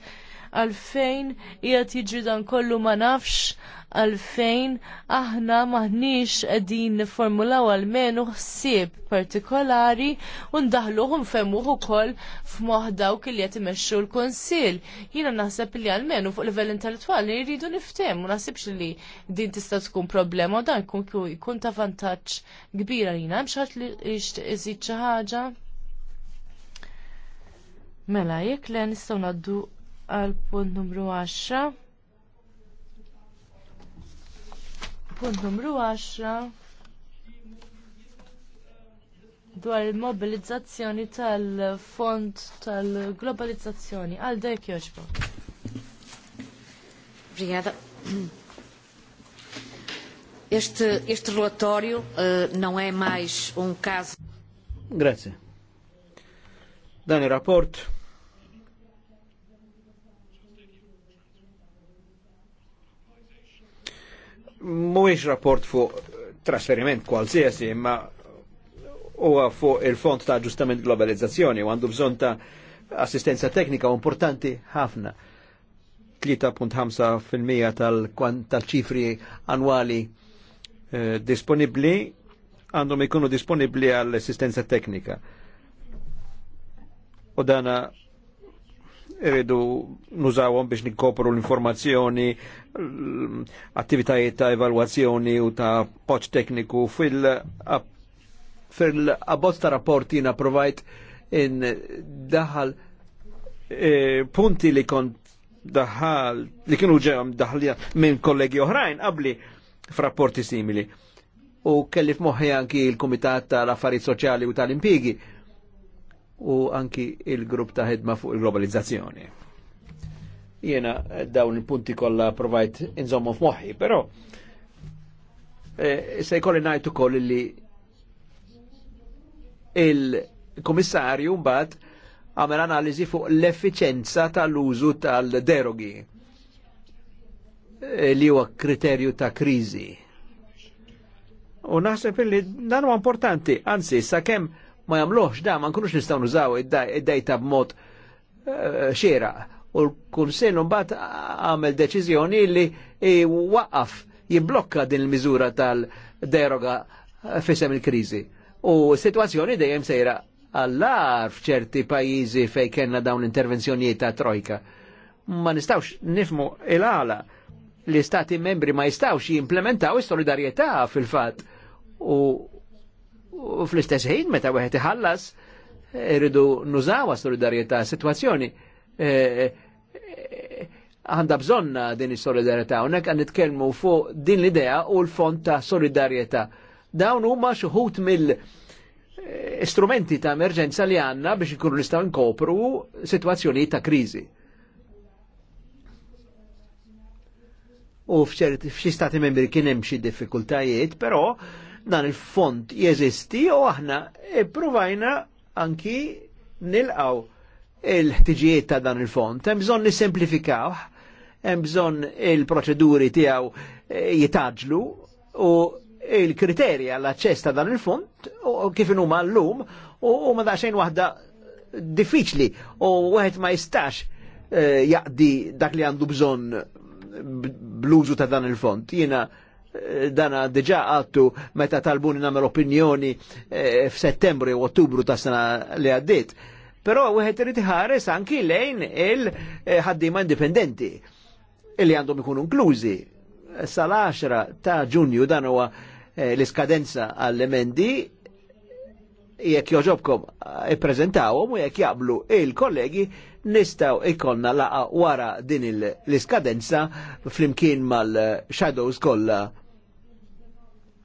Għalfejn jgħat jiġri dan kollu ma nafx, għalfejn aħna maħniex għedin niformulaw għalmenu ħsieb partikolari undaħluħum femmuħ u koll f'moħdaw kelli jgħat imexxu l-konsil. Jina naħseb li għalmenu fuq livell intellettuali jridu niftem u naħsebx li din tista' tkun problema u dan jkun ta' vantaġġ kbira jina. Mxħat li iġt iżid xi ħaġa? Mela, jekk le nistgħu ngħaddu għal punt numru 10. Punt numru 10 dwar il-mobilizzazzjoni tal-fond tal-globalizzazzjoni. Għal dek joġba. Brigada. Este, este relatório uh, não é mais um caso. Grazie. Dan il rapport mhuwiex rapport fuq trasferiment qualsiasi, imma huwa fuq il font ta' ġustament Globalizzazzjoni u għandu bżonn ta' assistenza teknika importanti ħafna. 3.5% tal-ċifri tal annwali eh, disponibli għandhom ikunu disponibli għall-assistenza teknika. U dana irridu nużawhom biex nikkopru l-informazzjoni, attivitajiet ta' evalwazzjoni u ta' poċ tekniku fil-abbozz ta' jina provajt in daħal e, punti li kont daħal li kienu ġem daħal minn kollegi oħrajn qabli f'rapporti simili. U kelli f'moħħi anki il-Kumitat tal-Affarijiet Soċjali u tal-Impigi u anki il-grupp ta' ħedma fuq il-globalizzazzjoni. Jena eh, dawn il-punti kollha provajt inżommu f'moħi, però e, se jkolli ngħid ukoll li il-komissarju mbagħad għamel analiżi fuq l-effiċenza tal-użu tal-derogi eh, li huwa kriterju ta' kriżi. U naħseb li dan huwa importanti, anzi sakemm ma jagħmluhx da ma nkunux nistgħu nużaw id-dejta b'mod eh, xera. U l-Kunsill mbagħad għamel deċiżjoni li eh, waqaf jimblokka din il-miżura tal-deroga eh, fisem il-kriżi. U situazzjoni dejjem sejra għallar f'ċerti pajjiżi fej kellna dawn intervenzjonijiet ta' trojka. Ma nistawx nifmu il-għala li stati membri ma jistawx jimplementaw is-solidarjetà fil-fatt u u fl-istess ħin meta wieħed iħallas irridu nużawa solidarjetà sitwazzjoni e, e, għandha bżonn din is-solidarjetà hawnhekk għan nitkellmu fuq din l-idea u l-fond ta' solidarjetà. Dawn huma xuħut mill- e, istrumenti ta' emerġenza li għanna biex ikunu nistgħu nkopru sitwazzjoni ta' kriżi. U f'xi stati membri kien hemm xi diffikultajiet, però dan il-fond jeżisti u aħna provajna anki nilqaw il-ħtiġijiet ta' dan il-fond. Hemm bżonn nisimplifikawh, hemm bżonn il-proċeduri tiegħu eh, jitaġlu u il-kriterja l-aċċess ta' dan il-fond u kif huma llum u ma daxejn waħda diffiċli u wieħed ma jistax eh, jaqdi dak li għandu bżonn bluzu ta' dan il-fond. Jiena dana diġa għattu meta talbuni namel opinjoni eh, f'Settembru u Ottubru ta' sena li għaddit. Però wieħed irid ħares anki lejn il-ħaddiema indipendenti illi għandhom ikunu inklużi. Sal-10 ta' Ġunju dan huwa eh, l-iskadenza għall-emendi jekk joġobkom eh, i-prezentawom u jekk jaqblu il-kollegi nistaw ikonna laqa wara din l-iskadenza flimkien mal-shadows kollha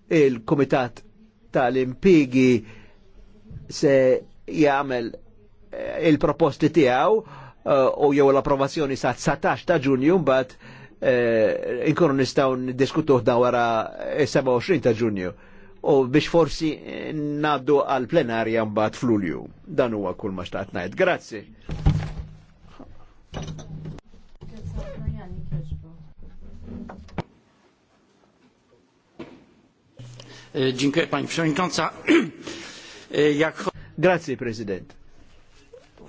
il-Kumitat tal-Impigi se jagħmel eh, il-proposti tiegħu eh, u jew l-approvazzjoni sa' 19 ta' Ġunju mbagħad eh, inkunu nistgħu niddiskutuh dan wara 27 ta' Ġunju u biex forsi naddu għal plenarja mbagħad f'Lulju. Dan huwa kull ma xtaqt ngħid. Grazzi. E, dziękuję Pani Przewodnicząca. E, jak... Grazie President.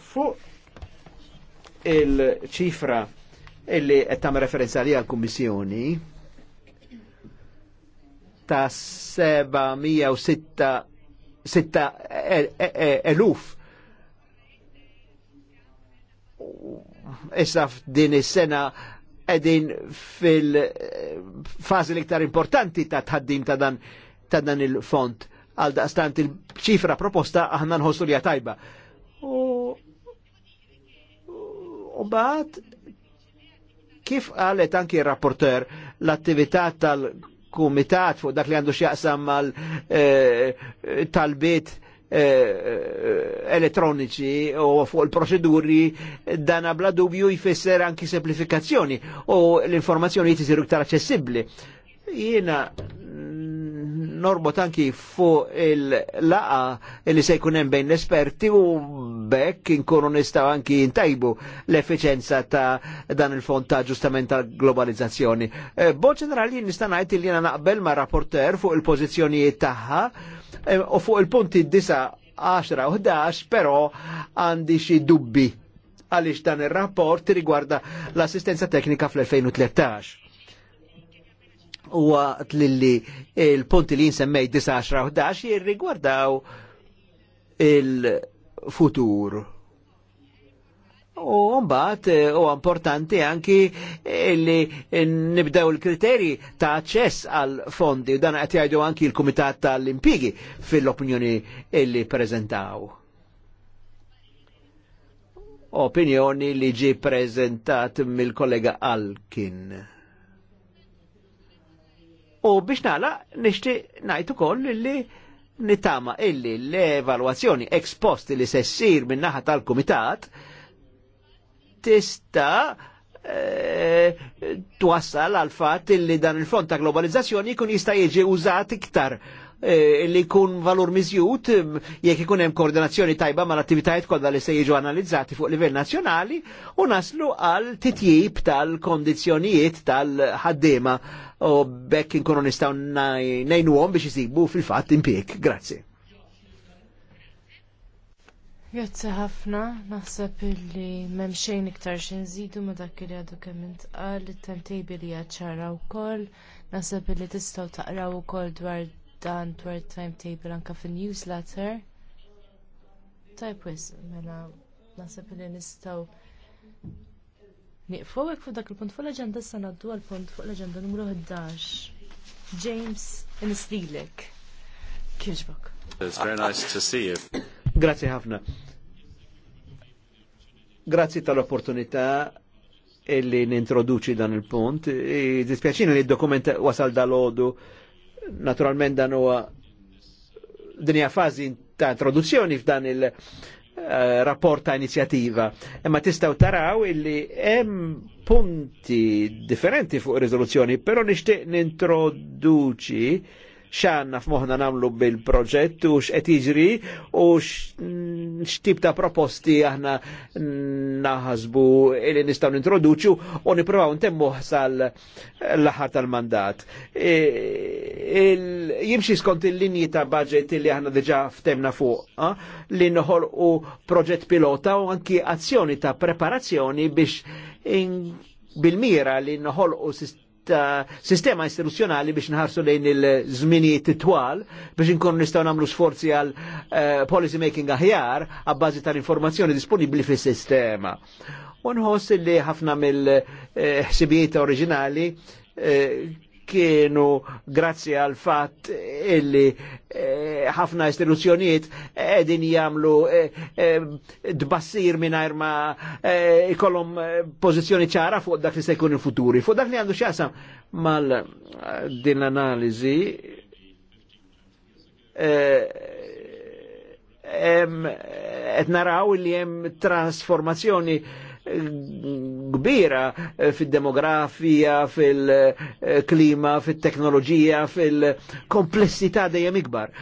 Fu il-ċifra illi għettam referenza li għal kummissjoni ta' 706 e, eluf issa din is-sena edin fil eh, fazi l-iktar importanti ta' tħaddim ta' dan ta' dan il-font għal daqstant il-ċifra proposta aħna nħossu li tajba. U bat, kif għalet anki il-rapporter l-attività tal-kumitat fuq dak li għandu xjaqsam mal e talbiet eh, elettroniċi u fuq il-proċeduri dan bla dubju jfisser anki semplifikazzjoni u l-informazzjoni jtisiru ktar aċċessibbli. Jiena norbot anki fuq il-laqa li se jkun hemm bejn l-esperti u bekk inkunu nistaw anki intajbu l-effiċenza ta' dan il-fond ta' ġustament tal-globalizzazzjoni. E, Bo ġenerali nista' ngħid li jiena naqbel ma' rapporter fuq il-pożizzjonijiet tagħha e, u fuq il-punti disa 10 u 11 però għandi xi dubbi għaliex dan ir-rapport riguarda l-assistenza teknika fl-2013 u għat li il-punti li jinsemmej 19-11 jirrigwardaw il-futur. U mbagħad huwa eh, importanti anki eh, li nibdew il-kriterji ta' aċċess għal fondi u dan qed jgħidu anki l-Kumitat tal impigi fil-opinjoni li prezentaw. Opinjoni li ġi prezentat mill-kollega Alkin. U biex nala, nishti najtu koll li nitama illi l-evaluazzjoni ex post li sessir minn naħa tal-komitat tista eh, twassal għal fat illi dan il-fond ta' globalizzazzjoni kun jista' jieġi użat iktar Eh, li jkun valur mizjut mm, jekk ikun hemm koordinazzjoni tajba mal attivitajiet kollha li se jiġu analizzati fuq livell nazzjonali u naslu għal titjib tal-kondizzjonijiet tal-ħaddiema u bekk inkunu nistgħu ngħinuhom biex isibu fil-fatt impjek. Grazzi. Grazzi ħafna, naħseb illi memxejn iktar nżidu ma dak li għadu kemm intqal, it-timetable hija ċara ukoll, naħseb li tistgħu taqraw ukoll dwar dan dwar timetable anke fin-newsletter. Tajb wis, mela naħseb li nistgħu Niqfu hekk fuq dak il-punt fuq l-aġenda issa ngħaddu għal punt fuq l-aġenda numru 11. James Inslilek. Kieġbok. It's very nice to see you. Grazie ħafna. Grazie tal-opportunità illi nintroduċi dan il-punt. E Dispjaċini li d-dokument wasal dal-ħodu Naturalment dan huwa dinja fażi ta' introduzzjoni f'dan il- eh, rapport ta' inizjativa. Imma tistaw taraw illi hemm punti differenti fuq ir riżoluzzjoni, però nixtieq nintroduċi xanna f'moħna namlu bil-proġett u x'qed jiġri u x'tip ta' proposti aħna naħasbu li nistgħu nintroduċu u nippruvaw ntemmuh sal l-aħħar tal-mandat. E, jimxi skont il-linji ta' budget li aħna diġà ftemna fuq eh? li u proġett pilota u anki azzjoni ta' preparazzjoni biex bil-mira li noħolqu sistema ta' sistema istituzzjonali biex nħarsu lejn il-żminijiet twal biex inkunu nistgħu nagħmlu sforzi għal eh, policy making aħjar għabbażi tal-informazzjoni disponibbli fis-sistema. U nħoss li ħafna mill-ħsibijiet eh, oriġinali eh, kienu grazzi għal fatt illi eh, ħafna eh, istituzzjonijiet edin jamlu eh, eh, dbassir minnajr ma eh, eh, pozizjoni ċara fuq dak li se jkun il-futuri. Fuq dak li għandu xasam mal eh, din l analizi eh, eh, qed naraw li hemm trasformazzjoni kbira fid-demografija, fil-klima, fil-teknoloġija, fil-komplessità dejjem ikbar.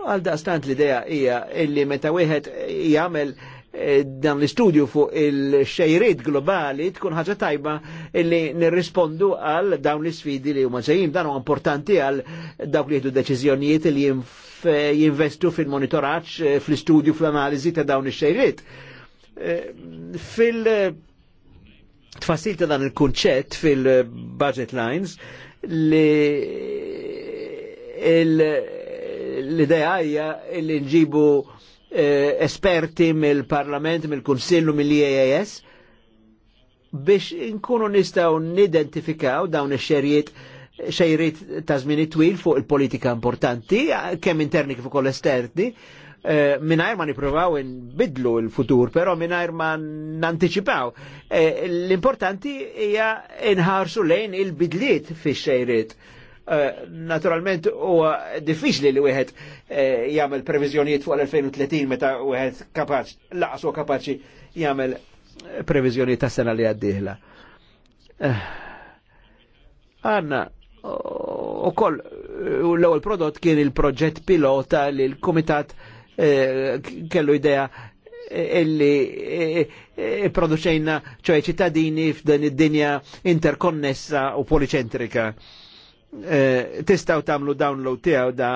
Għal daqstant l-idea hija illi meta wieħed jagħmel eh, dan l-istudju fuq il-xejrid globali tkun ħaġa tajba illi nirrispondu għal dawn l-sfidi li huma ġejjin dan huwa importanti għal dawk li jieħdu deċiżjonijiet li jinvestu fil-monitoraġġ eh, fl-istudju fl-analiżi ta' dawn ix-xejrid Eh, fil- eh, tfassil ta' dan il-kunċett fil-budget eh, lines li l-idea hija li nġibu esperti mill-Parlament, mill-Kunsillu, mill-IAS biex inkunu nistaw nidentifikaw dawn ix-xerjiet xejrit ta' żmien twil fuq il-politika importanti, kemm interni kif ukoll esterni, eh, minnajr ma niprovaw nbidlu il-futur, pero minnajr ma nanticipaw. Eh, l-importanti hija nħarsu lejn il-bidliet fi xejriet. Eh, naturalment huwa diffiċli li wieħed eh, jagħmel previżjonijiet fuq l-2030 meta wieħed kapaċ laqsu kapaċi jagħmel previżjonijiet tas-sena li għaddieħla. Għanna, u koll l-ewwel prodott kien il-proġett pilota li l-Kumitat Eh, kellu idea eh, illi eh, produċejna ċoj ċittadini f'dan id-dinja interkonnessa u policentrika. Tistaw tamlu download tijaw da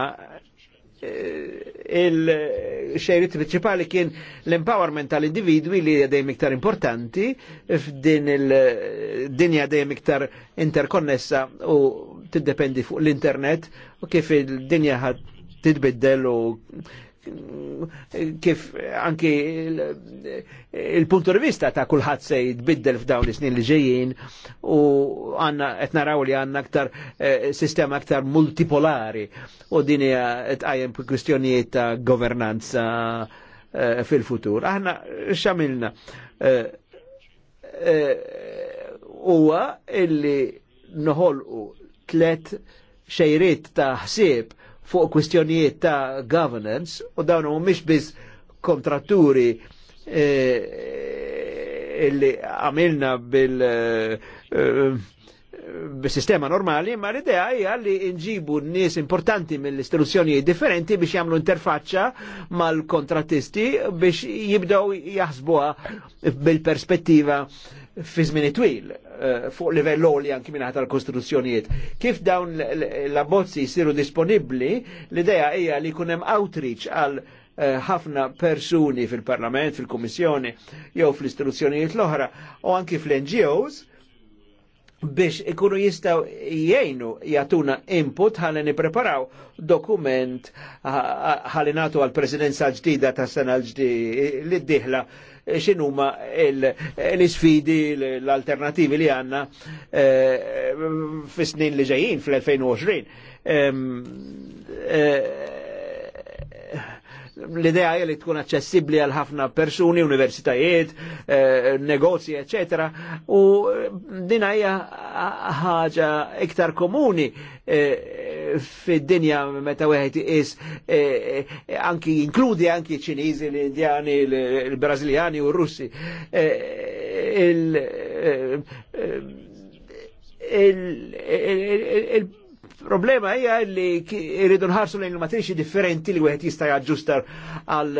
il-xejrit principali kien l-empowerment tal-individwi li għadem iktar importanti f'din il-dinja għadem iktar interkonnessa u tiddependi fuq l-internet u kif il-dinja ħad tidbiddel u kif anki il punt il rivista ta' kulħadd se jitbiddel f'dawn is-snin li ġejjin u għandna qed naraw li għandna aktar eh, sistema aktar multipolari u din hija tqajjem kwistjonijiet ta' governanza eh, fil-futur. Aħna x'għamilna eh, eh, huwa eh, illi noħolqu tlet xejriet ta' ħsieb fuq kwistjonijiet ta' governance u dawn u mhumiex biz kontratturi eh, eh, illi għamilna eh, bil sistema normali, ma l-idea hija li nġibu nies importanti mill-istituzzjoni differenti biex jagħmlu interfaċċa mal-kontrattisti biex jibdew jaħsbuha bil-perspettiva eh, fi żmien twil eh, fuq livell li anki minn tal-kostruzzjonijiet. Kif dawn l-abbozzi jsiru disponibbli, l-idea hija li jkun hemm outreach għal eh, ħafna persuni fil-Parlament, fil-Kummissjoni, jew fl-istituzzjonijiet l-oħra, u anki fl-NGOs, biex ikunu jistaw jgħinu jatuna input ħalli nipreparaw dokument ħalli natu għal presidenza ġdida ta' sena l-ġdida li d-dihla Eh, xinuma eh, l-isfidi, l-alternativi li għanna eh, fi snin li ġejjin fl-2020 l-idea li tkun aċċessibbli għal ħafna persuni, universitajiet, negozji, eċetera, u din hija ħaġa iktar komuni fil dinja meta weħet is eh, eh, anki inkludi anki ċinizi, l-Indjani, l-Brażiljani u r-Russi. Eh, il problema hija li irridu nħarsu lejn il-matriċi differenti li wieħed jista' jaġġustar għal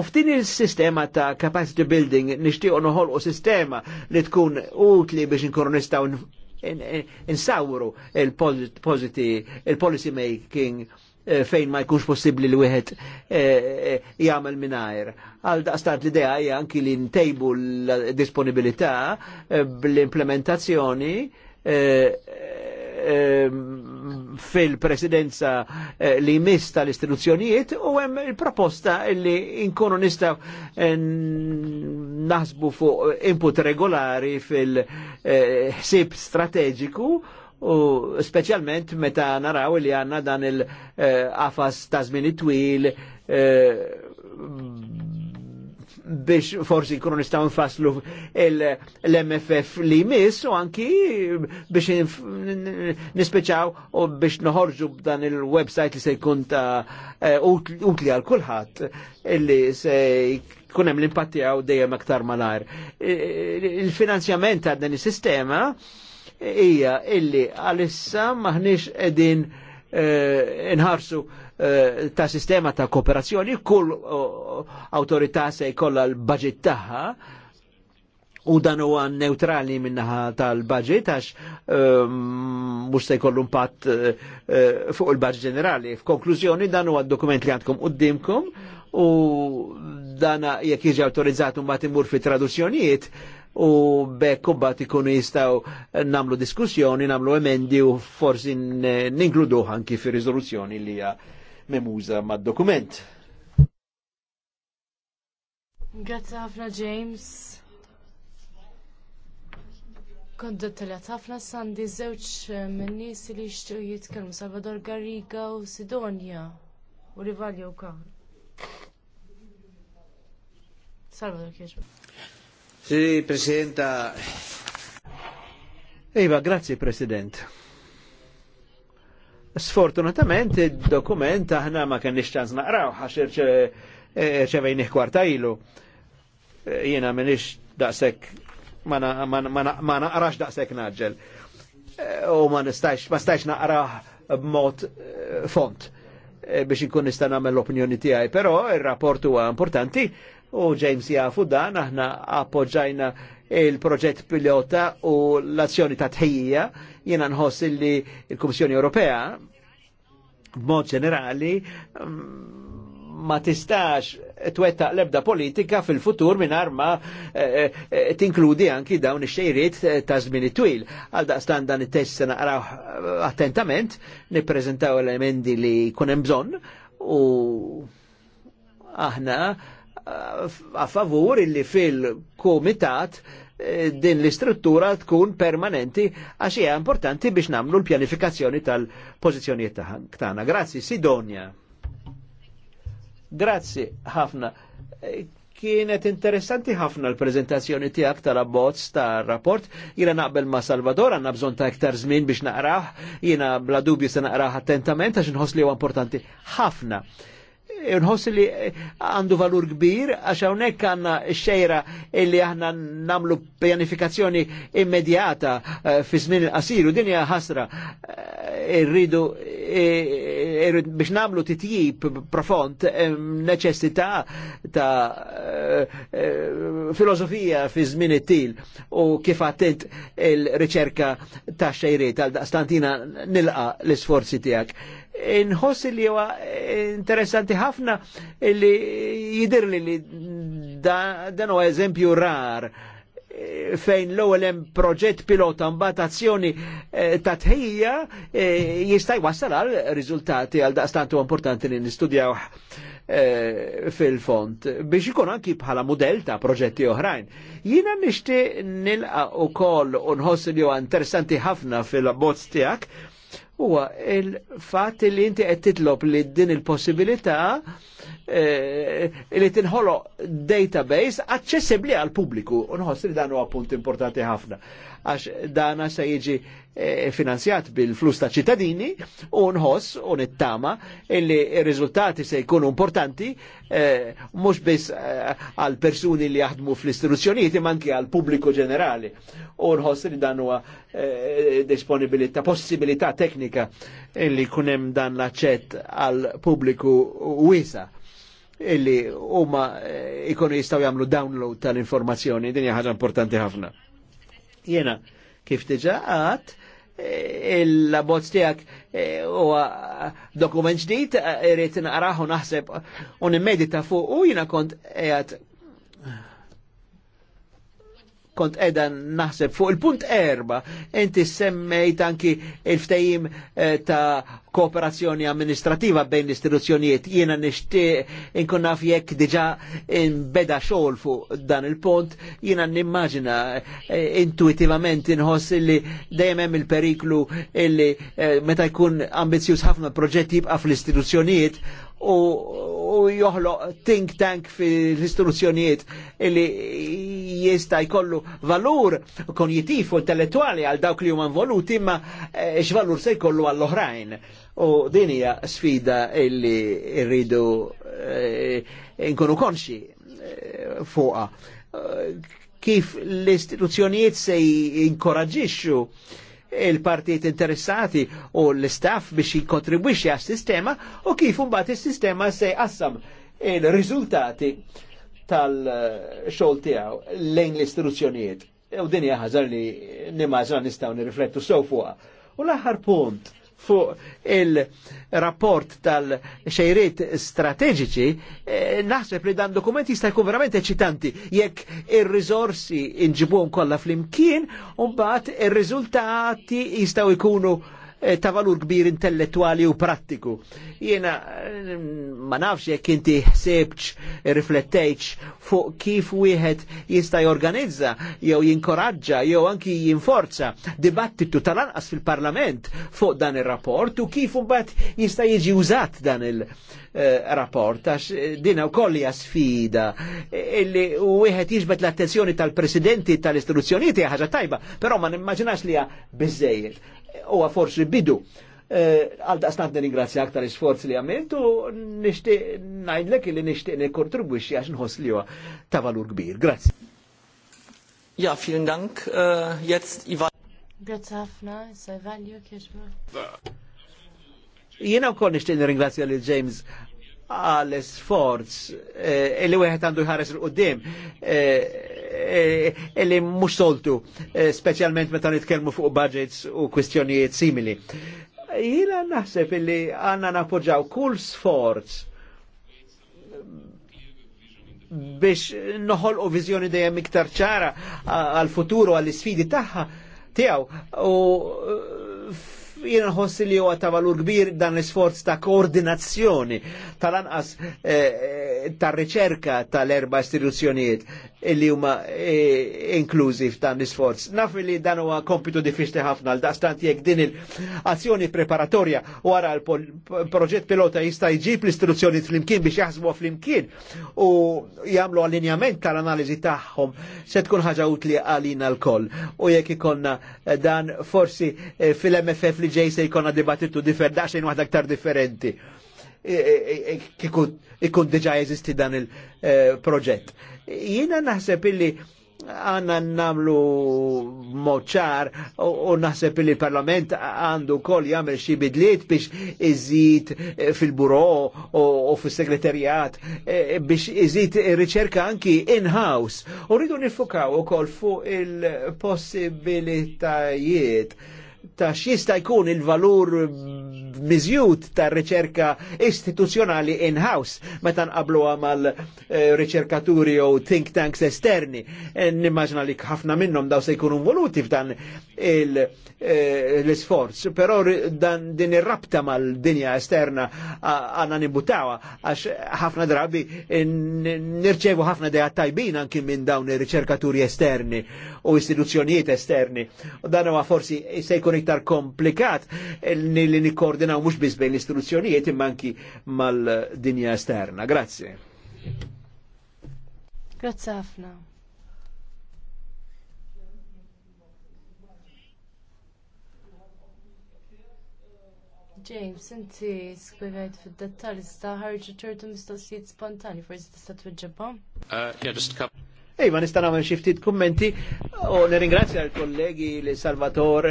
oftin il-sistema ta' capacity building nixtiequ u sistema li tkun utli biex nkunu nistaw insawru il-policy making eh, fejn ma jkunx possibbli li wieħed eh, eh, jagħmel mingħajr. Għal daqstant l-idea hija anki li ntejbu l-disponibilità bl-implementazzjoni Ehm, fil-presidenza eh, li mis tal-istituzzjonijiet u hemm il-proposta li inkunu nistaw eh, naħsbu fuq input regolari fil-ħsib eh, strateġiku u specialment meta naraw li għanna dan il-qafas ta' żmien twil biex forsi jkunu nistgħu nfasslu l-MFF li jmiss u anki biex nispeċaw u biex noħorġu b'dan il-website li se jkun ta' eh, utli għal kulħadd illi se jkun hemm l-impatti għaw dejjem aktar malajr. Eh, il-finanzjament għad dan is-sistema hija illi għalissa maħniex qegħdin eh, inħarsu ta' sistema ta' kooperazzjoni, kull autorità se jkollha l-budget tagħha, u dan huwa neutrali minnaħa tal-budget għax mhux se jkollu impatt fuq il-budget ġenerali. F'konklużjoni dan huwa d-dokument li għandkom qudiemkom u dan jekk jiġi awtorizzat mbagħad imur fi traduzzjonijiet u bekk bat ikunu jistgħu nagħmlu diskussjoni, nagħmlu emendi u forsi ninkluduh anki fi riżoluzzjoni li hija memuża mad-dokument. Grazie ħafna James. Kont telet ħafna sandi żewġ eh, minn nies li jixtiequ jitkellmu Salvador Garriga u Sidonja u Rivalja u Kahn. Salvador Kirchberg. Sì, Presidenta. Iva, grazie President. Sfortunatament, il-dokument aħna ma kenniex ċans naqraw, għax irċevejnih kwarta ilu. E, Jena minix daqsek, ma naqrax daqsek naġġel. E, u ma nistax, ma stax naqraħ b'mod e, font biex ikun nista' nagħmel l-opinjoni tiegħi, però ir-rapport huwa importanti u James jafu dan, aħna appoġġajna il-proġett pilota u l-azzjoni ta' tħejja, jena nħoss li il-Kummissjoni Ewropea, b'mod ġenerali, mm, ma tistax twetta l-ebda politika fil-futur minn arma eh, eh, tinkludi anki dawn ix-xejriet eh, ta' żmien twil. Għal daqstan dan it-test se naqraw attentament, nippreżentaw elementi li jkun hemm bżonn u aħna a favur illi fil-komitat eh, din l-istruttura tkun permanenti għax hija importanti biex namlu l-pjanifikazzjoni tal-pożizzjonijiet tagħna. Grazzi Sidonia. Grazzi ħafna. Eh, kienet interessanti ħafna l-prezentazzjoni tiegħek tal-abbozz tar-rapport. Jiena naqbel ma' Salvador għandna bżonn ta' iktar żmien biex naqrah, jiena bla dubju se naqrah attentament għax inħoss li huwa importanti ħafna nħoss li għandu valur kbir, għax hawnhekk għandna xejra illi aħna nagħmlu pjanifikazzjoni immedjata eh, fi żmien il-qasir u din hija ħasra eh, irridu eh, biex nagħmlu titjib profond neċessità ta' filosofija fi żmien it-til u kif għattent il-riċerka ta' xejriet għal daqstantina nilqa l-isforzi tiegħek nħossi li huwa interessanti ħafna li jidir li li dan huwa eżempju rar eh, fejn l-ewwel hemm proġett pilota mbagħad azzjoni eh, ta' tħejja eh, jista' jwassal għal riżultati għal daqstant importanti li nistudjaw fil-font biex ikun anki bħala modell ta' proġetti oħrajn. Jiena nixtieq nilqa' ukoll u nħoss li huwa interessanti ħafna fil bozz tiegħek huwa il-fatt li inti qed titlob li din il-possibilità eh, li tinħolo database aċċessibbli għal pubbliku. Unħoss li dan huwa punt importanti ħafna għax dana se jiġi eh, finanzjat bil-flus ta' ċittadini u nħoss u nittama illi il-rizultati se jkunu importanti eh, mux biss eh, għal persuni li jaħdmu fl-istituzzjonijiet imma anke għal pubbliku ġenerali u nħoss li dan huwa eh, disponibilità, possibilità teknika illi kunem dan l-aċċett għal pubbliku wisa illi huma ikonu jistaw jagħmlu download tal-informazzjoni, din hija ħaġa importanti ħafna. Jena, kif diġa e, il-bozz tijak e, u dokument ġdijt e, irrit naqraħu naħseb un immedita fuq u jena kont għat kont edha naħseb fuq il-punt erba, inti semmejt anki il-ftajim eh, ta' kooperazzjoni amministrativa bejn l-istituzzjonijiet. Jiena nixtieq inkun naf jekk diġa inbeda xogħol fuq dan il punt jiena nimmaġina eh, intuitivament inħoss li dejjem hemm il-periklu illi eh, meta jkun ambizzjuż ħafna proġett jibqa' fl-istituzzjonijiet u, u joħloq think tank fil-istituzzjonijiet li jista jkollu valur konjitif u intellettuali għal dawk li huma voluti, imma eh, x'valur se jkollu għall-oħrajn. U din hija sfida illi rridu eh, nkunu konxi eh, fuqa. Kif l-istituzzjonijiet se jinkoraġixxu il-partijiet interessati u l istaff biex jikontribwixxi għas-sistema u kif imbagħad is-sistema se jqassam il-riżultati tal-xogħol tiegħu lejn l-istituzzjonijiet. U din hija ħażar li nimma nistgħu nirriflettu sew fuqha. U l-aħħar punt fuq il-rapport tal-xejriet strategiċi, eh, naħseb li dan dokument jista' jkun verament eċitanti jekk ir-riżorsi inġibuhom kollha flimkien u mbagħad ir-riżultati jistgħu jkunu Eh, ta' valur kbir intellettuali u prattiku. Jiena eh, ma nafx jekk inti ħsebx riflettejx fuq kif wieħed jista' jorganizza jew jinkoraġġa jew anki jinforza dibattitu tal-anqas fil-Parlament fuq dan ir-rapport u kif imbagħad jista' jiġi użat dan il-rapport eh, għax dina u hija sfida illi wieħed jiġbed l-attenzjoni tal-presidenti tal-istituzzjonijiet hija ħaġa tajba, però ma nimmaġinax li hija biżejjed u forsi bidu. Eh, għal daqsnat nirringrazzja aktar isforz li għamiltu, u nishtiq najdlek li nishtiq nikontribwixxi għax nħoss li għu ta' valur kbir. Grazzi. Ja, vielen Dank. Äh, jetzt Ivan. Grazzi għafna, jessa sa' valju kieġbu. Jiena wkoll nixtieq nirringrazzja li James għal sforz eh, li wieħed għandu jħares il qudiem eh, eh, li mhux soltu, speċjalment meta nitkellmu fuq budgets u kwistjonijiet simili. Jiena naħseb li għanna nappoġġaw kull sforz biex noħolqu viżjoni dejjem iktar ċara għal-futuru għall-isfidi tagħha tiegħu u jien nħossi li huwa ta' valur kbir dan l-isforz ta' koordinazzjoni tal-anqas eh, eh tar-riċerka tal-erba istituzzjonijiet Illi huma e, inklużiv f'dan l-isforz. Naf li dan huwa kompitu diffiċli ħafna għal daqstant jekk din il-azzjoni preparatorja wara l-proġett pilota jista' jġib l-istruzzjoni flimkien biex jaħsbu flimkien u jagħmlu allinjament tal-analiżi tagħhom se tkun ħaġa utli għalina l-koll. U jekk ikonna dan forsi e, fil-MFF li ġej se jkollna dibattitu differ daqsxejn waħda aktar differenti. E, ikun diġa jeżisti dan il-proġett Jiena naħseb illi għanna namlu moċar u naħseb illi parlament għandu kol jagħmel xi bidliet biex iżid eh, fil-buro u fis-segretarjat eh, biex iżid riċerka anki in-house. U rridu nifukaw ukoll fuq il-possibilitajiet ta' x'jista' jkun il-valur miżjud ta' riċerka istituzjonali in-house meta nqablu mal-riċerkaturi eh, jew think tanks esterni. Eh, nimmaġna li ħafna minnhom daw se jkunu involuti f'dan l eh, sforz Però dan din ir-rabta mal-dinja esterna għanna nibutawa għax ħafna drabi nirċevu ħafna deja tajbin anki minn dawn ir-riċerkaturi esterni u istituzzjonijiet esterni. Dan huwa forsi se jkun iktar komplikat eh, li nikkoordinaw mhux biss bejn l-istituzzjonijiet imma anki mal-dinja esterna. Grazie. Grazie ħafna. James, inti spiegħajt fil dettal sta ħarġu ċertu mistoqsijiet spontani, forsi tista' tweġġibhom? Uh, ma nista' nagħmel xi ftit kummenti u nirringrazzja l-kollegi li Salvator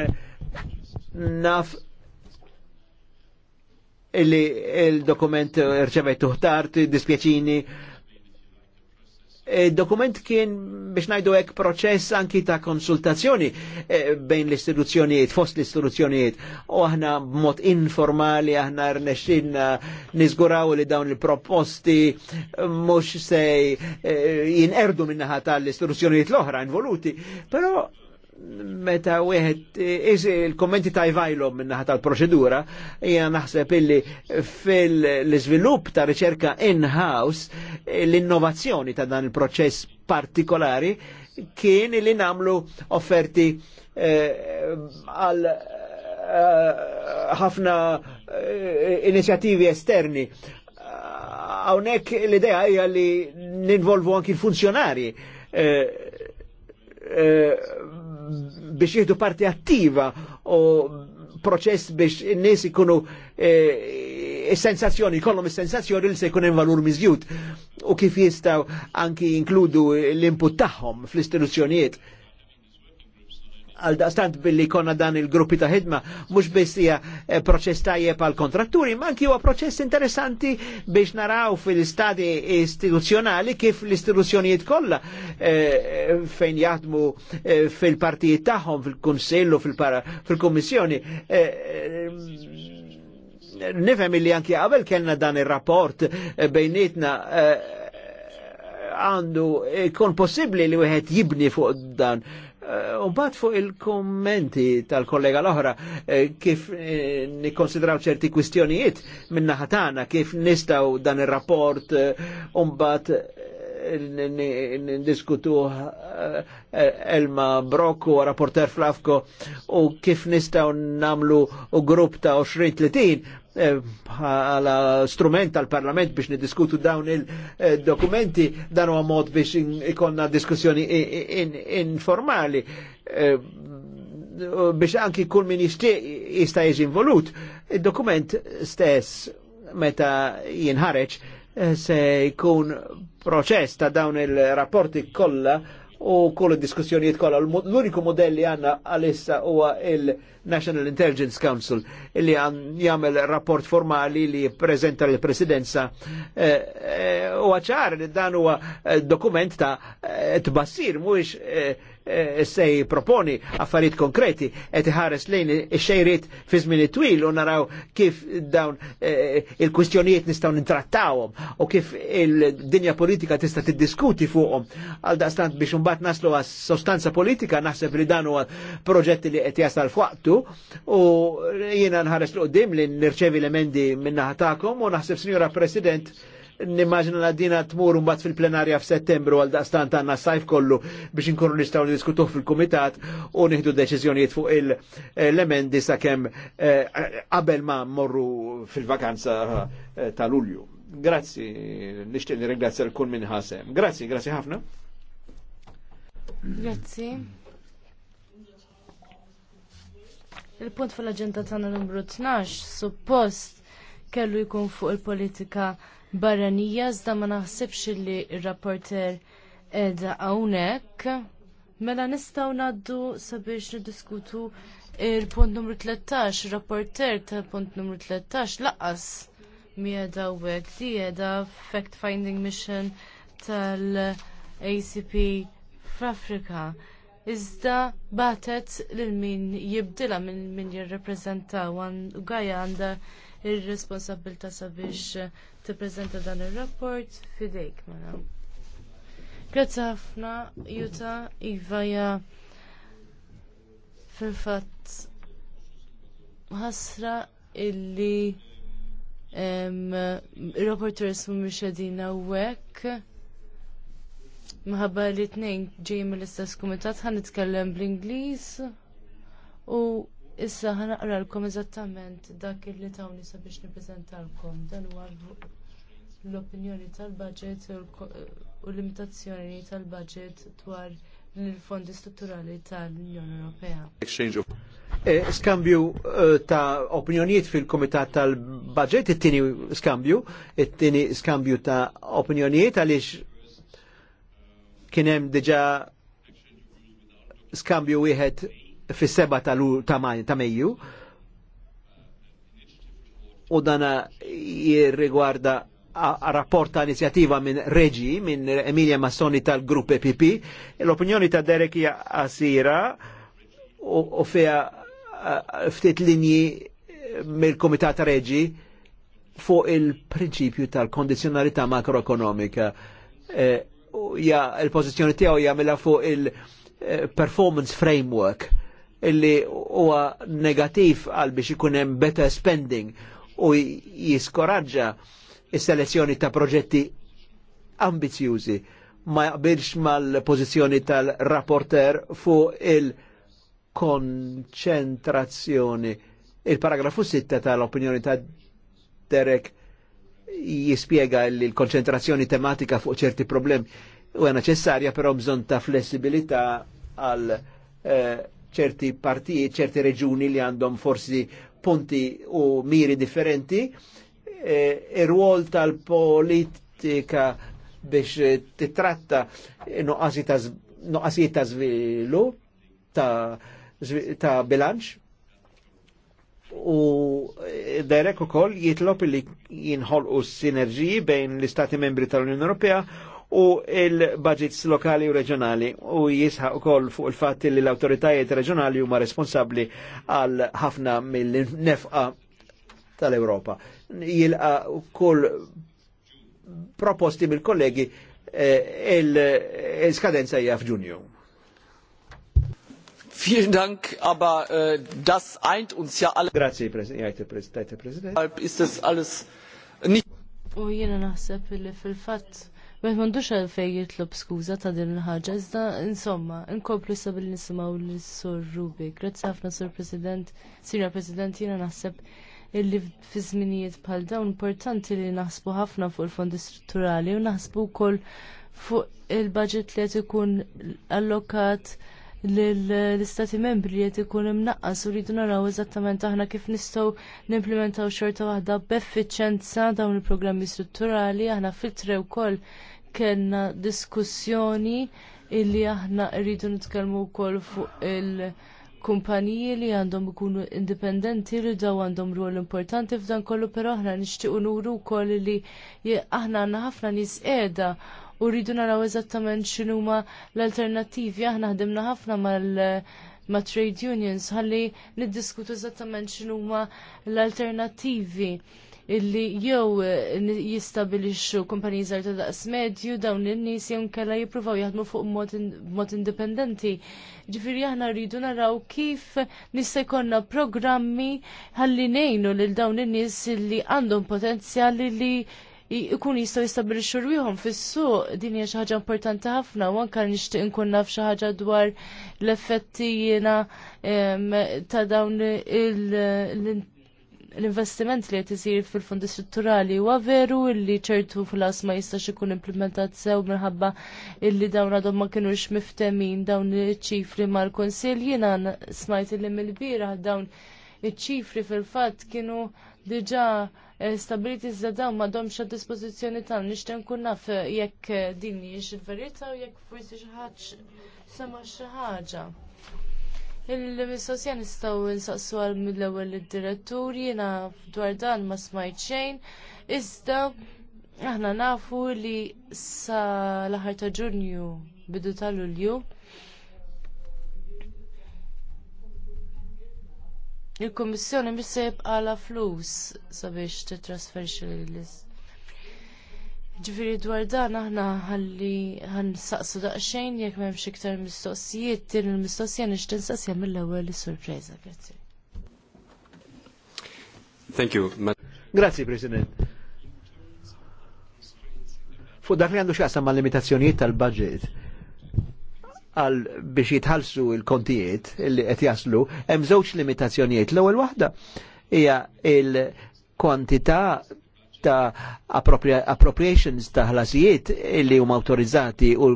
naf illi il-dokument rċevet tuħtart, dispjaċini Dokument kien biex najdu ek proċess anki ta' konsultazzjoni eh, bejn l-istituzzjonijiet, fost l-istituzzjonijiet, u aħna mod informali aħna rnexin nizguraw li dawn il-proposti mux sej eh, jinerdu minnaħat tal-istituzzjonijiet l-oħra involuti, Pero meta wieħed il-kommenti ta' jvajlom minnaħat tal-proċedura, hija naħseb illi fil-iżvilupp ta' riċerka in-house l-innovazzjoni ta' dan il-proċess partikolari kien li namlu offerti eh, għal eh, ħafna eh, inizjattivi esterni. Hawnhekk l-idea hija li ninvolvu anki l-funzjonari biex jihdu parti attiva u proċess biex n-nies ikunu e, e, sensazzjoni, kollom sensazzjoni li se jkun hemm valur miżjud u kif jistgħu anki inkludu l-input tagħhom fl-istituzzjonijiet għal daqstant billi konna dan il-gruppi ta' ħidma mhux biss hija eh, proċess kontratturi, ma anki huwa proċess interessanti biex naraw fil-istadi istituzzjonali kif l-istituzzjonijiet kollha eh, fejn jaħdmu eh, fil-partijiet tagħhom fil-Kunsillu fil komissjoni Nifem Nifhem li anki qabel kellna dan ir-rapport bejnietna għandu kon possibli li wieħed jibni fuq dan Eh, u bat fuq il-kommenti tal-kollega l-oħra eh, kif eh, nikkonsidraw ċerti kwistjonijiet minna ħatana kif nistaw dan ir rapport umbat n diskutu Elma Brock rapporter Flavko u kif nistaw namlu u grupp ta' 20-30 bħala strument tal-parlament biex nidiskutu dawn il-dokumenti dan u mod biex ikonna diskussjoni informali biex anki kull min jista' jiġi involut. il dokument stess meta jinħareġ se jkun proċess ta' dawn il-rapporti kollha u kull diskussjonijiet kollha. L-uniku modelli għanna għalissa huwa il-National Intelligence Council li jgħamil rapport formali li jippreżenta l presidenza eh, eh, u għacħar li dan huwa eh, dokument ta' tbassir eh Eh, se proponi affarijiet konkreti qed iħares lejn ix-xejriet fi żmien twil u naraw kif dawn eh, il-kwistjonijiet nistgħu nintrattawhom u kif il-dinja politika tista' tiddiskuti fuqhom għal daqstant biex imbagħad naslu għas sostanza politika naħseb li dan huwa proġetti li qed jasal f'waqtu u jiena nħares l qudiem li nirċevi l-emendi min-naħa tagħkom u naħseb Signora President nimmaġina la dina tmur mbagħad fil-plenarja f'Settembru għal daqstant s sajf kollu biex inkunu nistgħu niddiskutuh fil-kumitat u nieħdu deċiżjonijiet fuq il-elementi sakemm eh, qabel ma morru fil-vakanza eh, ta' Lulju. Grazzi, nixtieq nirringrazzja l-kull minn ħasem. Grazzi, grazzi ħafna. Grazzi. Il-punt fil-aġenda tagħna numru 12 suppost kellu jkun fuq il-politika barranija iżda ma naħsibx li r-rapporter edha hawnhekk. Mela nistgħu ngħaddu sabiex niddiskutu il-punt numru 13, rapporter tal-punt numru 13 laqas mi edha hawnhekk di edha fact-finding mission tal-ACP f'Afrika. Iżda batet lil min jibdilha minn min jirrepreżentaw għan gaja għandha ir-responsabilta sabiex tippreżenta dan ir-rapport fidejk mela. Grazzi ħafna Juta Iva fil-fatt ħasra illi rapporters mhumiex qegħdin hawnhekk minħabba li t-nejn ġej mill-istess kumitat ħan nitkellem bl-Ingliż u Issa l-kom eżattament dak li tawni sabiex nippreżentalkom dan huwa l-opinjoni tal-budget u l- limitazzjoni tal-budget dwar l-fondi strutturali tal-Unjoni Ewropea. E, skambju e, ta' opinjonijiet fil-Komitat tal-Budget, it-tini skambju, it-tini skambju ta' opinjonijiet għaliex kienem diġa skambju wieħed fis-seba ta' Mejju u dana jirrigwarda rapport ta' inizjativa minn Reġi, minn Emilia Massoni tal-Grupp EPP. L-opinjoni ta' Derek hija asira u feja ftit linji mill-Komitat Reġi fuq il-prinċipju tal-kondizjonalità makroekonomika. E, ja, il-pozizjoni tiegħu jagħmilha fuq il-performance eh, framework illi huwa negativ għal biex ikun hemm better spending u jiskoraġġa s selezzjoni ta' proġetti ambizjużi ma jaqbilx mal-pożizzjoni tal-rapporter fuq il-konċentrazzjoni. Il-paragrafu 6 tal-opinjoni ta' Derek jispiega li l-konċentrazzjoni tematika fuq ċerti problemi u għana ċessarja, però bżon ta' flessibilità għal eh, ċerti partiji, ċerti reġuni li għandhom forsi punti u miri differenti, ir-rwol e, e tal-politika biex titratta nuqqasijiet ta' zvilu, ta', bilanċ, u derek u koll jitlop li jinħolqu sinerġiji bejn l-Istati membri tal-Unjoni Ewropea u il-budgets lokali u reġjonali u jisħaq ukoll fuq il-fatt li l autoritajiet reġjonali huma responsabbli għal ħafna mill-nefqa tal-Ewropa. Jilqa kull proposti mill-kollegi eh, il-skadenza hija f'Ġunju. Vielen Dank, aber äh, das eint uns ja alle. Grazie, Präsident. Ja, Präsident. Ist das alles nicht. U jiena naħseb li fil-fatt Wieħed m'għandux għalfejn jitlob skuża ta' din il-ħaġa, iżda insomma, inkomplu issa nisimaw nisimgħu lis-Sur Rubi. Grazzi ħafna Sur President, Sira President, jiena naħseb illi fi żminijiet bħal dawn importanti li naħsbu ħafna fuq il-fondi strutturali u naħsbu wkoll fuq il-budget li qed ikun allokat l-istati membri li qed ikun imnaqqas u rridu naraw eżattament aħna kif nistgħu nimplementaw xorta waħda b'effiċenza dawn il-programmi strutturali aħna filtre wkoll kellna diskussjoni illi aħna rridu nitkellmu wkoll fuq il-kumpaniji li għandhom ikunu indipendenti li daw għandhom rwol importanti f'dan kollu però aħna nixtiequ nuru wkoll li aħna għandna ħafna nies qiegħda u rridu naraw eżattament x'inhuma l-alternattivi aħna ħdimna ħafna mal- ma' trade unions ħalli niddiskutu eżattament x'inhuma l-alternattivi illi jew eh, jistabilixxu kumpaniji żgħar ta' daqs medju dawn in-nies jew kellha jippruvaw jaħdmu fuq mod indipendenti. Ġifieri aħna rridu naraw kif nista' jkollna programmi ħalli ngħinu lil dawn in-nies illi għandhom potenzjal li ikun jistaw jistabilixxu rwiehom fis-suq din hija xi ħaġa importanti ħafna u anke nixtieq inkun naf xi ħaġa dwar l-effetti jiena ta' dawn il- l-investiment li qed isir fil-fondi strutturali huwa veru li ċertu flas ma jistax ikun implementat sew minħabba illi dawn għadhom ma kinux miftemin dawn iċ-ċifri mal konsil jiena smajt illi mill-bieraħ dawn iċ-ċifri fil-fatt kienu diġà eh, stabiliti iżda dawn domx għad dispożizzjoni tagħna nishten nkun naf eh, jekk eh, din hijiex il-verità u jekk forsi xi sema xi ħaġa. Il-mistoqsija nistgħu nsaqsu għal mill-ewwel id-direttur jiena dwar dan ma smajt xejn. Iżda aħna nafu li sa l-aħħar ta' Ġunju bidu ta' Lulju. Il-Kummissjoni mis se jibqala flus sabiex titrasferxi l-list Ġifiri dwar dan aħna ħalli ħan ħansaqsu daqsxejn jekk m'hemmx iktar mistoqsijiet, tir il-mistoqsija nix tinsaqsija mill-ewwel is surpreża, grazzi. Thank you. Grazzi, President. Fuq dak li għandu xaqsam ma' limitazzjonijiet tal-budget għal biex jitħalsu il-kontijiet li qed jaslu, hemm żewġ limitazzjonijiet. L-ewwel waħda hija il- kwantità ta' appropriations ta' ħlasijiet illi huma autorizzati u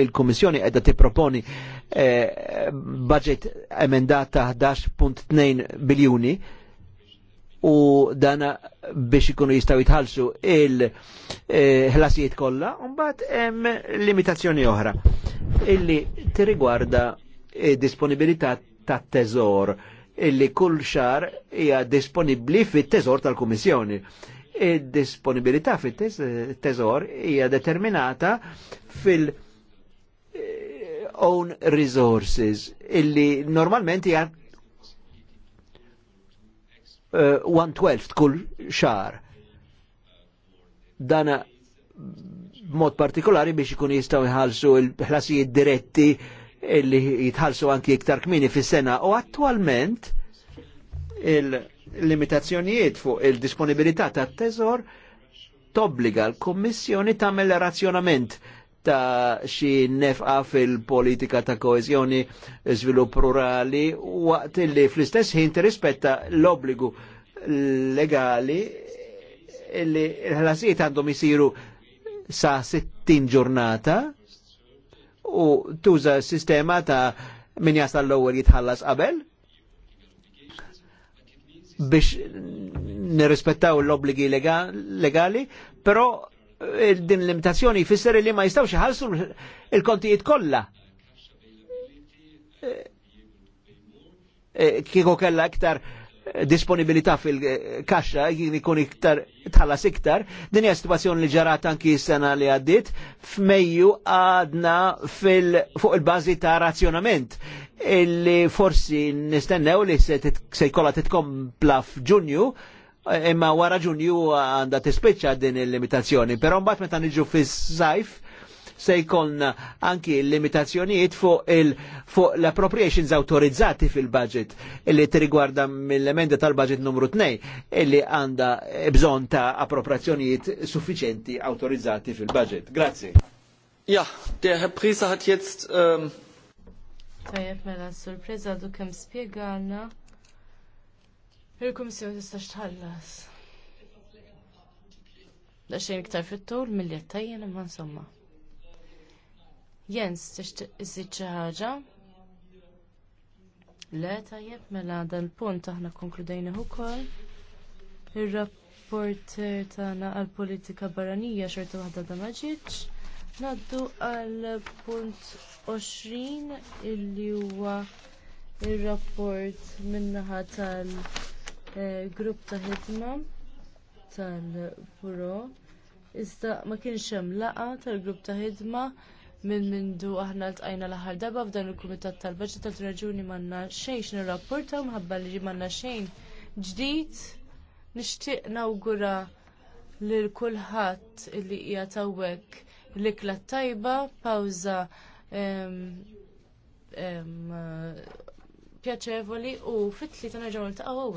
il-Kummissjoni qiegħda tipproponi eh, budget emendat ta' 11.2 biljuni u dana biex ikunu jistaw jitħallsu il-ħlasijiet eh, kollha, u mbagħad hemm limitazzjoni oħra illi tirrigwarda eh, disponibilità ta' teżor illi kull xar hija disponibbli fit-teżor tal-Kummissjoni il disponibilità fit-teżor hija determinata fil- eh, own resources illi normalment hija uh, eh, one twelfth kull xar. Dana mod partikolari biex ikun jistgħu jħallsu l-ħlasijiet diretti illi jitħallsu anki iktar kmini fis-sena u attualment il- limitazzjonijiet fuq il-disponibilità ta' teżor tobbliga l-Kommissjoni tagħmel razzjonament ta' xi nefqa fil-politika ta' koezjoni żvilupp rurali waqt li fl-istess ħin rispetta l-obbligu legali li l-ħlasijiet għandhom isiru sa' 60 ġurnata u tuża s sistema ta' min jasal l-ewwel jitħallas qabel biex nirrispettaw l-obligi legali, però eh, din l-limitazzjoni jfisser li ma jistawx ħalsu il-kontijiet kollha. Eh, eh, kieku kella iktar disponibilità fil-kaxxa jien ikun iktar tħallas iktar. Din hija situazzjoni li ġarat anki s-sena li għaddit f'Mejju għadna fuq il-bażi ta' razzjonament illi forsi nistennew li se jkollha titkompla f'Ġunju, imma wara Ġunju għandha tispiċċa din il-limitazzjoni, però mbagħad meta niġu fis-sajf se jkollna anki limitazzjonijiet fuq il fuq l-appropriations autorizzati fil-budget illi tirigwarda mill-emenda tal-budget numru 2 illi għanda bżon ta' appropriazzjonijiet suffiċenti autorizzati fil-budget. Grazie. Ja, der Herr Prisa hat jetzt ähm, Tajjeb mela surpriża du kemm spjegana il-Kummissjoni tista' tħallas. Da xejn iktar fit-tul milli qed imma insomma. Jens tixtieq iżid xi ħaġa? Le tajjeb mela dal-punt aħna konkludejna ukoll. Ir-rapporter tagħna għall politika barranija xorta waħda da ma ġietx. Naddu għal punt 20 illi huwa r rapport min-naħa tal-grupp eh, ta' ħidma tal-Buro. Iżda ma kienx hemm laqgħa tal-grupp ta' ħidma minn mindu aħna ltqajna l-aħħar darba f'dan il-kumitat tal-Baġġet tal-Raġuni m'għandna xejn nirrapportaw minħabba li m'għandna xejn ġdid. Nixtieq nawgura lil kulħadd illi qiegħed hawnhekk l-ikla tajba, pawza eh, pjaċevoli u fit-tlieta nerġgħu niltaqgħu